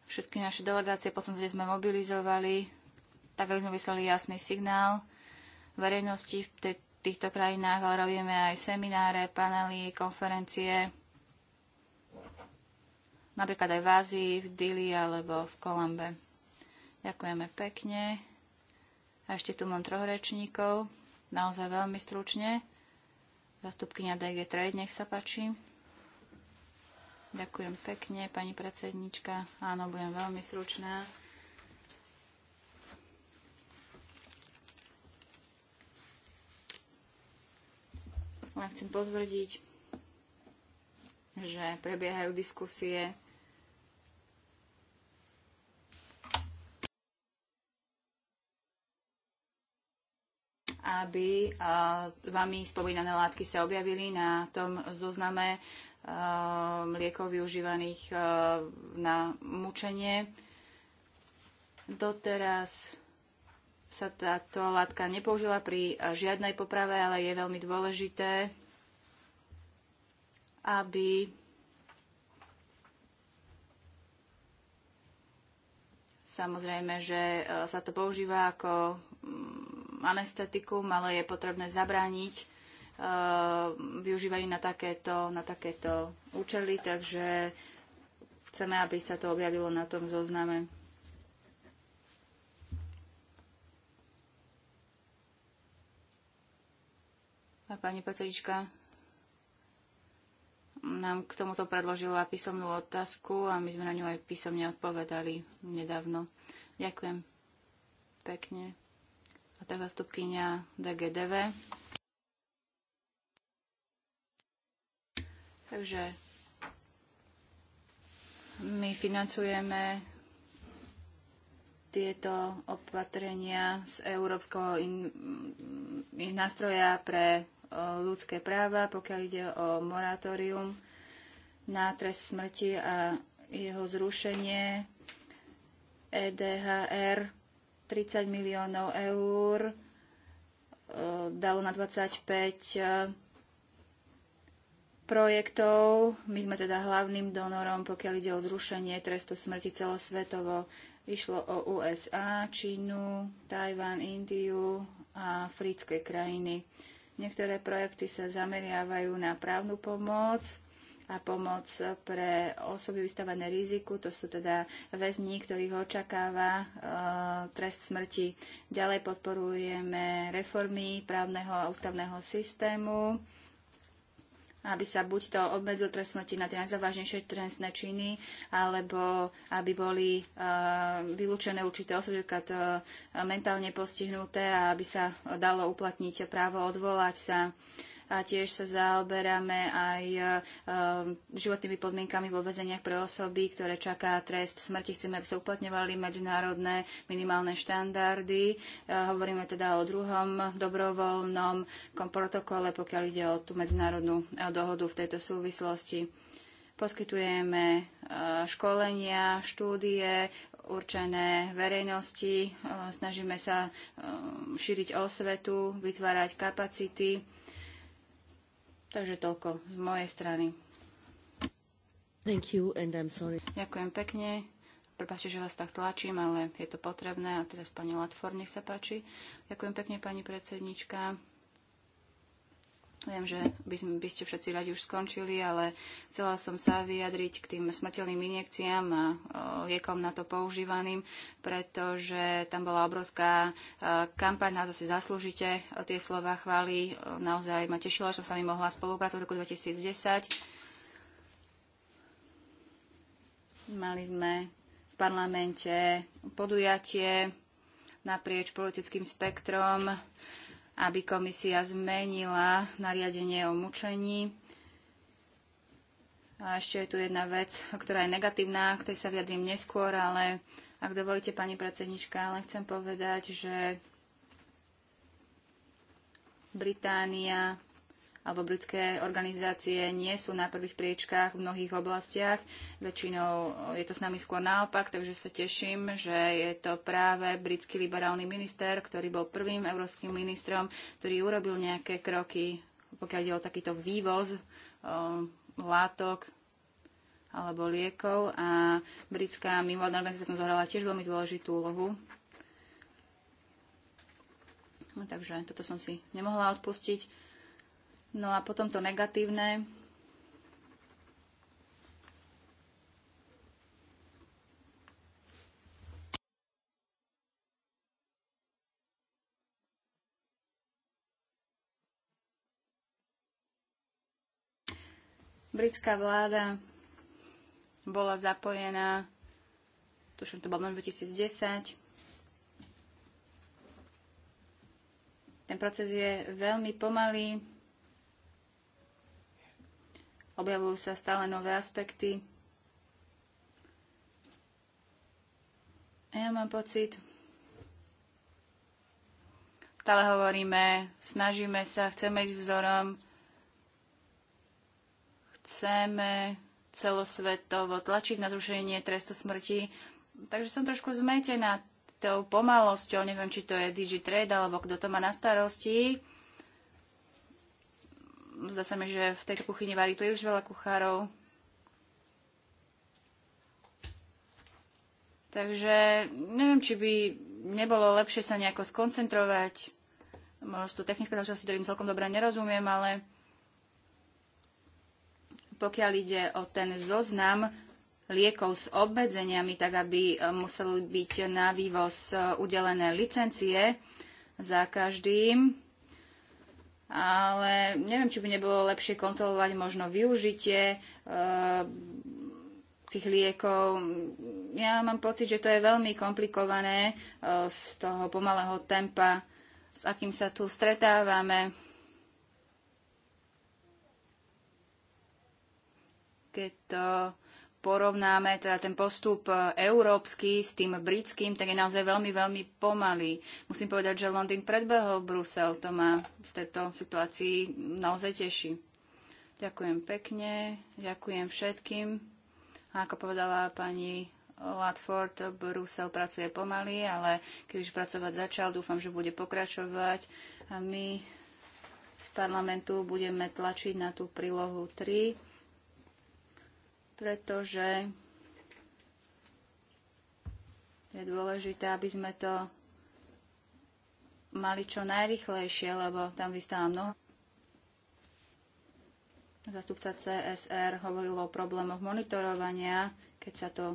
Všetky naše delegácie potom, kde sme mobilizovali, tak aby sme vyslali jasný signál verejnosti v týchto krajinách, ale robíme aj semináre, panely, konferencie, napríklad aj v Ázii, v Dili alebo v Kolombe. Ďakujeme pekne. A ešte tu mám troch rečníkov, naozaj veľmi stručne. Zastupkynia DG Trade, nech sa páči. Ďakujem pekne, pani predsednička. Áno, budem veľmi stručná. Len chcem potvrdiť, že prebiehajú diskusie aby vami spomínané látky sa objavili na tom zozname mliekov využívaných na mučenie. Doteraz sa táto látka nepoužila pri žiadnej poprave, ale je veľmi dôležité, aby samozrejme, že sa to používa ako mm, anestetikum, ale je potrebné zabrániť e, využívajú na takéto, na takéto účely, takže chceme, aby sa to objavilo na tom zozname. A pani Pacelička nám k tomuto predložila písomnú otázku a my sme na ňu aj písomne odpovedali nedávno. Ďakujem pekne tá zastupkynia DGDV. Takže my financujeme tieto opatrenia z Európskeho in, nástroja pre e, ľudské práva, pokiaľ ide o moratórium na trest smrti a jeho zrušenie EDHR 30 miliónov eur e, dalo na 25 e, projektov. My sme teda hlavným donorom, pokiaľ ide o zrušenie trestu smrti celosvetovo. Išlo o USA, Čínu, Tajván, Indiu a africké krajiny. Niektoré projekty sa zameriavajú na právnu pomoc, a pomoc pre osoby vystavené riziku, to sú teda väzni, ktorých očakáva e, trest smrti. Ďalej podporujeme reformy právneho a ústavného systému aby sa buď to obmedzil trest smrti na tie najzávažnejšie trestné činy, alebo aby boli uh, vylúčené určité osoby, napríklad uh, mentálne postihnuté a aby sa dalo uplatniť právo odvolať sa. Uh, a tiež sa zaoberáme aj e, e, životnými podmienkami vo vezeniach pre osoby, ktoré čaká trest smrti. Chceme, aby sa uplatňovali medzinárodné minimálne štandardy. E, hovoríme teda o druhom dobrovoľnom protokole, pokiaľ ide o tú medzinárodnú dohodu v tejto súvislosti. Poskytujeme školenia, štúdie, určené verejnosti, snažíme sa šíriť osvetu, vytvárať kapacity Takže toľko z mojej strany. Thank you and I'm sorry. Ďakujem pekne. Prepáčte, že vás tak tlačím, ale je to potrebné. A teraz pani Latfor, nech sa páči. Ďakujem pekne, pani predsednička myslím, že by, sme, by ste všetci radi už skončili, ale chcela som sa vyjadriť k tým smrteľným injekciám a liekom na to používaným, pretože tam bola obrovská kampaň, na to si zaslúžite tie slova chvály. Naozaj ma tešila, že som sa mi mohla spolupracovať v roku 2010. Mali sme v parlamente podujatie naprieč politickým spektrom aby komisia zmenila nariadenie o mučení. A ešte je tu jedna vec, ktorá je negatívna, k tej sa vyjadrím neskôr, ale ak dovolíte, pani predsednička, len chcem povedať, že Británia alebo britské organizácie nie sú na prvých priečkách v mnohých oblastiach. Väčšinou je to s nami skôr naopak, takže sa teším, že je to práve britský liberálny minister, ktorý bol prvým európskym ministrom, ktorý urobil nejaké kroky, pokiaľ ide o takýto vývoz um, látok alebo liekov a britská mimovládna organizácia zohrala tiež veľmi dôležitú úlohu. No, takže toto som si nemohla odpustiť. No a potom to negatívne. Britská vláda bola zapojená, tuším, to bolo 2010, ten proces je veľmi pomalý objavujú sa stále nové aspekty. Ja mám pocit, stále hovoríme, snažíme sa, chceme ísť vzorom, chceme celosvetovo tlačiť na zrušenie trestu smrti. Takže som trošku zmetená tou pomalosťou, neviem, či to je DigiTrade alebo kto to má na starosti. Zdá sa mi, že v tejto kuchyni varí príliš veľa kuchárov. Takže neviem, či by nebolo lepšie sa nejako skoncentrovať. Možno sú tu technické záležitosti, ktorým celkom dobre nerozumiem, ale pokiaľ ide o ten zoznam liekov s obmedzeniami, tak aby e, museli byť na vývoz e, udelené licencie za každým ale neviem, či by nebolo lepšie kontrolovať možno využitie e, tých liekov. Ja mám pocit, že to je veľmi komplikované e, z toho pomalého tempa, s akým sa tu stretávame. Keď to porovnáme teda ten postup e, európsky s tým britským, tak je naozaj veľmi, veľmi pomalý. Musím povedať, že Londýn predbehol Brusel. To ma v tejto situácii naozaj teší. Ďakujem pekne, ďakujem všetkým. A ako povedala pani Latford, Brusel pracuje pomaly, ale keď už pracovať začal, dúfam, že bude pokračovať. A my z parlamentu budeme tlačiť na tú prílohu 3 pretože je dôležité, aby sme to mali čo najrychlejšie, lebo tam vystáva mnoho. Zastupca CSR hovoril o problémoch monitorovania, keď sa to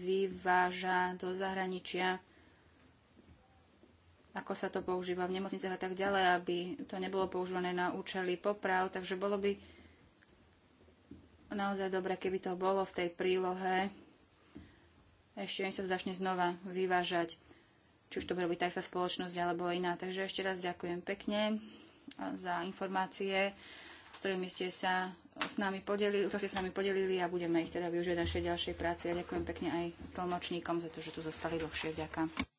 vyváža do zahraničia, ako sa to používa v nemocniciach a tak ďalej, aby to nebolo používané na účely poprav. Takže bolo by naozaj dobre, keby to bolo v tej prílohe, ešte sa začne znova vyvážať, či už to bude robiť tak sa spoločnosť alebo iná. Takže ešte raz ďakujem pekne za informácie, s ktorými ste sa s nami podelili, to ste s nami podelili a budeme ich teda využiť v našej ďalšej práci. A ďakujem pekne aj tlmočníkom za to, že tu zostali dlhšie. Ďakujem.